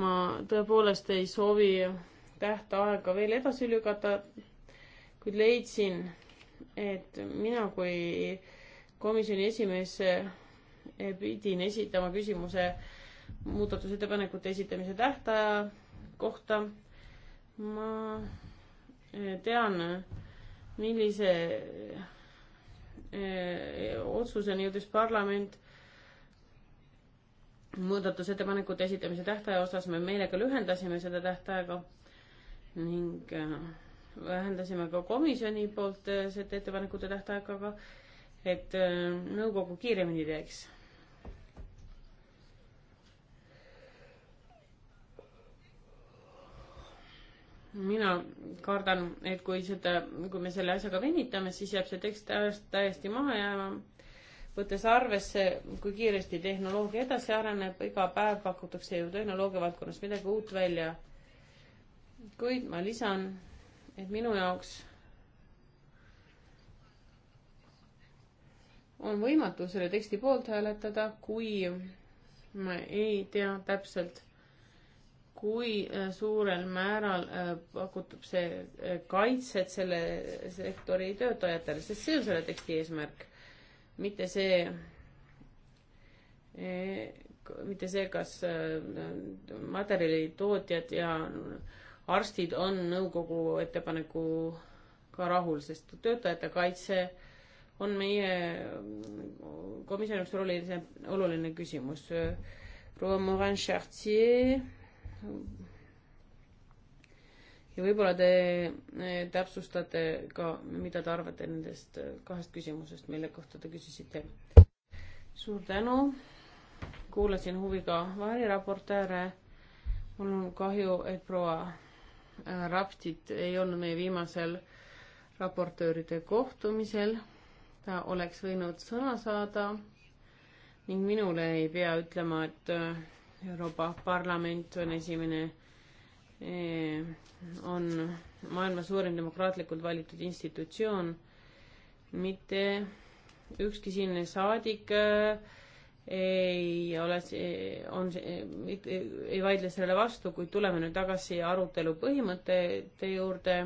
Speaker 3: ma tõepoolest ei soovi tähtaega veel edasi lükata, kuid leidsin, et mina kui komisjoni esimees äh, pidin esitama küsimuse muudatusettepanekute esitamise tähtaja kohta ma eh, tean, millise eh, otsuseni jõudis parlament muudatusettepanekute esitamise tähtaja osas me meelega lühendasime seda tähtaega ning eh, vähendasime ka komisjoni poolt seda ettepanekute tähtaega, aga et nõukogu kiiremini teeks mina kardan, et kui seda, kui me selle asjaga venitame, siis jääb see tekst täiesti maha jääma. võttes arvesse, kui kiiresti tehnoloogia edasi areneb, iga päev pakutakse ju tehnoloogia valdkonnas midagi uut välja. kuid ma lisan, et minu jaoks on võimatu selle teksti poolt hääletada, kui ma ei tea täpselt kui äh, suurel määral äh, pakutub see äh, kaitset selle sektori töötajatele, sest see on selle teksti eesmärk, mitte see, e, mitte see, kas materjalitootjad ja arstid on nõukogu ettepanekuga rahul, sest töötajate kaitse on meie komisjoni jaoks oluline, oluline küsimus. proua Morin Chartier
Speaker 1: ja
Speaker 3: võib-olla te eh, täpsustate ka, mida te arvate nendest eh, kahest küsimusest, mille kohta te küsisite. suur tänu, kuulasin huviga variraportööre. mul on kahju, et proua eh, Raptit ei olnud meie viimasel raportööride kohtumisel. ta oleks võinud sõna saada ning minule ei pea ütlema, et Euroopa Parlament on esimene, e, on maailma suurim demokraatlikult valitud institutsioon, mitte ükski siinne saadik e, ei ole, e, on, ei vaidle sellele vastu, kuid tuleme nüüd tagasi arutelu põhimõtete juurde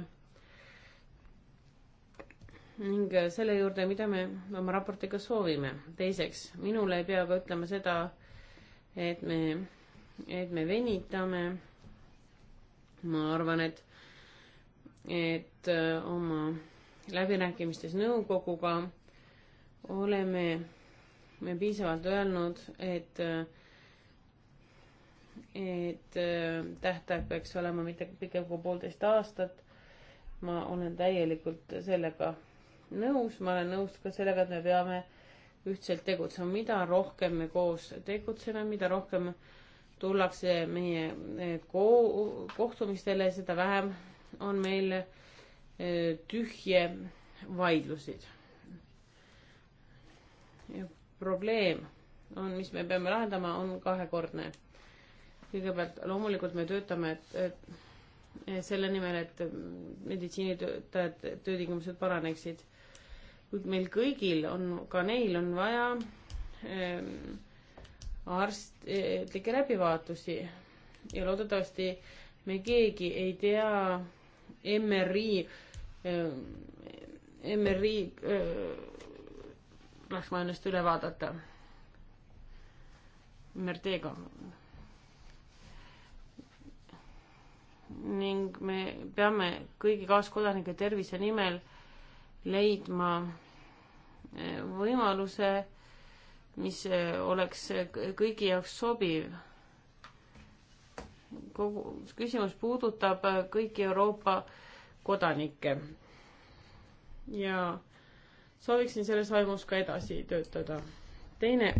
Speaker 3: ning selle juurde, mida me oma raportiga soovime. teiseks, minule ei pea ka ütlema seda, et me, et me venitame. ma arvan, et, et äh, oma läbirääkimistes nõukoguga oleme me piisavalt öelnud, et, äh, et äh, tähtaeg peaks olema mitte pikem kui poolteist aastat. ma olen täielikult sellega nõus, ma olen nõus ka sellega, et me peame ühtselt tegutsema, mida rohkem me koos tegutseme, mida rohkem tullakse meie eh, ko-, kohtumistele, seda vähem on meil eh, tühje vaidlusid. probleem on, mis me peame lahendama, on kahekordne. kõigepealt loomulikult me töötame, et, et eh, selle nimel, et meditsiinitöötajad töötingimused paraneksid kuid meil kõigil on, ka neil on vaja ähm, arstlikke e-, läbivaatusi ja loodetavasti me keegi ei tea MRI ähm,, MRI ehm, tuleks äh, ma ennast üle vaadata. MRT-ga. ning me peame kõigi kaaskodanike tervise nimel äh, leidma eh, võimaluse, mis eh, oleks kõigi jaoks sobiv. kogu küsimus puudutab eh, kõiki Euroopa kodanikke. ja sooviksin selles vaimus ka edasi töötada. teine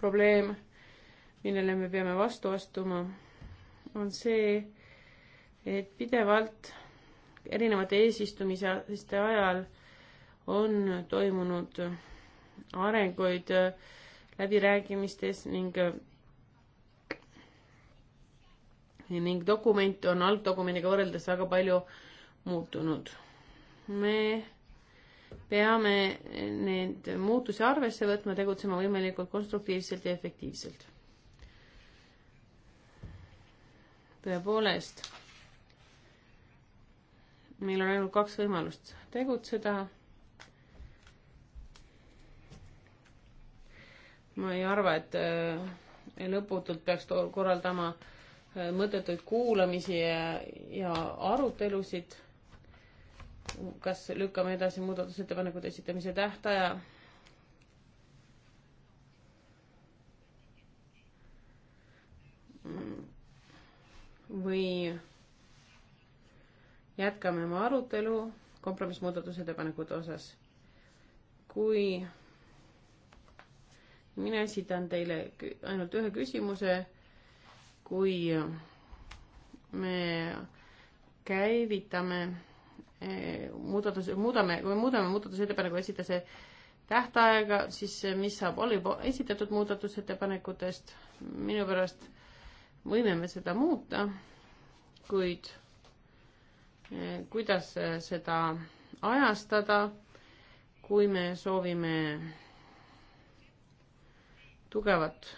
Speaker 3: probleem, millele me peame vastu astuma, on see, et pidevalt erinevate eesistumise ajal on toimunud arenguid äh, läbirääkimistes ning äh, ning dokument on algdokumendiga võrreldes väga palju muutunud. me peame neid muutusi arvesse võtma, tegutsema võimalikult konstruktiivselt ja efektiivselt. tõepoolest meil on ainult kaks võimalust tegutseda. ma ei arva, et äh, lõputult peaks korraldama äh, mõttetuid kuulamisi ja, ja arutelusid. kas lükkame edasi muudatusettepanekute esitamise tähtaja? või jätkame oma arutelu kompromissmuudatusettepanekute osas. kui mina esitan teile ainult ühe küsimuse, kui me käivitame eh, muudatus, muudame, kui me muudame muudatusettepaneku esitase tähtaega, siis mis saab, oli juba esitatud muudatusettepanekutest, minu pärast võime me seda muuta, kuid kuidas seda ajastada, kui me soovime tugevat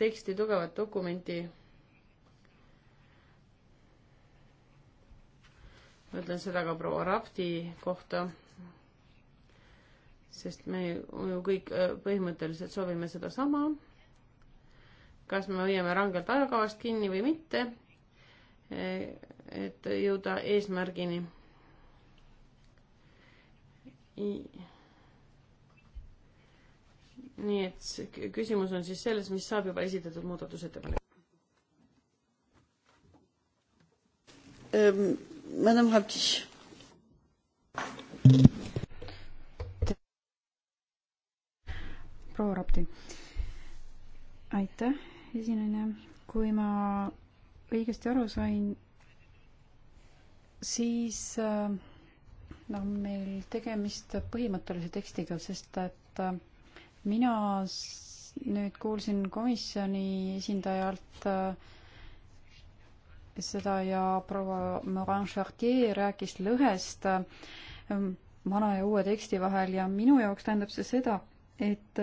Speaker 3: teksti, tugevat dokumenti. ma ütlen seda ka proua Rapti kohta, sest me ju kõik äh, põhimõtteliselt soovime sedasama. kas me hoiame rangelt ajakavast kinni või mitte? Äh, et jõuda eesmärgini. nii et küsimus on siis selles, mis saab juba esitatud muudatusettepanek
Speaker 2: ähm,. Madame Rapti. proua Rapti. aitäh, esinejana. kui ma õigesti aru sain siis äh, on noh, meil tegemist põhimõttelise tekstiga, sest et äh, mina nüüd kuulsin komisjoni esindajalt äh, seda ja proua Morin Chartier rääkis lõhest vana ja uue teksti vahel ja minu jaoks tähendab see seda, et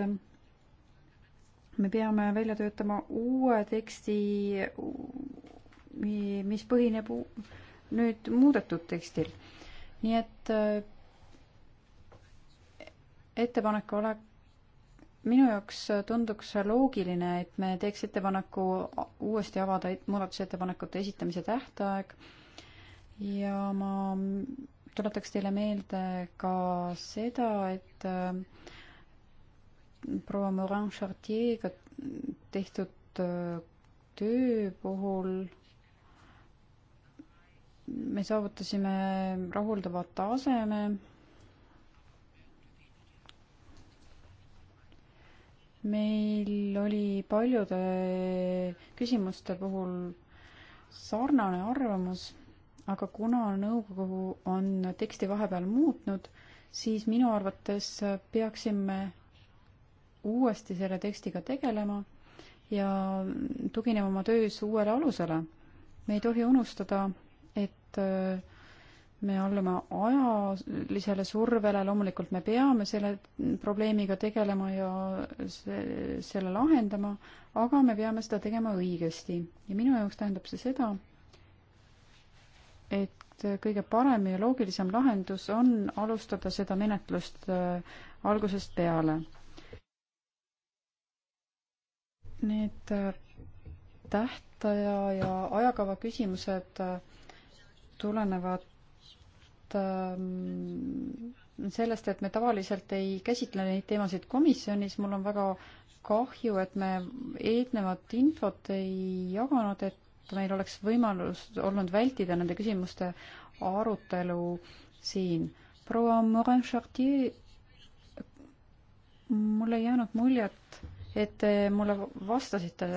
Speaker 2: me peame välja töötama uue teksti, mis põhineb nüüd muudetud tekstil. nii et äh, ettepanek ole, minu jaoks tunduks loogiline, et me teeks ettepaneku uuesti avada et muudatusettepanekute esitamise tähtaeg ja ma tuletaks teile meelde ka seda, et äh, proua Morin Chartier'ga tehtud äh, töö puhul me saavutasime rahuldava taseme. meil oli paljude küsimuste puhul sarnane arvamus, aga kuna nõukogu on teksti vahepeal muutnud, siis minu arvates peaksime uuesti selle tekstiga tegelema ja tuginema oma töös uuele alusele. me ei tohi unustada et äh, me allume ajalisele survele, loomulikult me peame selle probleemiga tegelema ja see, selle lahendama, aga me peame seda tegema õigesti. ja minu jaoks tähendab see seda, et kõige parem ja loogilisem lahendus on alustada seda menetlust äh, algusest peale. Need äh, tähtaja ja ajakava küsimused äh, tulenevad ähm, sellest, et me tavaliselt ei käsitle neid teemasid komisjonis, mul on väga kahju, et me eelnevat infot ei jaganud, et meil oleks võimalus olnud vältida nende küsimuste arutelu siin. proua Morin Chartier, mulle ei jäänud muljet, et te mulle vastasite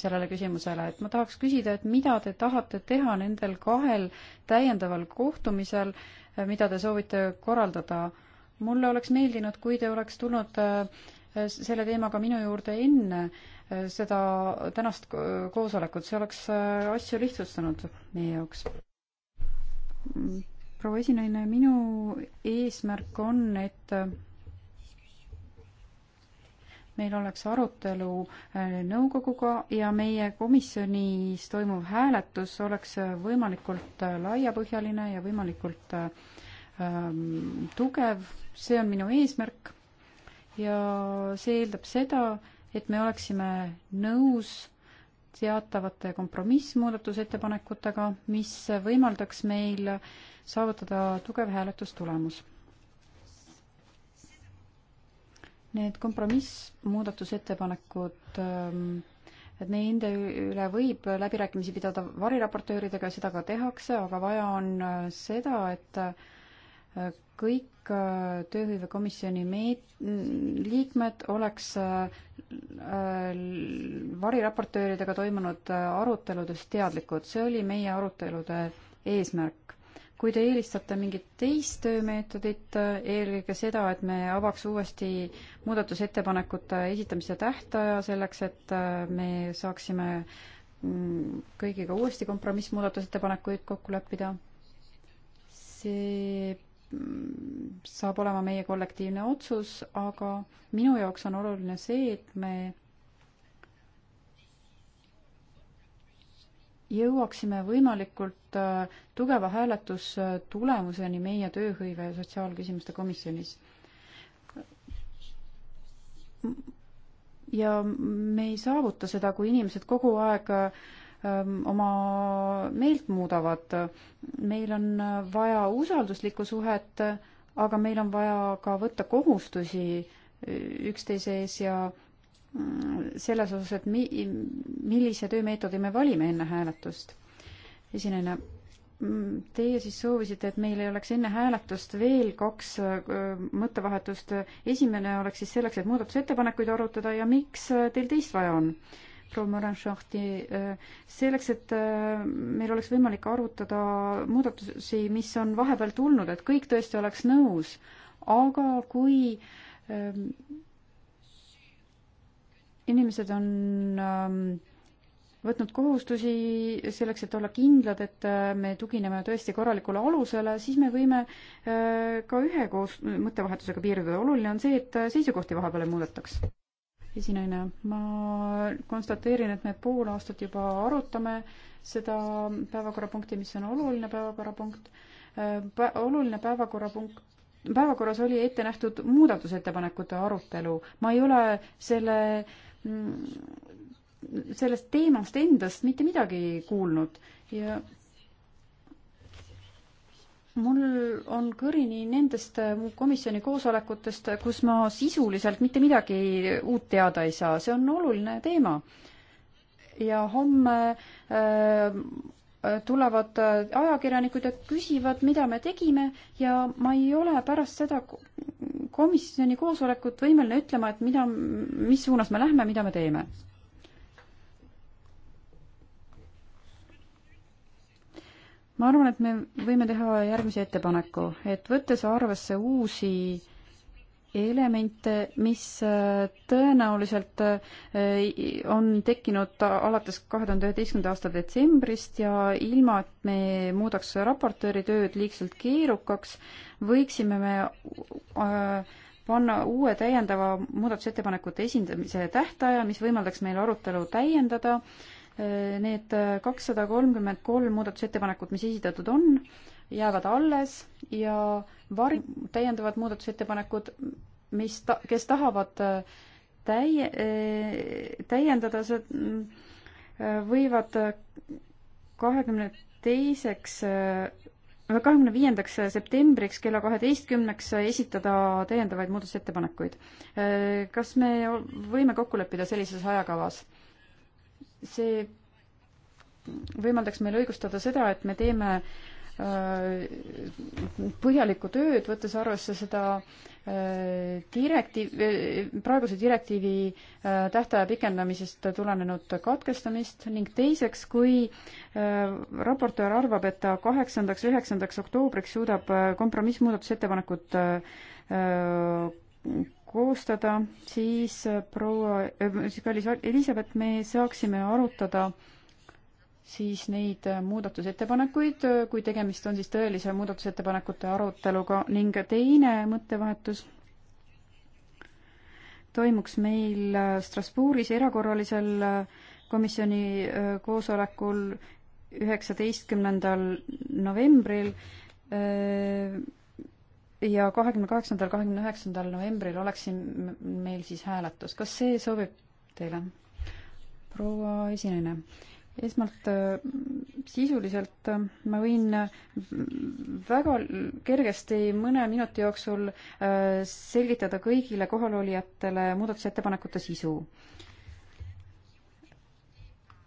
Speaker 2: sellele küsimusele, et ma tahaks küsida, et mida te tahate teha nendel kahel täiendaval kohtumisel, mida te soovite korraldada. mulle oleks meeldinud, kui te oleks tulnud äh, selle teemaga minu juurde enne äh, seda tänast koosolekut, see oleks äh, asju lihtsustanud meie jaoks mm, proua esinaine, minu eesmärk on, et meil oleks arutelu äh, nõukoguga ja meie komisjonis toimuv hääletus oleks äh, võimalikult äh, laiapõhjaline ja võimalikult ähm, tugev, see on minu eesmärk. ja see eeldab seda, et me oleksime nõus teatavate kompromissmuudatusettepanekutega, mis võimaldaks meil saavutada tugev hääletustulemus Need kompromissmuudatusettepanekud ähm, et nende üle võib läbirääkimisi pidada variraportööridega ja seda ka tehakse, aga vaja on äh, seda, et äh, kõik äh, tööhõivekomisjoni meet-, liikmed oleks variraportööridega toimunud aruteludest teadlikud, see oli meie arutelude eesmärk kui te eelistate mingit teist töömeetodit, eelkõige seda, et me avaks uuesti muudatusettepanekute esitamise tähtaja selleks, et äh, me saaksime mm, kõigiga uuesti kompromissmuudatusettepanekuid kokku leppida, see mm, saab olema meie kollektiivne otsus, aga minu jaoks on oluline see, et me jõuaksime võimalikult äh, tugeva hääletustulemuseni meie tööhõive ja sotsiaalküsimuste komisjonis. ja me ei saavuta seda, kui inimesed kogu aeg ähm, oma meelt muudavad. meil on vaja usalduslikku suhet, aga meil on vaja ka võtta kohustusi üksteise ees ja äh, selles osas, et mi-, millise töömeetodi me valime enne hääletust. esinejana, mm, teie siis soovisite, et meil ei oleks enne hääletust veel kaks mõttevahetust. esimene oleks siis selleks, et muudatusettepanekuid arutada ja miks teil teist vaja on? proua Moranšahti, selleks, et meil oleks võimalik arutada muudatusi, mis on vahepeal tulnud, et kõik tõesti oleks nõus, aga kui inimesed on ähm, võtnud kohustusi selleks, et olla kindlad, et äh, me tugineme tõesti korralikule alusele, siis me võime äh, ka ühe koos mõttevahetusega piirduda. oluline on see, et äh, seisukohti vahepeal ei muudetaks. esinaine, ma konstateerin, et me pool aastat juba arutame seda päevakorrapunkti, mis on oluline päevakorrapunkt Pä. oluline päevakorrapunkt päevakorras oli ette nähtud muudatusettepanekute arutelu. ma ei ole selle äh, Mm, sellest teemast endast mitte midagi kuulnud ja mul on kõrini nendest komisjoni koosolekutest, kus ma sisuliselt mitte midagi uut teada ei saa, see on oluline teema. ja homme äh, tulevad äh, ajakirjanikud ja küsivad, mida me tegime ja ma ei ole pärast seda komisjoni koosolekut võimeline ütlema, et mida, mis suunas me lähme, mida me teeme. ma arvan, et me võime teha järgmise ettepaneku, et võttes arvesse uusi äh, elemente, mis äh, tõenäoliselt äh, on tekkinud alates kahe tuhande üheteistkümnenda aasta detsembrist ja ilma, et me muudaks raportööri tööd liigselt keerukaks, võiksime me äh, panna uue täiendava muudatusettepanekute esindamise tähtaja, mis võimaldaks meil arutelu täiendada. Need kakssada kolmkümmend kolm muudatusettepanekut, mis esitatud on, jäävad alles ja vari-, täiendavad muudatusettepanekud, mis ta-, kes tahavad äh, täie-, äh, täiendada see, äh, võivad kahekümne teiseks kahekümne viiendaks septembriks kella kaheteistkümneks esitada täiendavaid muudatusettepanekuid. kas me võime kokku leppida sellises ajakavas? see võimaldaks meil õigustada seda, et me teeme Äh, põhjalikku tööd, võttes arvesse seda äh, direktiiv, äh, praeguse direktiivi tähtaja pikendamisest tulenenud katkestamist ning teiseks, kui raportöör arvab, et ta kaheksandaks, üheksandaks oktoobriks suudab kompromissmuudatusettepanekut koostada, siis proua, siis kallis Elisabeth, me saaksime arutada äh, siis neid muudatusettepanekuid, kui tegemist on siis tõelise muudatusettepanekute aruteluga ning teine mõttevahetus toimuks meil Strasbourgis erakorralisel komisjoni äh, koosolekul üheksateistkümnendal novembril äh, ja kahekümne kaheksandal, kahekümne üheksandal novembril oleks siin meil siis hääletus. kas see sobib teile, proua esineja? esmalt äh, sisuliselt äh, ma võin äh, väga kergesti mõne minuti jooksul selgitada kõigile kohalolijatele muudatusettepanekute sisu.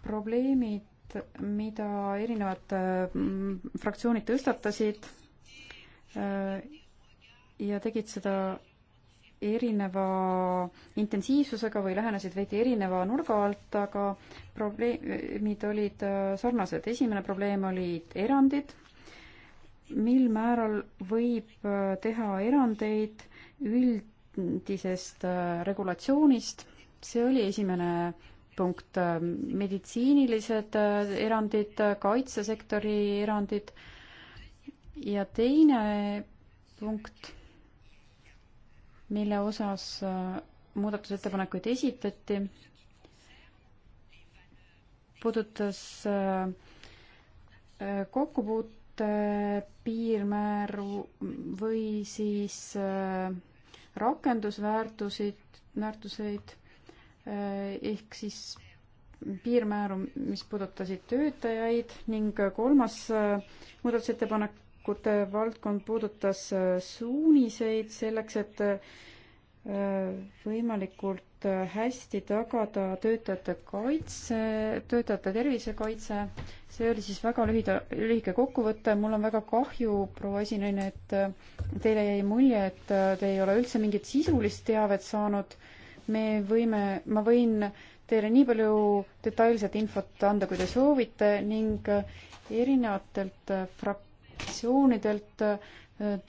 Speaker 2: probleemid, mida erinevad fraktsioonid tõstatasid ja tegid seda erineva intensiivsusega või lähenesid veidi erineva nurga alt, aga probleemid olid äh, sarnased. esimene probleem olid erandid, mil määral võib äh, teha erandeid üldisest äh, regulatsioonist, see oli esimene punkt, meditsiinilised erandid, kaitsesektori erandid ja teine punkt mille osas äh, muudatusettepanekuid esitati, puudutas äh, äh, kokkupuute piirmääru või siis rakendusväärtusid, väärtuseid ehk siis piirmääru, mis puudutasid töötajaid ning kolmas muudatusettepanek valikute valdkond puudutas äh, suuniseid selleks, et äh, võimalikult äh, hästi tagada töötajate kaitse, töötajate tervisekaitse. see oli siis väga lühida, lühike kokkuvõte. mul on väga kahju, proua esinaine, et teile jäi mulje, et te ei ole üldse mingit sisulist teavet saanud. me võime, ma võin teile nii palju detailset infot anda, kui te soovite ning erinevatelt frak-, fraktsioonidelt äh,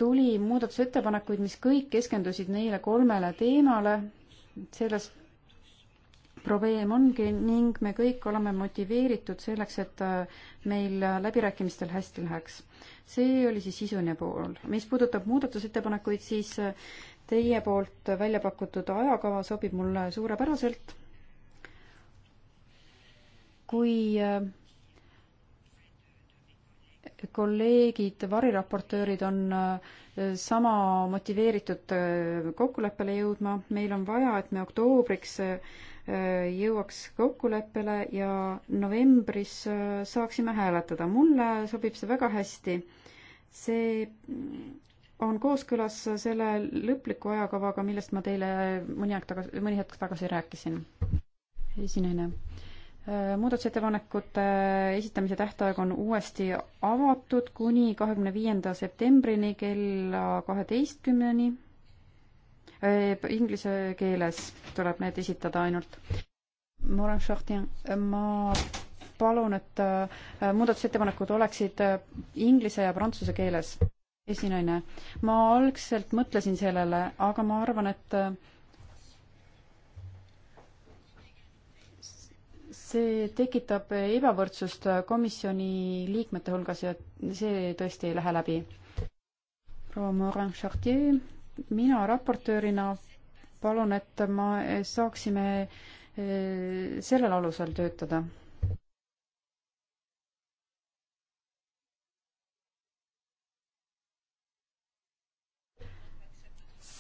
Speaker 2: tuli muudatusettepanekuid, mis kõik keskendusid neile kolmele teemale. selles probleem ongi ning me kõik oleme motiveeritud selleks, et äh, meil läbirääkimistel hästi läheks. see oli siis sisuline pool. mis puudutab muudatusettepanekuid, siis äh, teie poolt välja pakutud ajakava sobib mulle suurepäraselt. kui äh, kolleegid, variraportöörid on äh, sama motiveeritud äh, kokkuleppele jõudma, meil on vaja, et me oktoobriks äh, jõuaks kokkuleppele ja novembris saaksime hääletada. mulle sobib see väga hästi. see on kooskõlas selle lõpliku ajakavaga, millest ma teile mõni aeg tagasi, mõni hetk tagasi rääkisin. esinejana Äh, muudatusettepanekute esitamise tähtaeg on uuesti avatud kuni kahekümne viienda septembrini kella kaheteistkümneni. Äh, inglise keeles tuleb need esitada ainult. ma palun, et äh, muudatusettepanekud oleksid inglise ja prantsuse keeles. esinaine, ma algselt mõtlesin sellele, aga ma arvan, et see tekitab ebavõrdsust komisjoni liikmete hulgas ja see tõesti ei lähe läbi. proua Morin Chartier, mina raportöörina palun, et ma eh, saaksime eh, sellel alusel töötada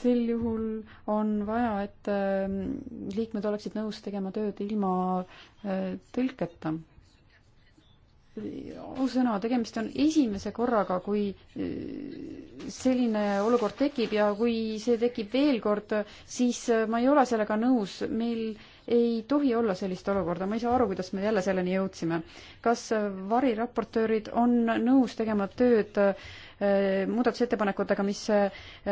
Speaker 2: sel juhul on vaja, et ähm, liikmed oleksid nõus tegema tööd ilma äh, tõlketa. ausõna, tegemist on esimese korraga, kui äh, selline olukord tekib ja kui see tekib veel kord, siis äh, ma ei ole sellega nõus, meil ei tohi olla sellist olukorda, ma ei saa aru, kuidas me jälle selleni jõudsime. kas variraportöörid on nõus tegema tööd äh, Äh, muudatusettepanekutega, mis äh,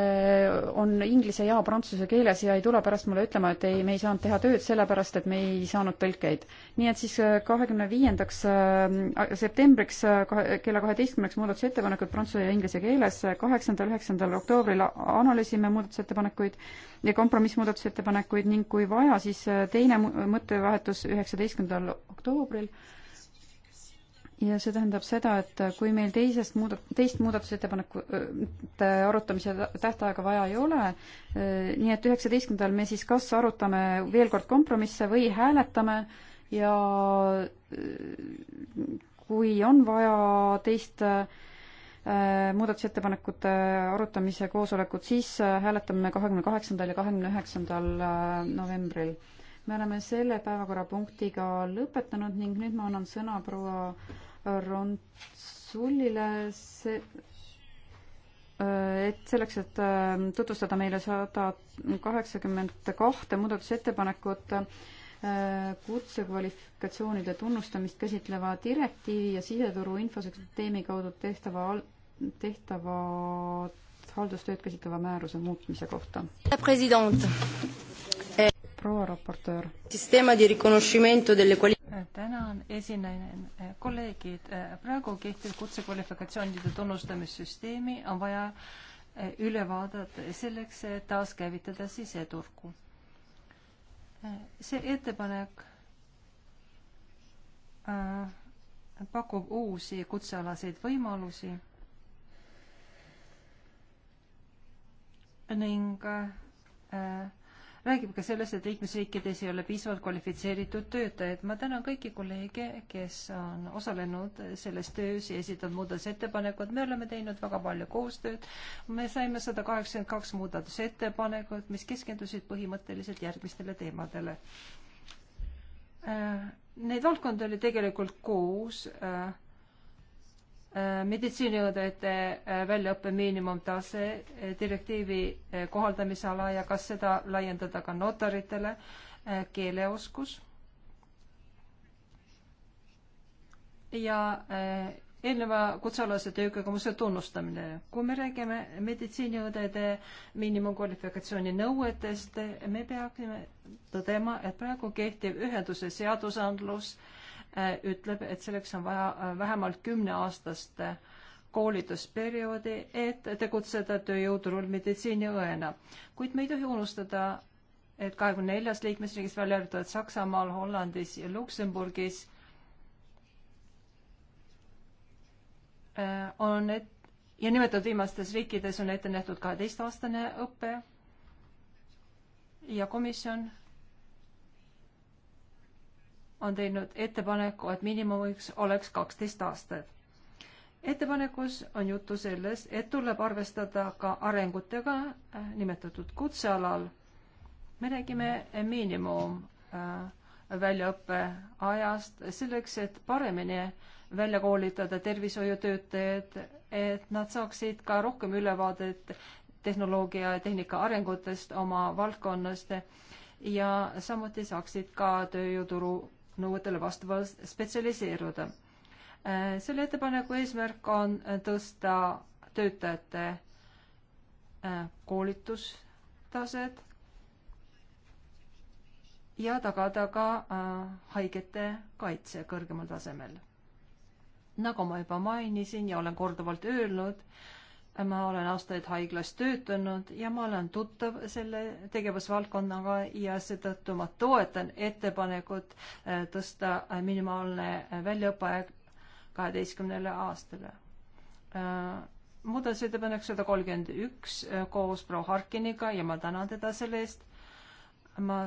Speaker 2: on inglise ja prantsuse keeles ja ei tule pärast mulle ütlema, et ei, me ei saanud teha tööd sellepärast, et me ei saanud tõlkeid. nii et siis äh, kahekümne viiendaks septembriks kella kaheteistkümneks muudatusettepanekud prantsuse ja inglise keeles, kaheksandal, üheksandal oktoobril analüüsime muudatusettepanekuid ja kompromissmuudatusettepanekuid ning kui vaja, siis teine mõttevahetus üheksateistkümnendal oktoobril ja see tähendab seda, et kui meil teisest muuda-, teist muudatusettepanekute äh, arutamise tähtaega vaja ei ole, äh, nii et üheksateistkümnendal me siis kas arutame veel kord kompromisse või hääletame ja äh, kui on vaja teist muudatusettepanekute arutamise koosolekut, siis hääletame kahekümne kaheksandal ja kahekümne üheksandal novembril me oleme selle päevakorrapunktiga lõpetanud ning nüüd ma annan sõna proua Ronsullile see äh, et selleks, et ähm, tutvustada meile sada kaheksakümmend kahte muudatusettepanekut äh, kutsekvalifikatsioonide tunnustamist käsitleva direktiivi ja siseturu infosüsteemi kaudu tehtava, tehtavat haldustööd käsitleva määruse muutmise kohta. proua raportöör
Speaker 4: tänan, esinen eh, kolleegid. Eh, praegu kehtiv kutsekvalifikatsioonide tunnustamissüsteemi on vaja eh, üle vaadata selleks, et taaskäivitada siseturgu. see ettepanek pakub uusi kutsealaseid võimalusi ning äh, räägib ka sellest, et liikmesriikides ei ole piisavalt kvalifitseeritud töötajaid. ma tänan kõiki kolleege, kes on osalenud selles töös ja esitanud muudatusettepanekud. me oleme teinud väga palju koostööd. me saime sada kaheksakümmend kaks muudatusettepanekut, mis keskendusid põhimõtteliselt järgmistele teemadele. Äh, Neid valdkondi oli tegelikult kuus äh, Äh, meditsiiniõdede äh, väljaõppe miinimumtase äh, direktiivi kohaldamisala ja kas seda laiendada ka notaritele, keeleoskus ja eelneva kutsealase töökogemuse tunnustamine. kui me räägime meditsiiniõdede miinimumkvalifikatsiooni nõuetest, me peaksime tõdema, et praegu kehtiv ühenduse seadusandlus äh, Äh, ütleb, et selleks on vaja äh, vähemalt kümneaastast äh, koolitusperioodi, et tegutseda tööjõuturul meditsiiniõena. kuid me ei tohi unustada, et kahekümne neljas liikmesriigis, välja arvatud Saksamaal, Hollandis ja Luksemburgis, on et- ja nimetatud viimastes riikides on ette nähtud kaheteistaastane õpe ja komisjon on teinud ettepaneku, et miinimumiks oleks kaksteist aastat. ettepanekus on juttu sellest, et tuleb arvestada ka arengutega äh, nimetatud kutsealal. me räägime miinimum äh, väljaõppe ajast selleks, et paremini välja koolitada tervishoiutöötajad, et nad saaksid ka rohkem ülevaadet tehnoloogia ja tehnika arengutest oma valdkonnast ja samuti saaksid ka tööjõuturu nõuetele vastavalt spetsialiseeruda. Äh, selle ettepaneku eesmärk on äh, tõsta töötajate äh, koolitustaset ja tagada ka haigete kaitse kõrgemal tasemel. nagu ma juba mainisin ja olen korduvalt öelnud, ma olen aastaid haiglas töötanud ja ma olen tuttav selle tegevusvaldkonnaga ja seetõttu ma toetan ettepanekut äh, tõsta minimaalne väljaõppeaeg kaheteistkümnele aastale. Äh, muudatusettepanek sada kolmkümmend üks äh, koos proua Harkiniga ja ma tänan teda selle eest. ma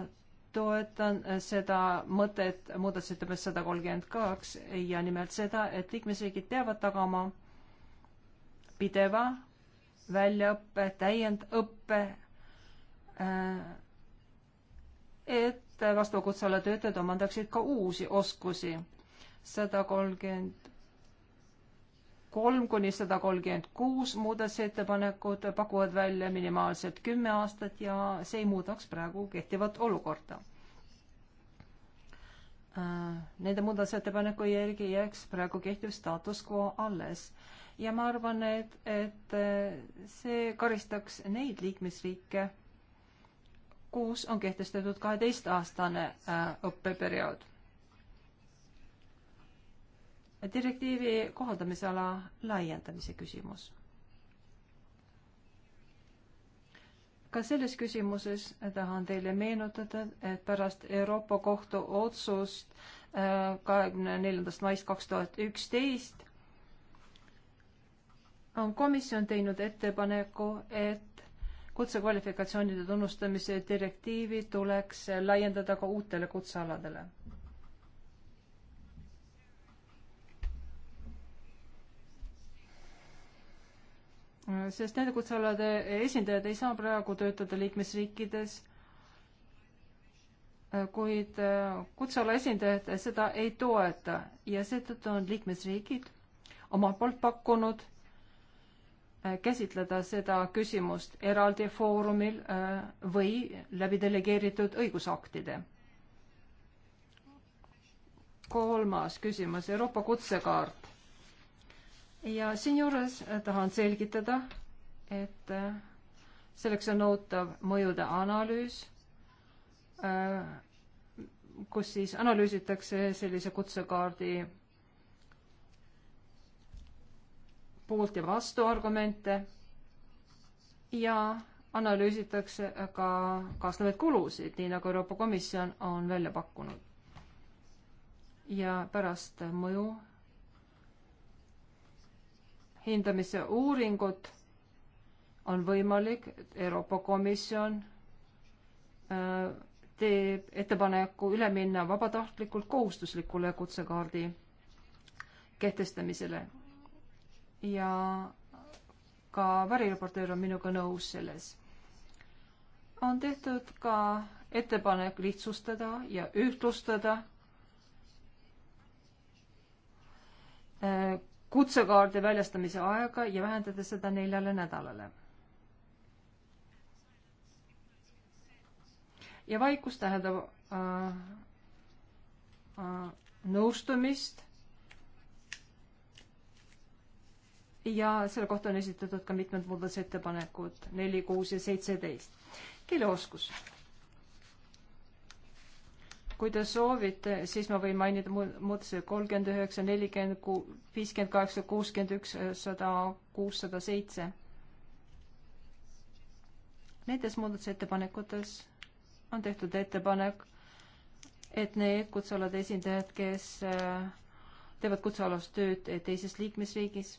Speaker 4: toetan seda mõtet muudatusettepanek sada kolmkümmend kaks ja nimelt seda, et liikmesriigid peavad tagama pideva väljaõppe, täiendõppe, äh, et vastukutse alla töötajad omandaksid ka uusi oskusi. sada kolmkümmend kolm kuni sada kolmkümmend kuus muudatusettepanekud pakuvad välja minimaalselt kümme aastat ja see ei muudaks praegu kehtivat olukorda Äh, nende muudatusettepaneku järgi jääks praegu kehtiv staatus quo alles. ja ma arvan, et, et äh, see karistaks neid liikmesriike, kus on kehtestatud kaheteistaastane äh, õppeperiood. direktiivi kohaldamisala laiendamise küsimus ka selles küsimuses tahan teile meenutada, et pärast Euroopa Kohtu otsust äh, kahekümne neljandast maist kaks tuhat üksteist on komisjon teinud ettepaneku, et kutsekvalifikatsioonide tunnustamise direktiivi tuleks laiendada ka uutele kutsealadele sest nende kutsealade esindajad ei saa praegu töötada liikmesriikides, kuid äh, kutseala esindajad seda ei toeta ja seetõttu on liikmesriigid omalt poolt pakkunud äh, käsitleda seda küsimust eraldi foorumil äh, või läbi delegeeritud õigusaktide. kolmas küsimus, Euroopa kutsekaart ja siinjuures äh, tahan selgitada, et äh, selleks on ootav mõjude analüüs, äh, kus siis analüüsitakse sellise kutsekaardi poolt- ja vastuargumente ja analüüsitakse ka kaasnevaid kulusid, nii nagu Euroopa Komisjon on välja pakkunud. ja pärast mõju hindamise uuringut on võimalik, Euroopa Komisjon äh, teeb ettepaneku üle minna vabatahtlikult kohustuslikule kutsekaardi kehtestamisele. ja ka varireporter on minuga nõus selles. on tehtud ka ettepanek lihtsustada ja ühtlustada äh, kutsekaardi väljastamise aega ja vähendada seda neljale nädalale. ja vaikus tähendab äh, äh, nõustumist. ja selle kohta on esitatud ka mitmed muudatusettepanekud neli, kuus ja seitseteist. keeleoskus kui te soovite, siis ma võin mainida muudatusi kolmkümmend üheksa, nelikümmend ku-, viiskümmend kaheksa, kuuskümmend üks, sada kuussada seitse. Nendes muudatusettepanekutes on tehtud ettepanek, et need kutsealade esindajad, kes teevad kutsealast tööd teises liikmesriigis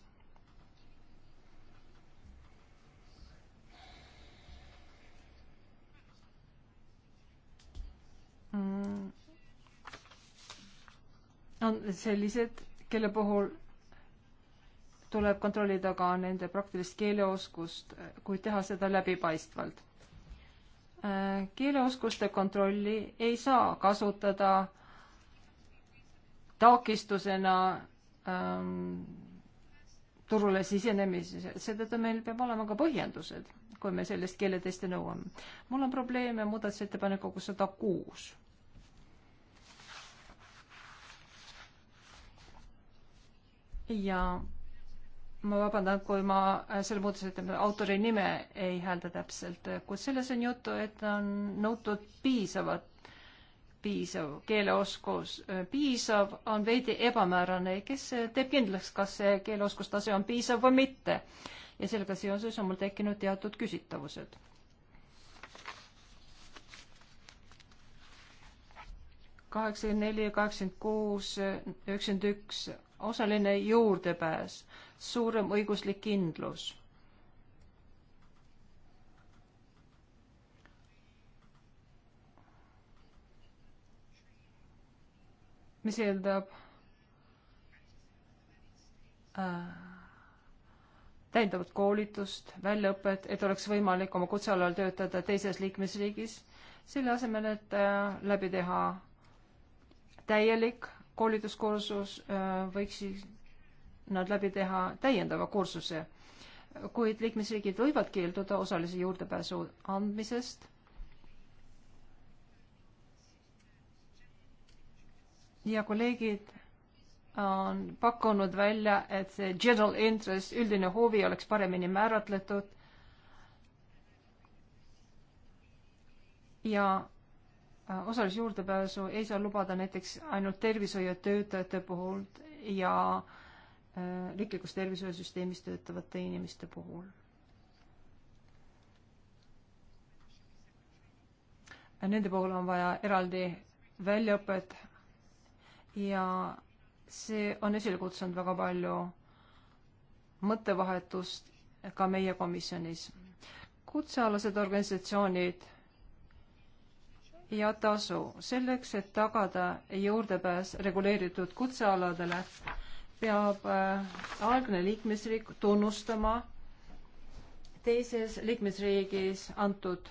Speaker 4: Mm. on sellised, kelle puhul tuleb kontrollida ka nende praktilist keeleoskust, kuid teha seda läbipaistvalt. Äh, keeleoskuste kontrolli ei saa kasutada takistusena ähm, turule sisenemisel, seetõttu meil peab olema ka põhjendused, kui me sellist keeletesti nõuame. mul on probleeme muudatusettepanekuga sada kuus ja ma vabandan, kui ma selle muudatusettepaneku autori nime ei häälda täpselt, kuid selles on juttu, et on nõutud piisavat, piisav keeleoskus. piisav on veidi ebamäärane, kes teeb kindlaks, kas see keeleoskustase on piisav või mitte. ja sellega seoses on mul tekkinud teatud küsitavused. kaheksakümmend neli, kaheksakümmend kuus, üheksakümmend üks osaline juurdepääs, suurem õiguslik kindlus. mis eeldab äh, täiendavat koolitust, väljaõpet, et oleks võimalik oma kutsealal töötada teises liikmesriigis, selle asemel, et äh, läbi teha täielik koolituskursus äh, võiksid nad läbi teha täiendava kursuse, kuid liikmesriigid võivad keelduda osalise juurdepääsu andmisest ja kolleegid on pakkunud välja, et see general interest, üldine huvi oleks paremini määratletud ja Äh, osalusjuurdepääsu ei saa lubada näiteks ainult tervishoiutöötajate puhul ja äh, riiklikus tervishoiusüsteemis töötavate inimeste puhul. Äh, nende puhul on vaja eraldi väljaõpet ja see on esile kutsunud väga palju mõttevahetust ka meie komisjonis. kutsealased organisatsioonid ja tasu. selleks, et tagada juurdepääs reguleeritud kutsealadele, peab äh, algne liikmesriik tunnustama teises liikmesriigis antud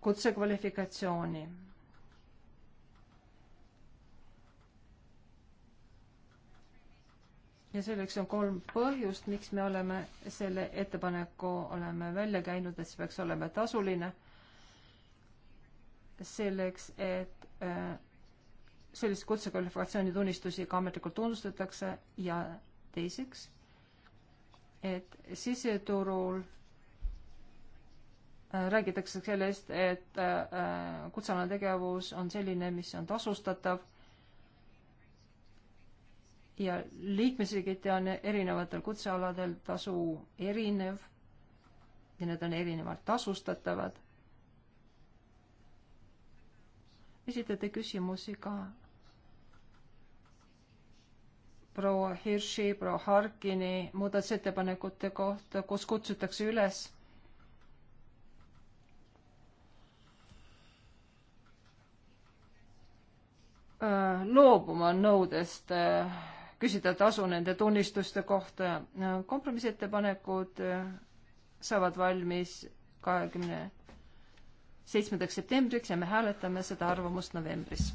Speaker 4: kutsekvalifikatsiooni. ja selleks on kolm põhjust, miks me oleme selle ettepaneku oleme välja käinud, et see peaks olema tasuline selleks, et äh, sellist kutsekvalifikatsiooni tunnistusi ka ametlikult tunnustatakse ja teiseks, et siseturul äh, räägitakse sellest, et äh, kutsealane tegevus on selline, mis on tasustatav ja liikmesriigiti on erinevatel kutsealadel tasu erinev ja need on erinevalt tasustatavad esitate küsimusi ka proua Hirši, proua Harkini muudatusettepanekute kohta, kus kutsutakse üles äh, loobuma nõudest äh, küsida tasu nende tunnistuste kohta. kompromissettepanekud äh, saavad valmis kahekümne seitsmendaks septembriks ja me hääletame seda arvamust novembris.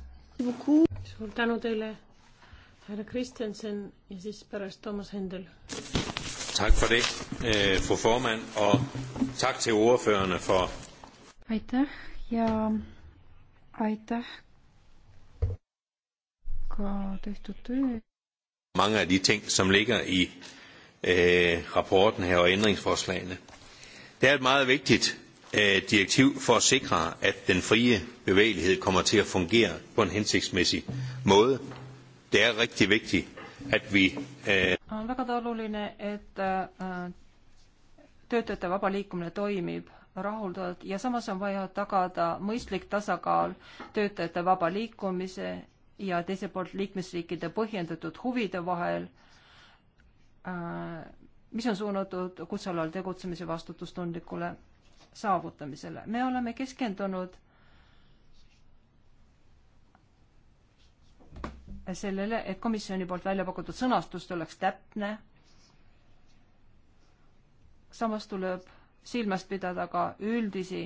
Speaker 4: suur tänu teile, härra
Speaker 3: Kristjanson ja siis pärast Toomas Hendel.
Speaker 1: Tak for det, eh, fru
Speaker 3: formand, og tak til ordførerne for
Speaker 2: aitäh ja aitäh ka tehtud töö.
Speaker 3: Mange af de ting, som ligger i øh, rapporten her og ændringsforslagene. Det er et meget vigtigt øh, direktiv for at sikre, at den frie bevægelighed kommer til at fungere på en hensigtsmæssig måde. Det er rigtig vigtigt, at vi... Øh
Speaker 4: on väga oluline, et äh, töötajate vaba liikumine toimib rahuldavalt ja samas on vaja tagada mõistlik tasakaal töötajate vaba liikumise ja teiselt poolt liikmesriikide põhjendatud huvide vahel äh,, mis on suunatud kutsealal tegutsemise vastutustundlikule saavutamisele. me oleme keskendunud sellele, et komisjoni poolt välja pakutud sõnastus oleks täpne. samas tuleb silmas pidada ka üldisi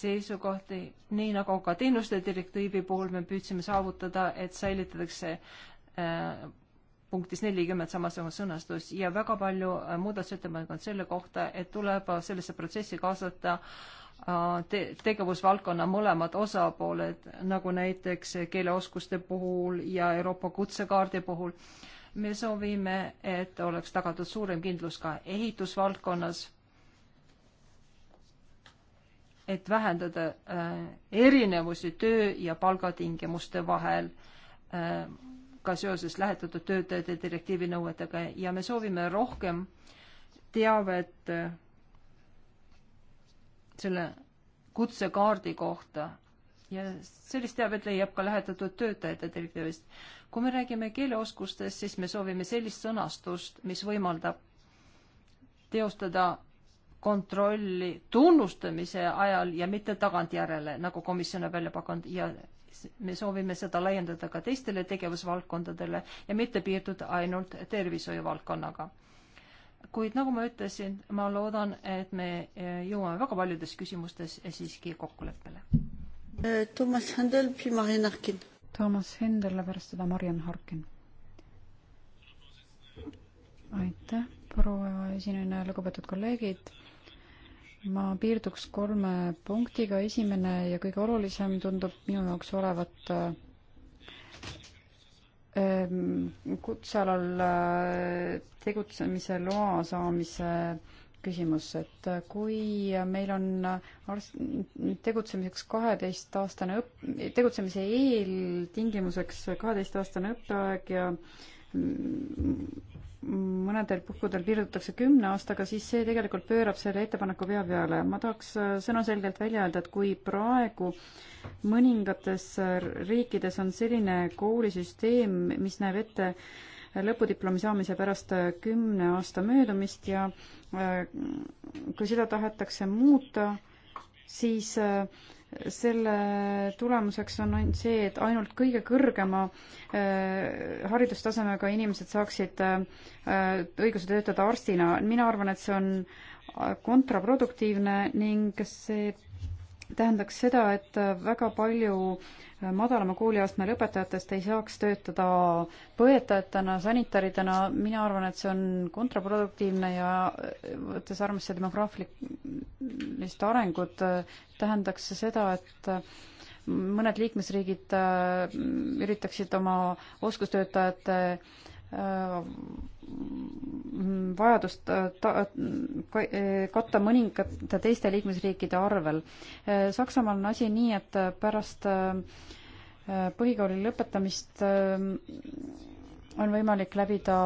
Speaker 4: seisukohti, nii nagu ka teenuste direktiivi puhul me püüdsime saavutada, et säilitatakse äh, punktis nelikümmend samasugune sõnastus ja väga palju äh, muudatusettepanekuid on selle kohta, et tuleb äh, sellesse protsessi kaasata äh, te tegevusvaldkonna mõlemad osapooled, nagu näiteks keeleoskuste puhul ja Euroopa kutsekaardi puhul. me soovime, et oleks tagatud suurem kindlus ka ehitusvaldkonnas, et vähendada erinevusi töö ja palgatingimuste vahel ka seoses lähetatud töötajate direktiivi nõuetega ja me soovime rohkem teavet äh, selle kutsekaardi kohta ja sellist teavet leiab ka lähetatud töötajate direktiivist. kui me räägime keeleoskustest, siis me soovime sellist sõnastust, mis võimaldab teostada kontrolli tunnustamise ajal ja mitte tagantjärele, nagu komisjon on välja pakkunud ja me soovime seda laiendada ka teistele tegevusvaldkondadele ja mitte piirduda ainult tervishoiuvaldkonnaga. kuid nagu ma ütlesin, ma loodan, et me eh, jõuame väga paljudes küsimustes siiski kokkuleppele.
Speaker 2: Eh, Toomas Hendel, siis Mariann Harkin. Toomas Hendel ja pärast seda Mariann Harkin. aitäh, proua esineja, lugupeetud kolleegid ma piirduks kolme punktiga, esimene ja kõige olulisem tundub minu jaoks olevat ähm, kutsealal äh, tegutsemise loa saamise küsimus, et äh, kui meil on arst, tegutsemiseks kaheteistaastane õpp-, tegutsemise eeltingimuseks kaheteistaastane õppeaeg ja mm, mõnedel puhkudel piirdutakse kümne aastaga, siis see tegelikult pöörab selle ettepaneku pea peale. ma tahaks äh, sõnaselgelt välja öelda, et kui praegu mõningates äh, riikides on selline koolisüsteem, mis näeb ette äh, lõpudiplomi saamise pärast kümne aasta möödumist ja kui seda tahetakse muuta, siis äh, selle tulemuseks on ainult see, et ainult kõige kõrgema äh, haridustasemega inimesed saaksid äh, õiguse töötada arstina. mina arvan, et see on kontraproduktiivne ning see tähendaks seda, et väga palju madalama kooliastme lõpetajatest ei saaks töötada põetajatena, sanitaridena, mina arvan, et see on kontraproduktiivne ja võttes arvesse
Speaker 1: demograafilist
Speaker 2: arengut, tähendaks see seda, et mõned liikmesriigid äh, üritaksid oma oskustöötajate vajadust äh, ta, äh, katta mõningate teiste liikmesriikide arvel. Äh, Saksamaal on asi nii, et pärast põhikooli lõpetamist on võimalik läbida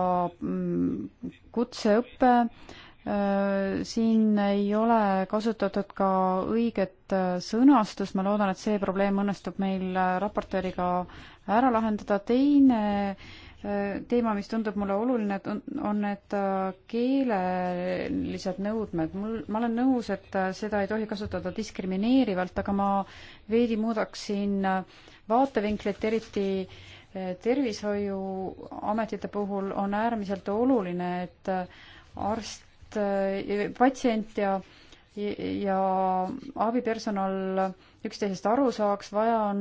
Speaker 2: mm, kutseõpe, siin ei ole kasutatud ka õiget sõnastust, ma loodan, et see probleem õnnestub meil raportööriga ära lahendada, teine teema, mis tundub mulle oluline, on, on need äh, keelelised nõudmed. mul, ma olen nõus, et äh, seda ei tohi kasutada diskrimineerivalt, aga ma veidi muudaksin äh, vaatevinklit, eriti tervishoiuametite puhul on äärmiselt oluline, et arst, patsient ja ja abipersonal üksteisest aru saaks, vaja on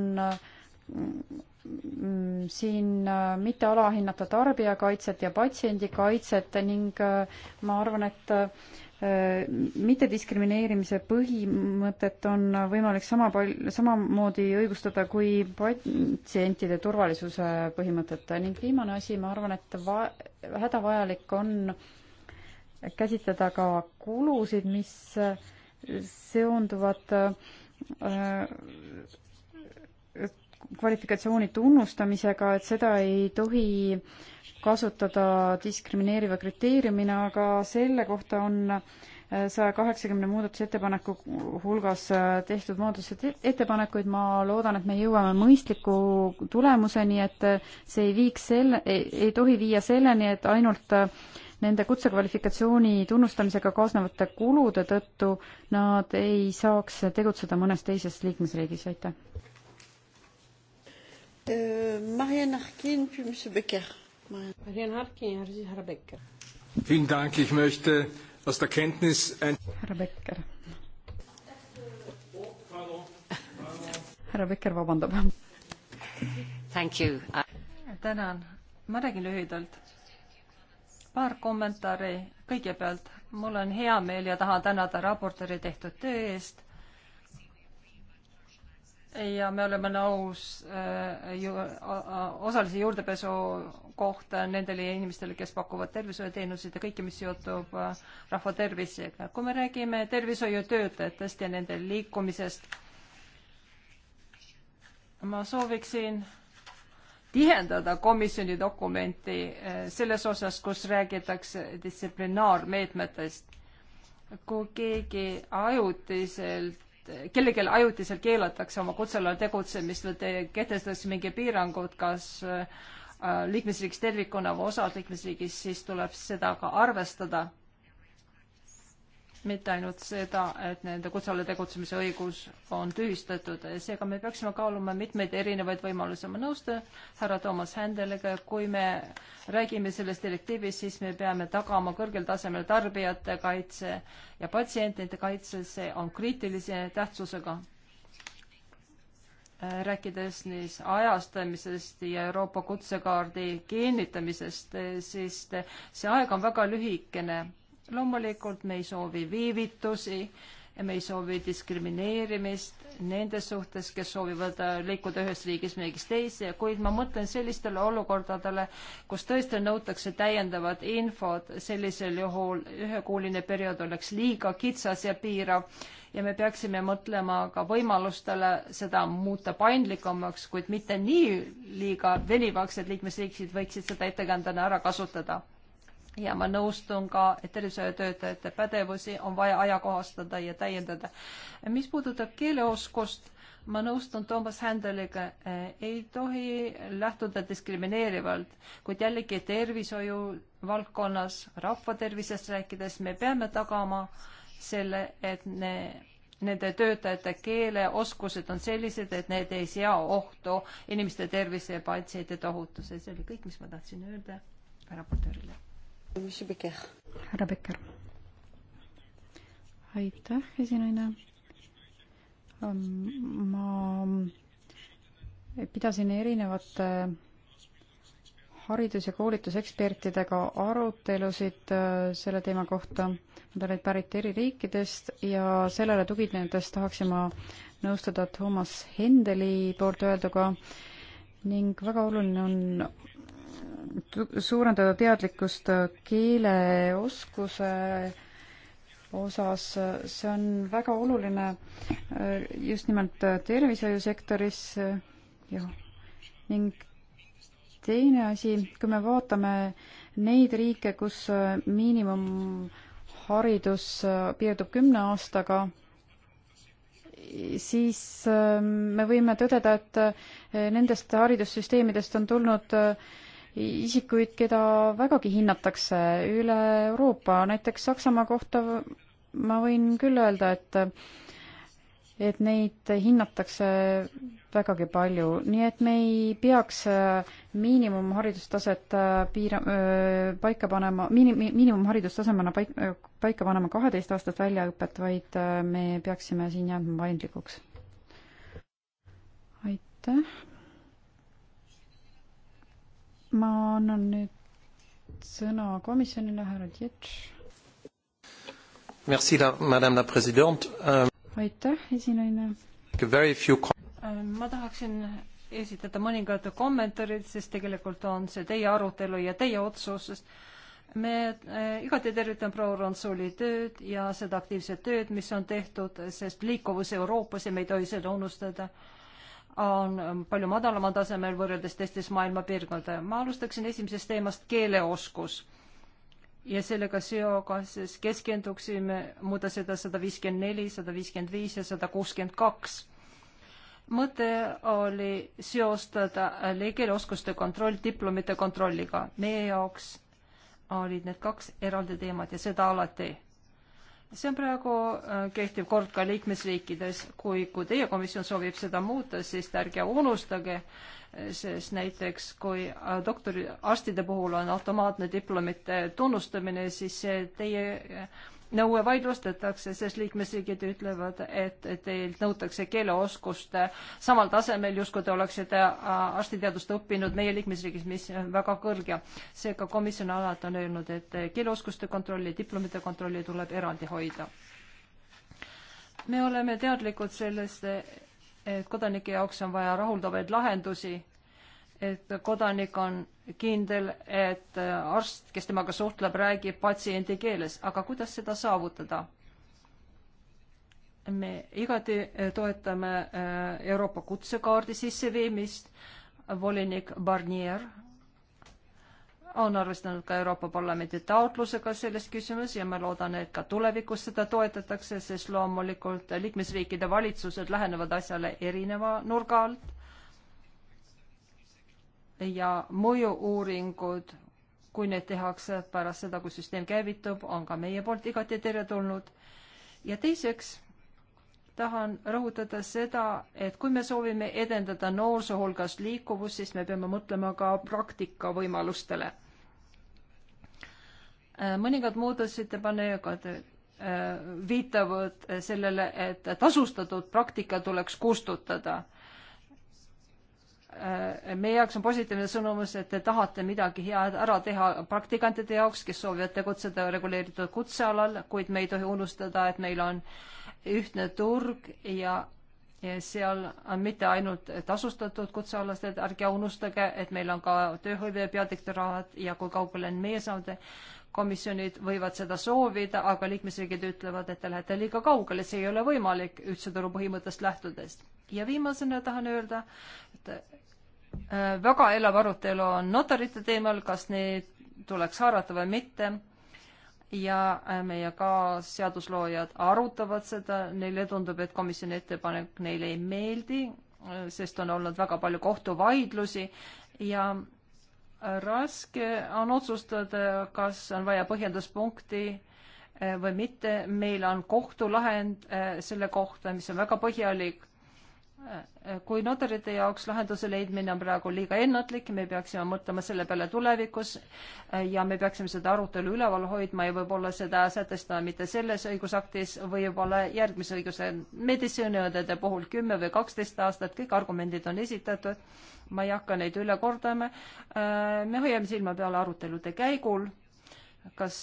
Speaker 2: Mm, siin äh, mitte alahinnata tarbijakaitset ja patsiendikaitset ning äh, ma arvan, et äh, mittediskrimineerimise põhimõtet on võimalik sama pal-, samamoodi õigustada kui patsientide turvalisuse põhimõtet ning viimane asi, ma arvan, et va-, hädavajalik on käsitleda ka kulusid, mis seonduvad äh, kvalifikatsiooni tunnustamisega, et seda ei tohi kasutada diskrimineeriva kriteeriumina, aga selle kohta on äh, saja kaheksakümne muudatusettepaneku hulgas äh, tehtud muudatusettepanekuid, ma loodan, et me jõuame mõistliku tulemuseni, et äh, see ei viiks selle, ei tohi viia selleni, et ainult nende kutsekvalifikatsiooni tunnustamisega kaasnevate kulude tõttu nad ei saaks tegutseda mõnes teises liikmesriigis, aitäh! Euh, Marianne Harkin, puis M. Becker. Marianne Harkin ja siis härra Becker.
Speaker 1: Vielen Dank, ich möchte aus der Kenntnis ein... härra Becker.
Speaker 2: härra Becker vabandab.
Speaker 4: Thank you. tänan, ma räägin lühidalt. paar kommentaari kõigepealt. mul on hea meel ja tahan tänada raportööri tehtud töö eest ja me oleme nõus äh, ju, osalise juurdepesu kohta nendele inimestele, kes pakuvad tervishoiuteenuseid ja kõike, mis seotub äh, rahva tervisega. kui me räägime tervishoiutöötajatest ja nende liikumisest, ma sooviksin tihendada komisjoni dokumenti äh, selles osas, kus räägitakse distsiplinaarmeetmetest. kui keegi ajutiselt kellelgi ajutiselt keelatakse oma kutselal tegutsemist või kehtestatakse mingi piirangud, kas äh, liikmesriigis tervikuna või osas liikmesriigis, siis tuleb seda ka arvestada mitte ainult seda, et nende kutseala tegutsemise õigus on tühistatud, seega me peaksime kaaluma mitmeid erinevaid võimalusi. ma nõustun härra Toomas Händeliga, kui me räägime sellest direktiivist, siis me peame tagama kõrgel tasemel tarbijate kaitse ja patsientide kaitse, see on kriitilise tähtsusega rääkides nii ajastamisest ja Euroopa kutsekaardi kinnitamisest, siis see aeg on väga lühikene loomulikult me ei soovi viivitusi ja me ei soovi diskrimineerimist nende suhtes, kes soovivad äh, liikuda ühest riigist mingist teise, kuid ma mõtlen sellistele olukordadele, kus tõesti nõutakse täiendavat infot, sellisel juhul ühekuuline periood oleks liiga kitsas ja piirav ja me peaksime mõtlema ka võimalustele seda muuta paindlikumaks, kuid mitte nii liiga venivaks, et liikmesriigid võiksid seda ettekandena ära kasutada ja ma nõustun ka, et tervishoiutöötajate pädevusi on vaja ajakohastada ja täiendada. mis puudutab keeleoskust, ma nõustun Toomas Händeliga, eh, ei tohi lähtuda diskrimineerivalt, kuid jällegi tervishoiu valdkonnas rahvatervisest rääkides me peame tagama selle, et ne, nende töötajate keeleoskused on sellised, et need ei sea ohtu inimeste tervise ja patsientide ohutuse. see oli kõik, mis ma tahtsin öelda raportöörile
Speaker 2: härra Becker. aitäh, esinaine. Ähm, ma pidasin erinevate haridus- ja koolitusekspertidega arutelusid äh, selle teema kohta. Nad olid pärit eri riikidest ja sellele tuginedes tahaksin ma nõustuda Toomas Hendeli poolt öelduga ning väga oluline on suurendada teadlikkust keeleoskuse osas, see on väga oluline äh, just nimelt äh, tervishoiusektoris äh, ja ning teine asi, kui me vaatame neid riike, kus miinimumharidus piirdub kümne aastaga, siis me võime tõdeda, et nendest haridussüsteemidest on tulnud äh, isikuid, keda vägagi hinnatakse üle Euroopa, näiteks Saksamaa kohta ma võin küll öelda, et et neid hinnatakse vägagi palju, nii et me ei peaks äh, miinimumharidustaset äh, piira-, äh, paika panema, miini-, miinimumharidustasemena paik-, paika panema kaheteist aastat väljaõpet, vaid me peaksime siin jääma paindlikuks. aitäh! ma annan nüüd sõna komisjonile, härra Tjetš.
Speaker 1: Merci, madame la president um.... Euh,
Speaker 2: aitäh, esinaine. Few... Ähm, ma tahaksin
Speaker 4: esitada mõningad kommentaarid, sest tegelikult on see teie arutelu ja teie otsus, sest me äh, igati tervitan proua Ronsuli tööd ja seda aktiivset tööd, mis on tehtud, sest liikuvus Euroopas ja me ei tohi seda unustada äh, on ähm, palju madalamal tasemel võrreldes teistes maailma piirkondadega. ma alustaksin esimesest teemast keeleoskus ja sellega seogas siis keskenduksime muuda seda sada viiskümmend neli, sada viiskümmend viis ja sada kuuskümmend kaks. mõte oli seostada äh, keeleoskuste kontroll diplomite kontrolliga. meie jaoks olid need kaks eraldi teemat ja seda alati see on praegu äh, kehtiv kord ka liikmesriikides, kui, kui teie komisjon soovib seda muuta, siis ärge unustage, äh, sest näiteks kui äh, doktoriarstide puhul on automaatne diplomite tunnustamine, siis see teie nõue vaidlustatakse, sest liikmesriigid ütlevad, et teilt nõutakse keeleoskust samal tasemel, justkui te oleksite äh, arstiteadust õppinud meie liikmesriigis, mis on väga kõrge. seega komisjon alati on öelnud, et keeleoskuste kontrolli, diplomite kontrolli tuleb eraldi hoida. me oleme teadlikud sellest, et kodanike jaoks on vaja rahuldavaid lahendusi et kodanik on kindel, et arst, kes temaga suhtleb, räägib patsiendi keeles, aga kuidas seda saavutada? me igati toetame äh, Euroopa kutsekaardi sisseviimist, volinik Barnier on arvestanud ka Euroopa Parlamendi taotlusega selles küsimus ja ma loodan, et ka tulevikus seda toetatakse, sest loomulikult liikmesriikide valitsused lähenevad asjale erineva nurga alt ja mõju-uuringud, kui need tehakse pärast seda, kui süsteem käivitub, on ka meie poolt igati teretulnud. ja teiseks tahan rõhutada seda, et kui me soovime edendada noorsoo hulgas liikuvust, siis me peame mõtlema ka praktika võimalustele. Äh, mõningad muudatusettepanekud äh, viitavad sellele, et tasustatud praktika tuleks kustutada Äh, meie jaoks on positiivne sõnum, et te tahate midagi head ära teha praktikantide jaoks, kes soovivad tegutseda reguleeritud kutsealal, kuid me ei tohi unustada, et meil on ühtne turg ja ja seal on mitte ainult tasustatud kutsealased, ärge unustage, et meil on ka tööhõive peadiktoraat ja kui kaugele on meie saanud, komisjonid võivad seda soovida, aga liikmesriigid ütlevad, et te lähete liiga kaugele, see ei ole võimalik ühtse turu põhimõttest lähtudes. ja viimasena tahan öelda, et väga elav arutelu on notarite teemal, kas neid tuleks haarata või mitte ja äh, meie kaasseadusloojad arutavad seda, neile tundub, et komisjoni ettepanek neile ei meeldi, äh, sest on olnud väga palju kohtuvaidlusi ja äh, raske on otsustada, kas on vaja põhjenduspunkti või mitte, meil on kohtulahend selle kohta, mis on väga põhjalik kui notarite jaoks lahenduse leidmine on praegu liiga ennatlik, me peaksime mõtlema selle peale tulevikus ja me peaksime seda arutelu üleval hoidma ja võib-olla seda sätestada mitte selles õigusaktis, võib-olla järgmise õiguse meditsiiniõdede puhul kümme või kaksteist aastat, kõik argumendid on esitatud, ma ei hakka neid üle kordama. me hoiame silma peal arutelude käigul kas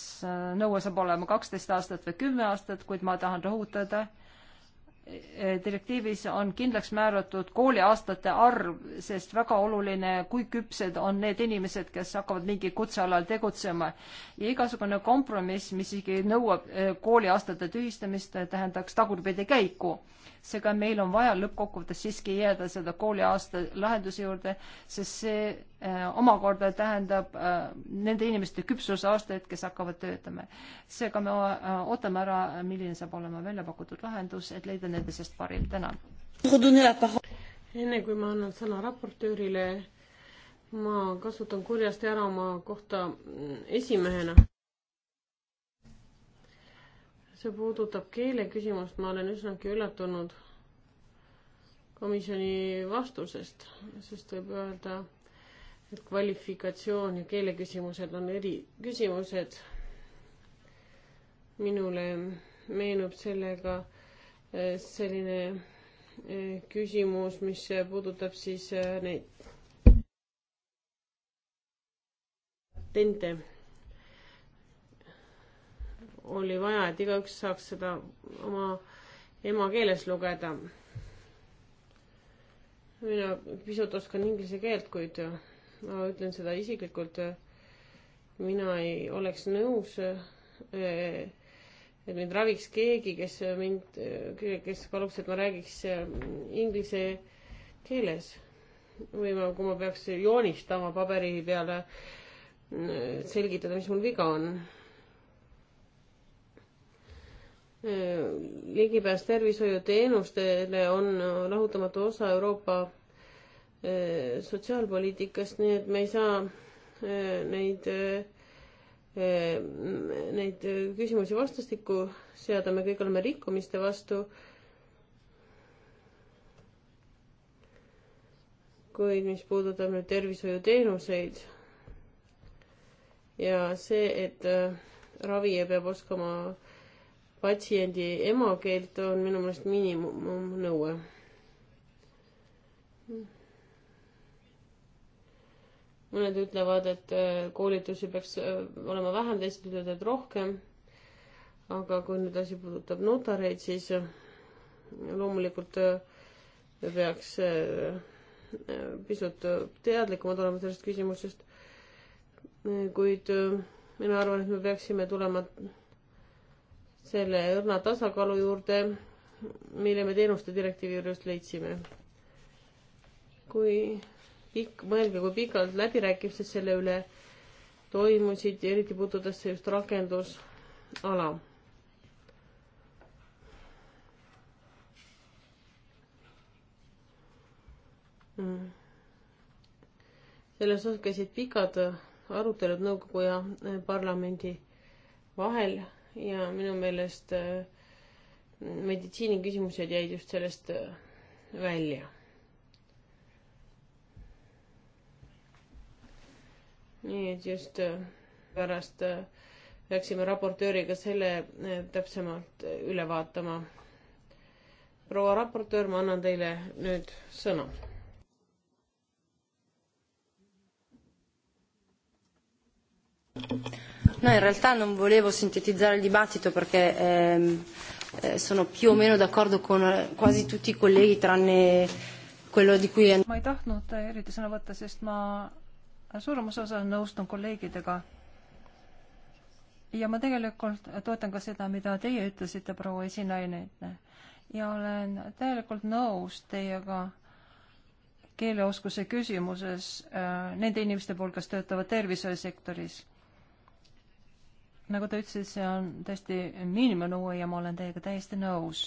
Speaker 4: nõue saab olema kaksteist aastat või kümme aastat, kuid ma tahan rõhutada, direktiivis on kindlaks määratud kooliaastate arv, sest väga oluline, kui küpsed on need inimesed, kes hakkavad mingi kutsealal tegutsema. ja igasugune kompromiss, mis isegi nõuab eh, kooliaastate tühistamist, tähendaks tagurpidi käiku seega meil on vaja lõppkokkuvõttes siiski jääda seda kooliaasta lahenduse juurde, sest see äh, omakorda tähendab äh, nende inimeste küpsusaastaid, kes hakkavad töötama. seega me äh, ootame ära, milline saab olema välja pakutud lahendus, et leida nende seest parim. tänan.
Speaker 3: enne kui ma annan sõna raportöörile, ma kasutan kurjasti ära oma kohta mm, esimehena see puudutab keeleküsimust, ma olen üsnagi üllatunud komisjoni vastusest, sest võib öelda, et kvalifikatsioon ja keeleküsimused on eri küsimused. minule meenub sellega eh, selline eh, küsimus, mis puudutab siis eh, neid patente oli vaja, et igaüks saaks seda oma emakeeles lugeda. mina pisut oskan inglise keelt, kuid ma ütlen seda isiklikult, mina ei oleks nõus, e, et mind raviks keegi, kes mind, kes paluks, et ma räägiks inglise keeles. või ma, kui ma peaks joonistama paberi peale, selgitada, mis mul viga on ligipääs tervishoiuteenustele on lahutamatu osa Euroopa eh, sotsiaalpoliitikast, nii et me ei saa eh, neid, eh, neid küsimusi vastastikku seada, me kõik oleme rikkumiste vastu. kuid mis puudutab nüüd tervishoiuteenuseid ja see, et ravija peab oskama äh, patsiendi emakeelt on minu meelest miinimumnõue. mõned ütlevad, et äh, koolitusi peaks äh, olema vähem, teised ütlevad, et rohkem. aga kui nüüd asi puudutab notareid, siis äh, loomulikult peaks pisut teadlikumad olema sellest küsimusest. kuid mina arvan, et me peaksime tulema selle õrna tasakaalu juurde, mille me teenuste direktiivi juures leidsime. kui pikk, mõelge, kui pikalt läbirääkimised selle üle toimusid, eriti puudutas see just rakendusala. Mm. selles osas käisid pikad arutelud nõukogu ja eh, parlamendi vahel ja minu meelest äh, meditsiiniküsimused jäid just sellest äh, välja. nii et just äh, pärast läksime raportööriga selle täpsemalt üle vaatama. proua raportöör, ma annan teile nüüd sõna.
Speaker 2: No, in realtà non volevo sintetizzare il dibattito perché ehm, eh, sono più o meno d'accordo con eh, quasi tutti i colleghi tranne quello di cui... Ma
Speaker 4: ei tahtnud eriti sõna võtta, sest ma suuremas osas nõustun kolleegidega. ja ma tegelikult toetan ka seda, mida teie ütlesite, proua esinaine, ja olen täielikult nõus teiega keeleoskuse küsimuses äh, nende inimeste poolt, kes töötavad tervishoiusektoris nagu ta ütles, see on tõesti miinimumnõue ja ma olen teiega täiesti nõus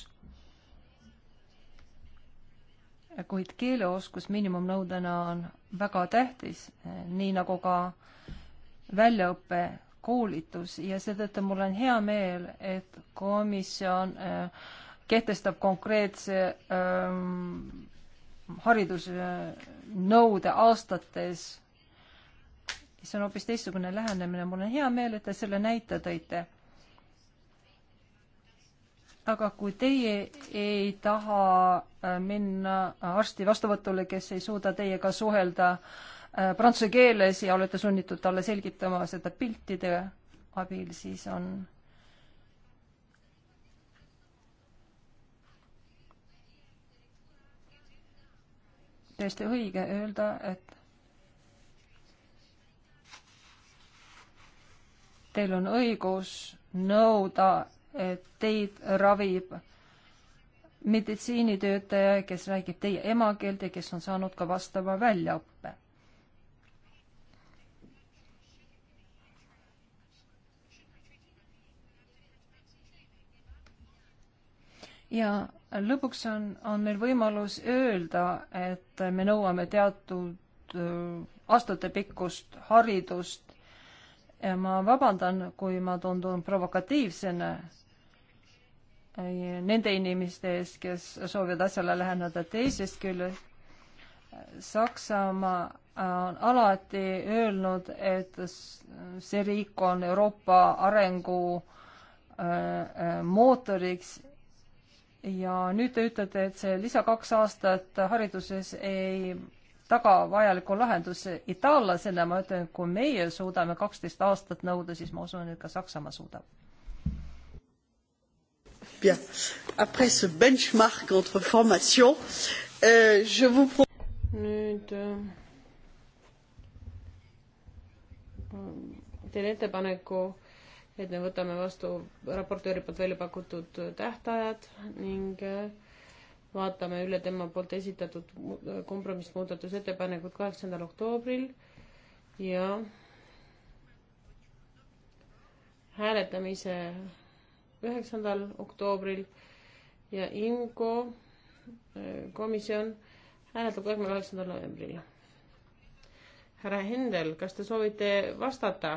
Speaker 4: kuid keeleoskus miinimumnõudena on väga tähtis, nii nagu ka väljaõpe, koolitus ja seetõttu mul on hea meel, et komisjon äh, kehtestab konkreetse ähm, haridusnõude aastates see on hoopis teistsugune lähenemine, mul on hea meel, et te selle näite tõite. aga kui teie ei taha äh, minna arsti vastuvõtule, kes ei suuda teiega suhelda äh, prantsuse keeles ja olete sunnitud talle selgitama seda piltide abil, siis on täiesti õige öelda, et Teil on õigus nõuda, et teid ravib meditsiinitöötaja, kes räägib teie emakeelt ja kes on saanud ka vastava väljaõppe. ja lõpuks on, on meil võimalus öelda, et me nõuame teatud äh, aastatepikkust haridust ma vabandan, kui ma tundun provokatiivsena äh, nende inimeste ees, kes soovivad asjale läheneda teisest küljest. Saksamaa on alati öelnud, et see riik on Euroopa arengu äh, äh, mootoriks ja nüüd te ütlete, et see lisa kaks aastat hariduses ei taga vajaliku lahenduse itaallasena, ma ütlen, kui meie suudame kaksteist aastat nõuda, siis ma usun, et ka Saksamaa suudab.
Speaker 1: Bien. Après ce
Speaker 2: benchmark entre formations, euh, je vous pro- nüüd äh,
Speaker 3: mm, teen ettepaneku, et me võtame vastu raportööri poolt välja pakutud tähtajad ning äh, vaatame üle tema poolt esitatud kompromissmuudatusettepanekud kaheksandal oktoobril ja hääletamise üheksandal oktoobril ja IMCO äh, komisjon hääletab kahekümne kaheksandal novembril. härra Hendel, kas te soovite vastata?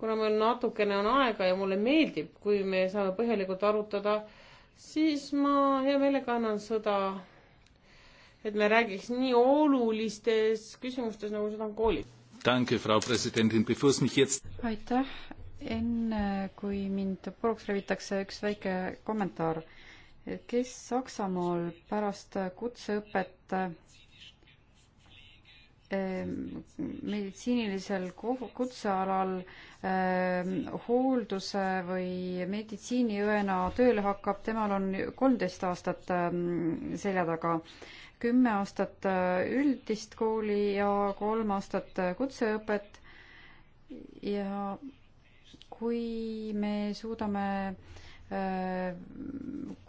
Speaker 3: kuna meil natukene on aega ja mulle meeldib, kui me saame põhjalikult arutada äh, siis ma hea meelega annan sõda, et me räägiks nii
Speaker 2: olulistes küsimustes, nagu seda on koolid. aitäh, enne kui mind puruks revitakse, üks väike kommentaar. kes Saksamaal pärast kutseõpet Ehm, meditsiinilisel kutsealal äh, hoolduse või meditsiiniõena tööle hakkab, temal on kolmteist aastat äh, selja taga. kümme aastat äh, üldist kooli ja kolm aastat äh, kutseõpet. ja kui me suudame äh,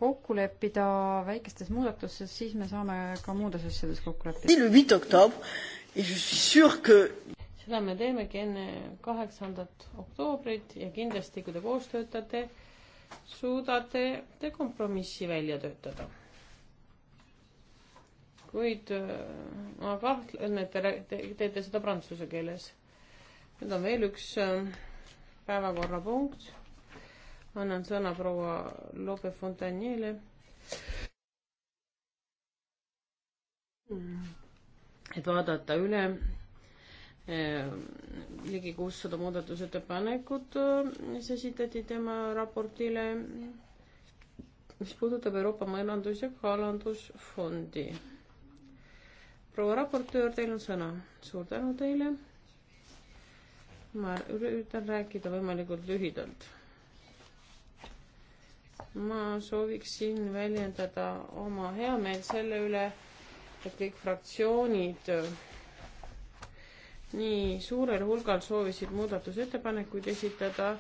Speaker 2: kokku leppida väikestes muudatustes, siis me saame ka muudes asjades kokku
Speaker 1: leppida seda
Speaker 3: me teemegi enne kaheksandat oktoobrit ja kindlasti, kui te koos töötate, suudate te kompromissi välja töötada. kuid äh, ma kahtlen, et te teete seda prantsuse keeles. nüüd on veel üks äh, päevakorrapunkt. annan sõna proua Lope Fontanile mm et vaadata üle eh, ligi kuussada muudatusettepanekut, mis esitati tema raportile, mis puudutab Euroopa Majandus- ja Kalandusfondi. proua raportöör, teil on sõna. suur tänu teile. ma üritan rääkida võimalikult lühidalt. ma sooviksin väljendada oma heameelt selle üle, et kõik fraktsioonid äh, nii suurel hulgal soovisid muudatusettepanekuid esitada.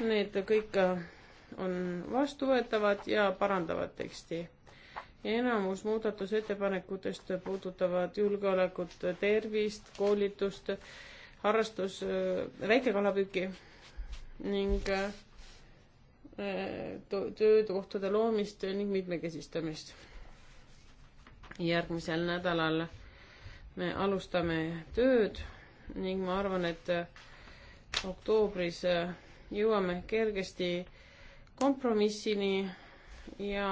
Speaker 3: Need kõik äh, on vastuvõetavad ja parandavad teksti. enamus muudatusettepanekutest puudutavad julgeolekut, tervist, koolitust, harrastus, äh, väikekalapüüki ning töökohtade loomist ning mitmekesistamist järgmisel nädalal me alustame tööd ning ma arvan, et oktoobris jõuame kergesti kompromissini ja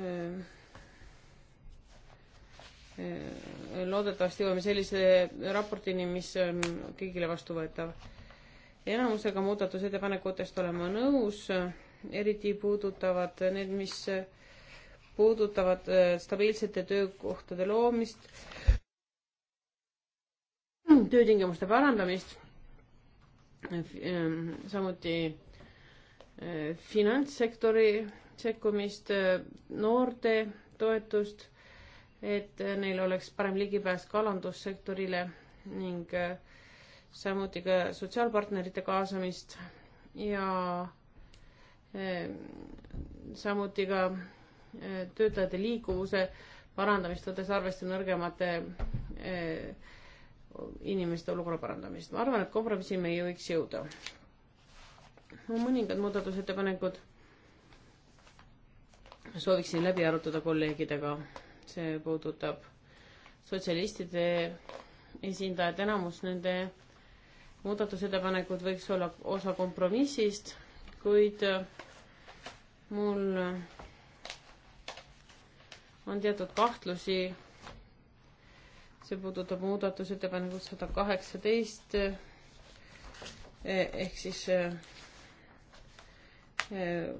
Speaker 3: äh, äh, loodetavasti jõuame sellise raportini, mis on kõigile vastuvõetav. enamusega muudatusettepanekutest olen ma nõus, eriti puudutavad need, mis puudutavad äh, stabiilsete töökohtade loomist, töötingimuste parandamist, ähm, samuti äh, finantssektori sekkumist, äh, noorte toetust, et neil oleks parem ligipääs kalandussektorile ning samuti ka sotsiaalpartnerite kaasamist ja samuti ka töötajate liikuvuse parandamist, võttes arvesse nõrgemate eh, inimeste olukorra parandamist. ma arvan, et kompromissini me ei võiks jõuda. mõningad muudatusettepanekud sooviksin läbi arutada kolleegidega. see puudutab sotsialistide esindajad, enamus nende muudatusettepanekud võiks olla osa kompromissist, kuid eh, mul on teatud kahtlusi. see puudutab muudatusettepanekut sada kaheksateist eh, ehk siis eh, eh,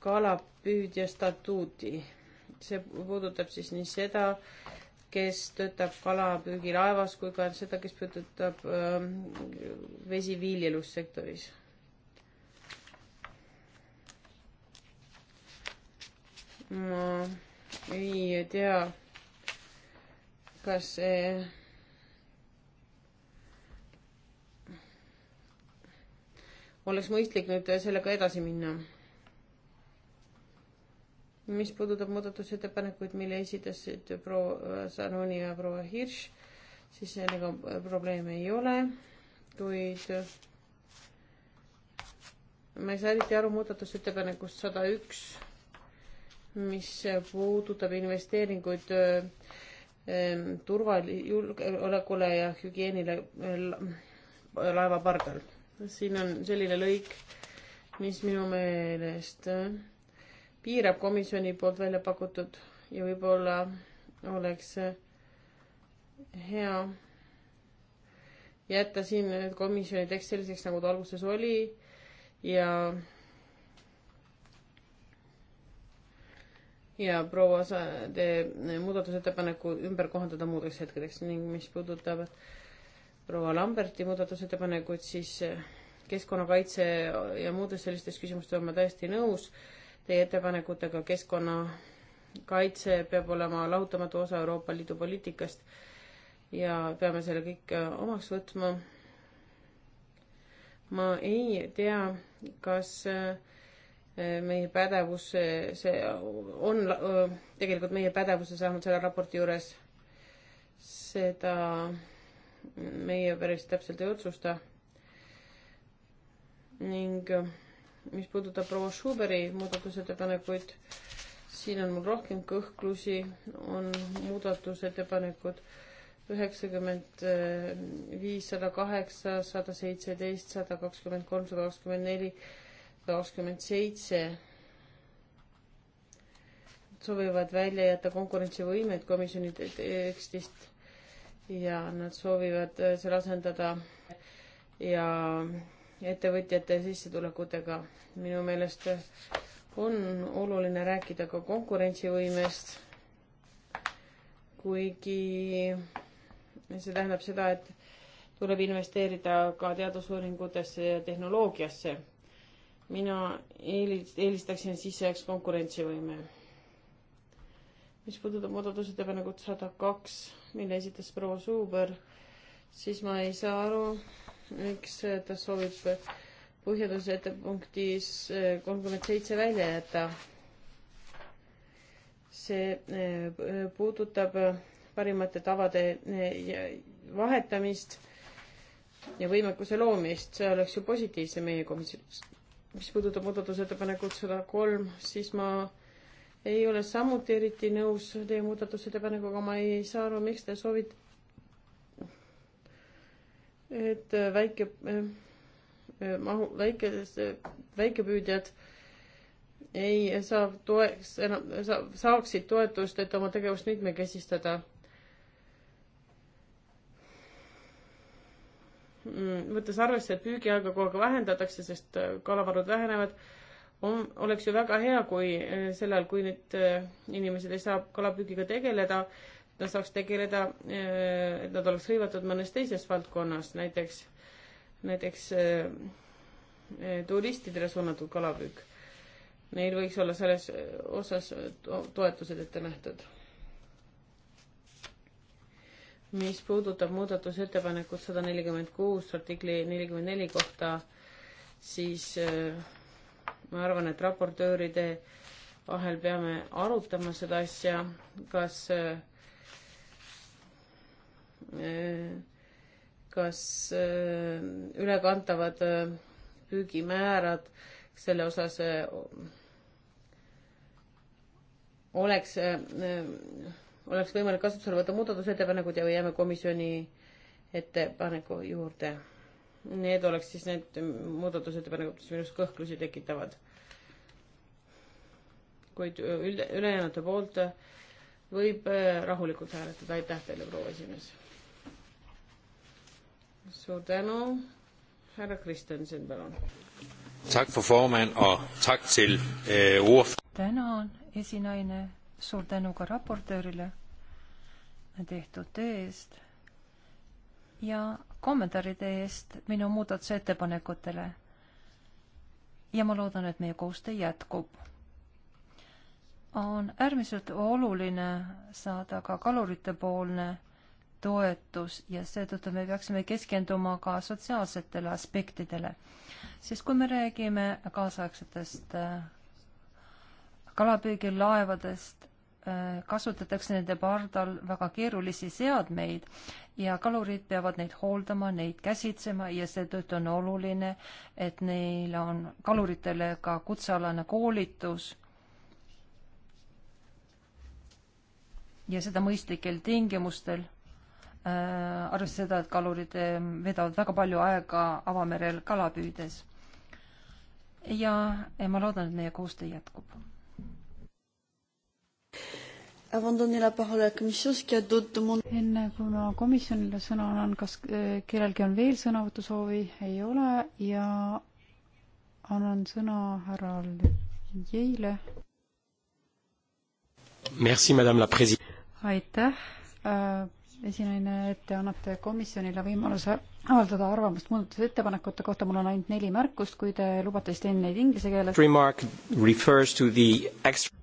Speaker 3: kalapüüdja statuudi. see puudutab siis nii seda, kes töötab kalapüügilaevas kui ka seda, kes töötab vesiviljelussektoris. ma ei tea, kas see oleks mõistlik nüüd sellega edasi minna. mis puudutab muudatusettepanekuid, mille esitasid proua Sanoni ja proua Hirš, siis sellega probleeme ei ole, kuid ma ei saa eriti aru muudatusettepanekust sada üks mis puudutab investeeringuid äh, ähm, turvali-, julgeolekule ja hügieenile äh, laeva pardal. siin on selline lõik, mis minu meelest äh, piirab komisjoni poolt välja pakutud ja võib-olla oleks hea jätta siin komisjoni tekst selliseks, nagu ta alguses oli ja ja proua teeb muudatusettepaneku ümber kohandada muudeks hetkedeks ning mis puudutab proua Lamberti muudatusettepanekuid, siis eh, keskkonnakaitse ja muudes sellistes küsimustes olen ma täiesti nõus teie ettepanekutega, keskkonnakaitse peab olema lahutamatu osa Euroopa Liidu poliitikast ja peame selle kõik eh, omaks võtma. ma ei tea, kas äh, meie pädevus, see on tegelikult meie pädevuse saanud selle raporti juures. seda meie päris täpselt ei otsusta. ning mis puudutab proua Schuberi muudatusettepanekuid, siin on mul rohkem kõhklusi, on muudatusettepanekud üheksakümmend viis, sada kaheksa, sada seitseteist, sada kakskümmend kolm, sada kakskümmend neli kakskümmend seitse soovivad välja jätta konkurentsivõimed komisjoni tekstist ja nad soovivad äh, selle asendada ja ettevõtjate sissetulekutega. minu meelest on oluline rääkida ka konkurentsivõimest, kuigi see tähendab seda, et tuleb investeerida ka teadusuuringutesse ja tehnoloogiasse mina eelist-, eelistaksin sisse jääks konkurentsivõime. mis puudutab muudatusettepanekut sada kaks, mille esitas proua Suuber, siis ma ei saa aru, miks ta soovib põhjenduse ettepunktis eh, kolmkümmend seitse välja jätta. see eh, puudutab parimate tavade eh, vahetamist ja võimekuse loomist, see oleks ju positiivse meie komisjonis mis puudutab muudatusettepanekut sada kolm, siis ma ei ole samuti eriti nõus teie muudatusettepanekuga, ma ei saa aru, miks te soovite, et väike eh, eh, mahu, väikese, väikepüüdjad ei saa toeks, enam sa, saaksid toetust, et oma tegevust mitmekesistada Mm, võttes arvesse, et püügiaega kogu aeg vähendatakse, sest äh, kalavarud vähenevad, on, oleks ju väga hea, kui äh, sel ajal, kui need äh, inimesed ei saa kalapüügiga tegeleda, et nad saaks tegeleda, et nad oleks hõivatud mõnes teises valdkonnas, näiteks, näiteks turistidele suunatud kalapüük. Neil võiks olla selles osas toetused ette nähtud mis puudutab muudatusettepanekut sada nelikümmend kuus artikli nelikümmend neli kohta, siis äh, ma arvan, et raportööride vahel peame arutama seda asja, kas, äh, äh, kas ülekantavad püügimäärad selle osas oleks oleks võimalik kasutusele võtta muudatusettepanekud ja jääme komisjoni ettepaneku juurde. Need oleks siis need muudatusettepanekud, mis minus kõhklusi tekitavad. kuid üld, ülejäänute poolt võib äh, rahulikult hääletada. aitäh teile, proua esimees. suur tänu.
Speaker 4: härra Kristjanson, palun. Øh, tänan, esinaine suur tänu ka raportöörile tehtud töö eest ja kommentaaride eest minu muudatusettepanekutele. ja ma loodan, et meie koostöö jätkub. on äärmiselt oluline saada ka kaluritepoolne toetus ja seetõttu me peaksime keskenduma ka sotsiaalsetele aspektidele. sest kui me räägime kaasaegsetest äh, kalapüügilaevadest äh, kasutatakse nende pardal väga keerulisi seadmeid ja kalurid peavad neid hooldama, neid käsitsema ja seetõttu on oluline, et neil on kaluritele ka kutsealane koolitus. ja seda mõistlikel tingimustel äh,, arvestades seda, et kalurid ähm, vedavad väga palju aega avamerel kala püüdes. ja ma loodan, et meie koostöö jätkub
Speaker 2: enne kui ma komisjonile sõna annan, kas eh, kellelgi on veel sõnavõtusoovi? ei ole ja annan sõna härra Jeile. aitäh, äh, esinaine, et te annate komisjonile võimaluse avaldada arvamust muudatusettepanekute kohta, mul on ainult neli märkust, kui te lubate, siis teen neid inglise keeles.
Speaker 1: Remark refers to the extra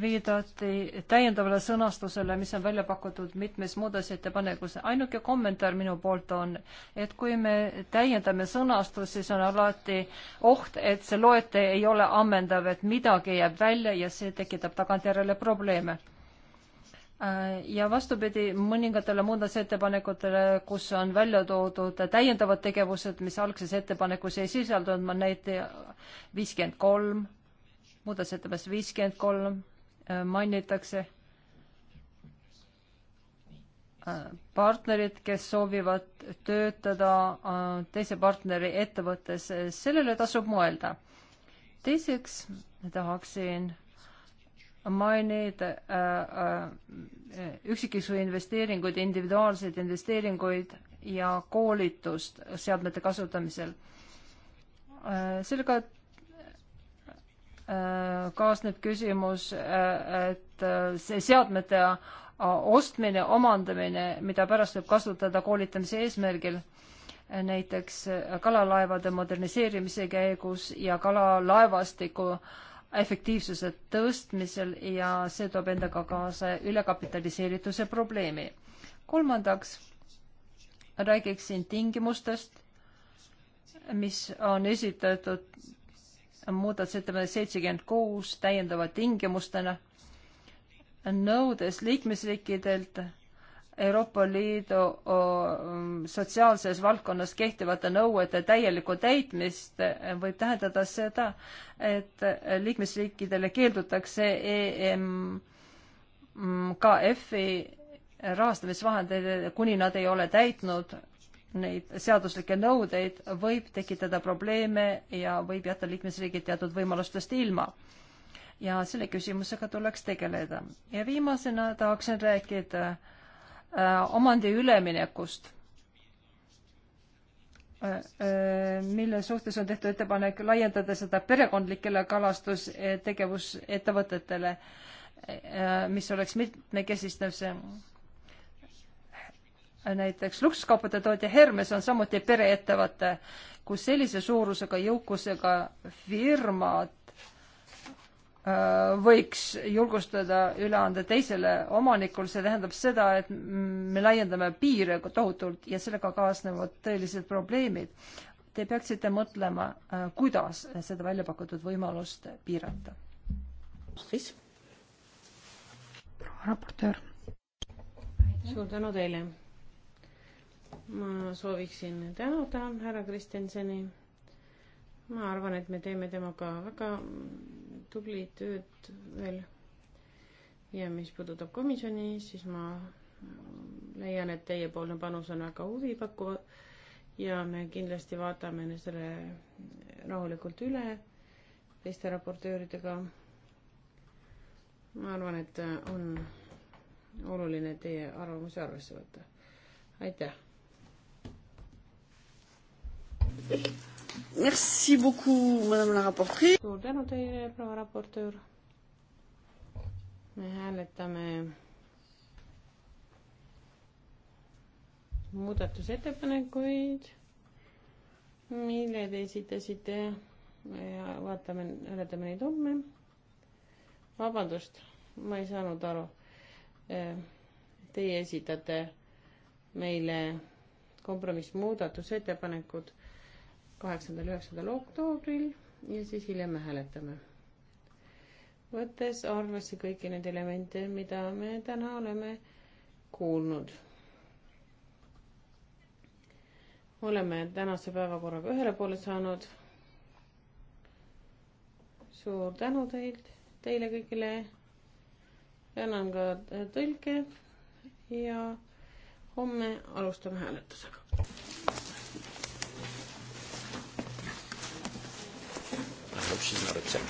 Speaker 2: viidati täiendavale sõnastusele,
Speaker 4: mis on välja pakutud mitmes muudatusettepanekus. ainuke kommentaar minu poolt on, et kui me täiendame sõnastust, siis on alati oht, et see loete ei ole ammendav, et midagi jääb välja ja see tekitab tagantjärele probleeme. ja vastupidi mõningatele muudatusettepanekutele, kus on välja toodud täiendavad tegevused, mis algses ettepanekus ei sisaldunud, ma näitan viiskümmend kolm muudatusettepanekus viiskümmend kolm äh, mainitakse äh, partnerid, kes soovivad töötada äh, teise partneri ettevõttes, sellele tasub mõelda. teiseks tahaksin mainida äh, äh, üksikisiku investeeringuid, individuaalseid investeeringuid ja koolitust seadmete kasutamisel äh,. sellega Äh, kaasneb küsimus, äh, et äh, see seadmete ostmine, omandamine, mida pärast võib kasutada koolitamise eesmärgil, näiteks kalalaevade moderniseerimise käigus ja kalalaevastiku efektiivsuse tõstmisel ja see toob endaga kaasa ülekapitaliseerituse probleemi. kolmandaks räägiksin tingimustest, mis on esitatud muudatusettepanek seitsekümmend kuus täiendava tingimustena, nõudes liikmesriikidelt Euroopa Liidu mm, sotsiaalses valdkonnas kehtivate nõuete täielikku täitmist võib tähendada seda, et liikmesriikidele keeldutakse EMKF-i rahastamisvahendeid, kuni nad ei ole täitnud neid seaduslikke nõudeid, võib tekitada probleeme ja võib jätta liikmesriigid teatud võimalustest ilma. ja selle küsimusega tuleks tegeleda. ja viimasena tahaksin rääkida äh, omandi üleminekust äh,, äh, mille suhtes on tehtud ettepanek laiendada seda perekondlikele kalastustegevusettevõtetele, äh, mis oleks mitmekesistav see näiteks luksuskaupade tootja Hermes on samuti pereettevõte, kus sellise suurusega jõukusega firmad äh, võiks julgustada üle anda teisele omanikule, see tähendab seda, et me laiendame piire tohutult ja sellega kaasnevad tõelised probleemid. Te peaksite mõtlema, äh, kuidas seda välja pakutud võimalust piirata. raportöör.
Speaker 3: suur tänu teile ma sooviksin tänada härra Kristjanseni. ma arvan, et me teeme temaga väga tublit tööd veel. ja mis puudutab komisjoni, siis ma leian, et teiepoolne panus on väga huvipakkuv ja me kindlasti vaatame selle rahulikult üle teiste raportööridega. ma arvan, et on oluline teie arvamusi arvesse võtta. aitäh Merci beaucoup, madame la raportöör. suur tänu teile, proua raportöör. me hääletame muudatusettepanekuid, mille te esitasite ja vaatame, hääletame neid homme. vabandust, ma ei saanud aru. Eh, teie esitate meile kompromissmuudatusettepanekud kaheksandal, üheksandal oktoobril ja siis hiljem me hääletame. võttes arvesse kõiki neid elemente, mida me täna oleme kuulnud. oleme tänase päevakorraga ühele poole saanud. suur tänu teilt, teile kõigile. tänan ka tõlke ja homme alustame hääletusega.
Speaker 1: hope she's not upset.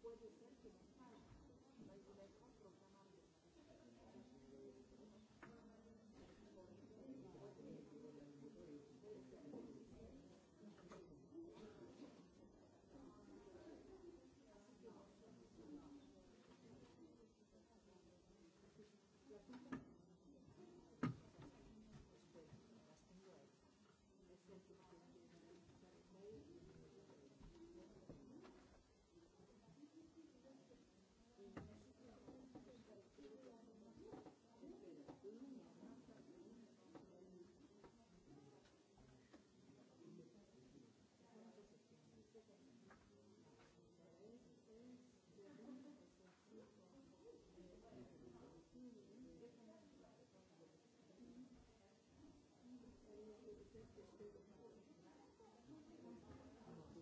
Speaker 1: puede ser que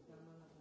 Speaker 1: Gracias.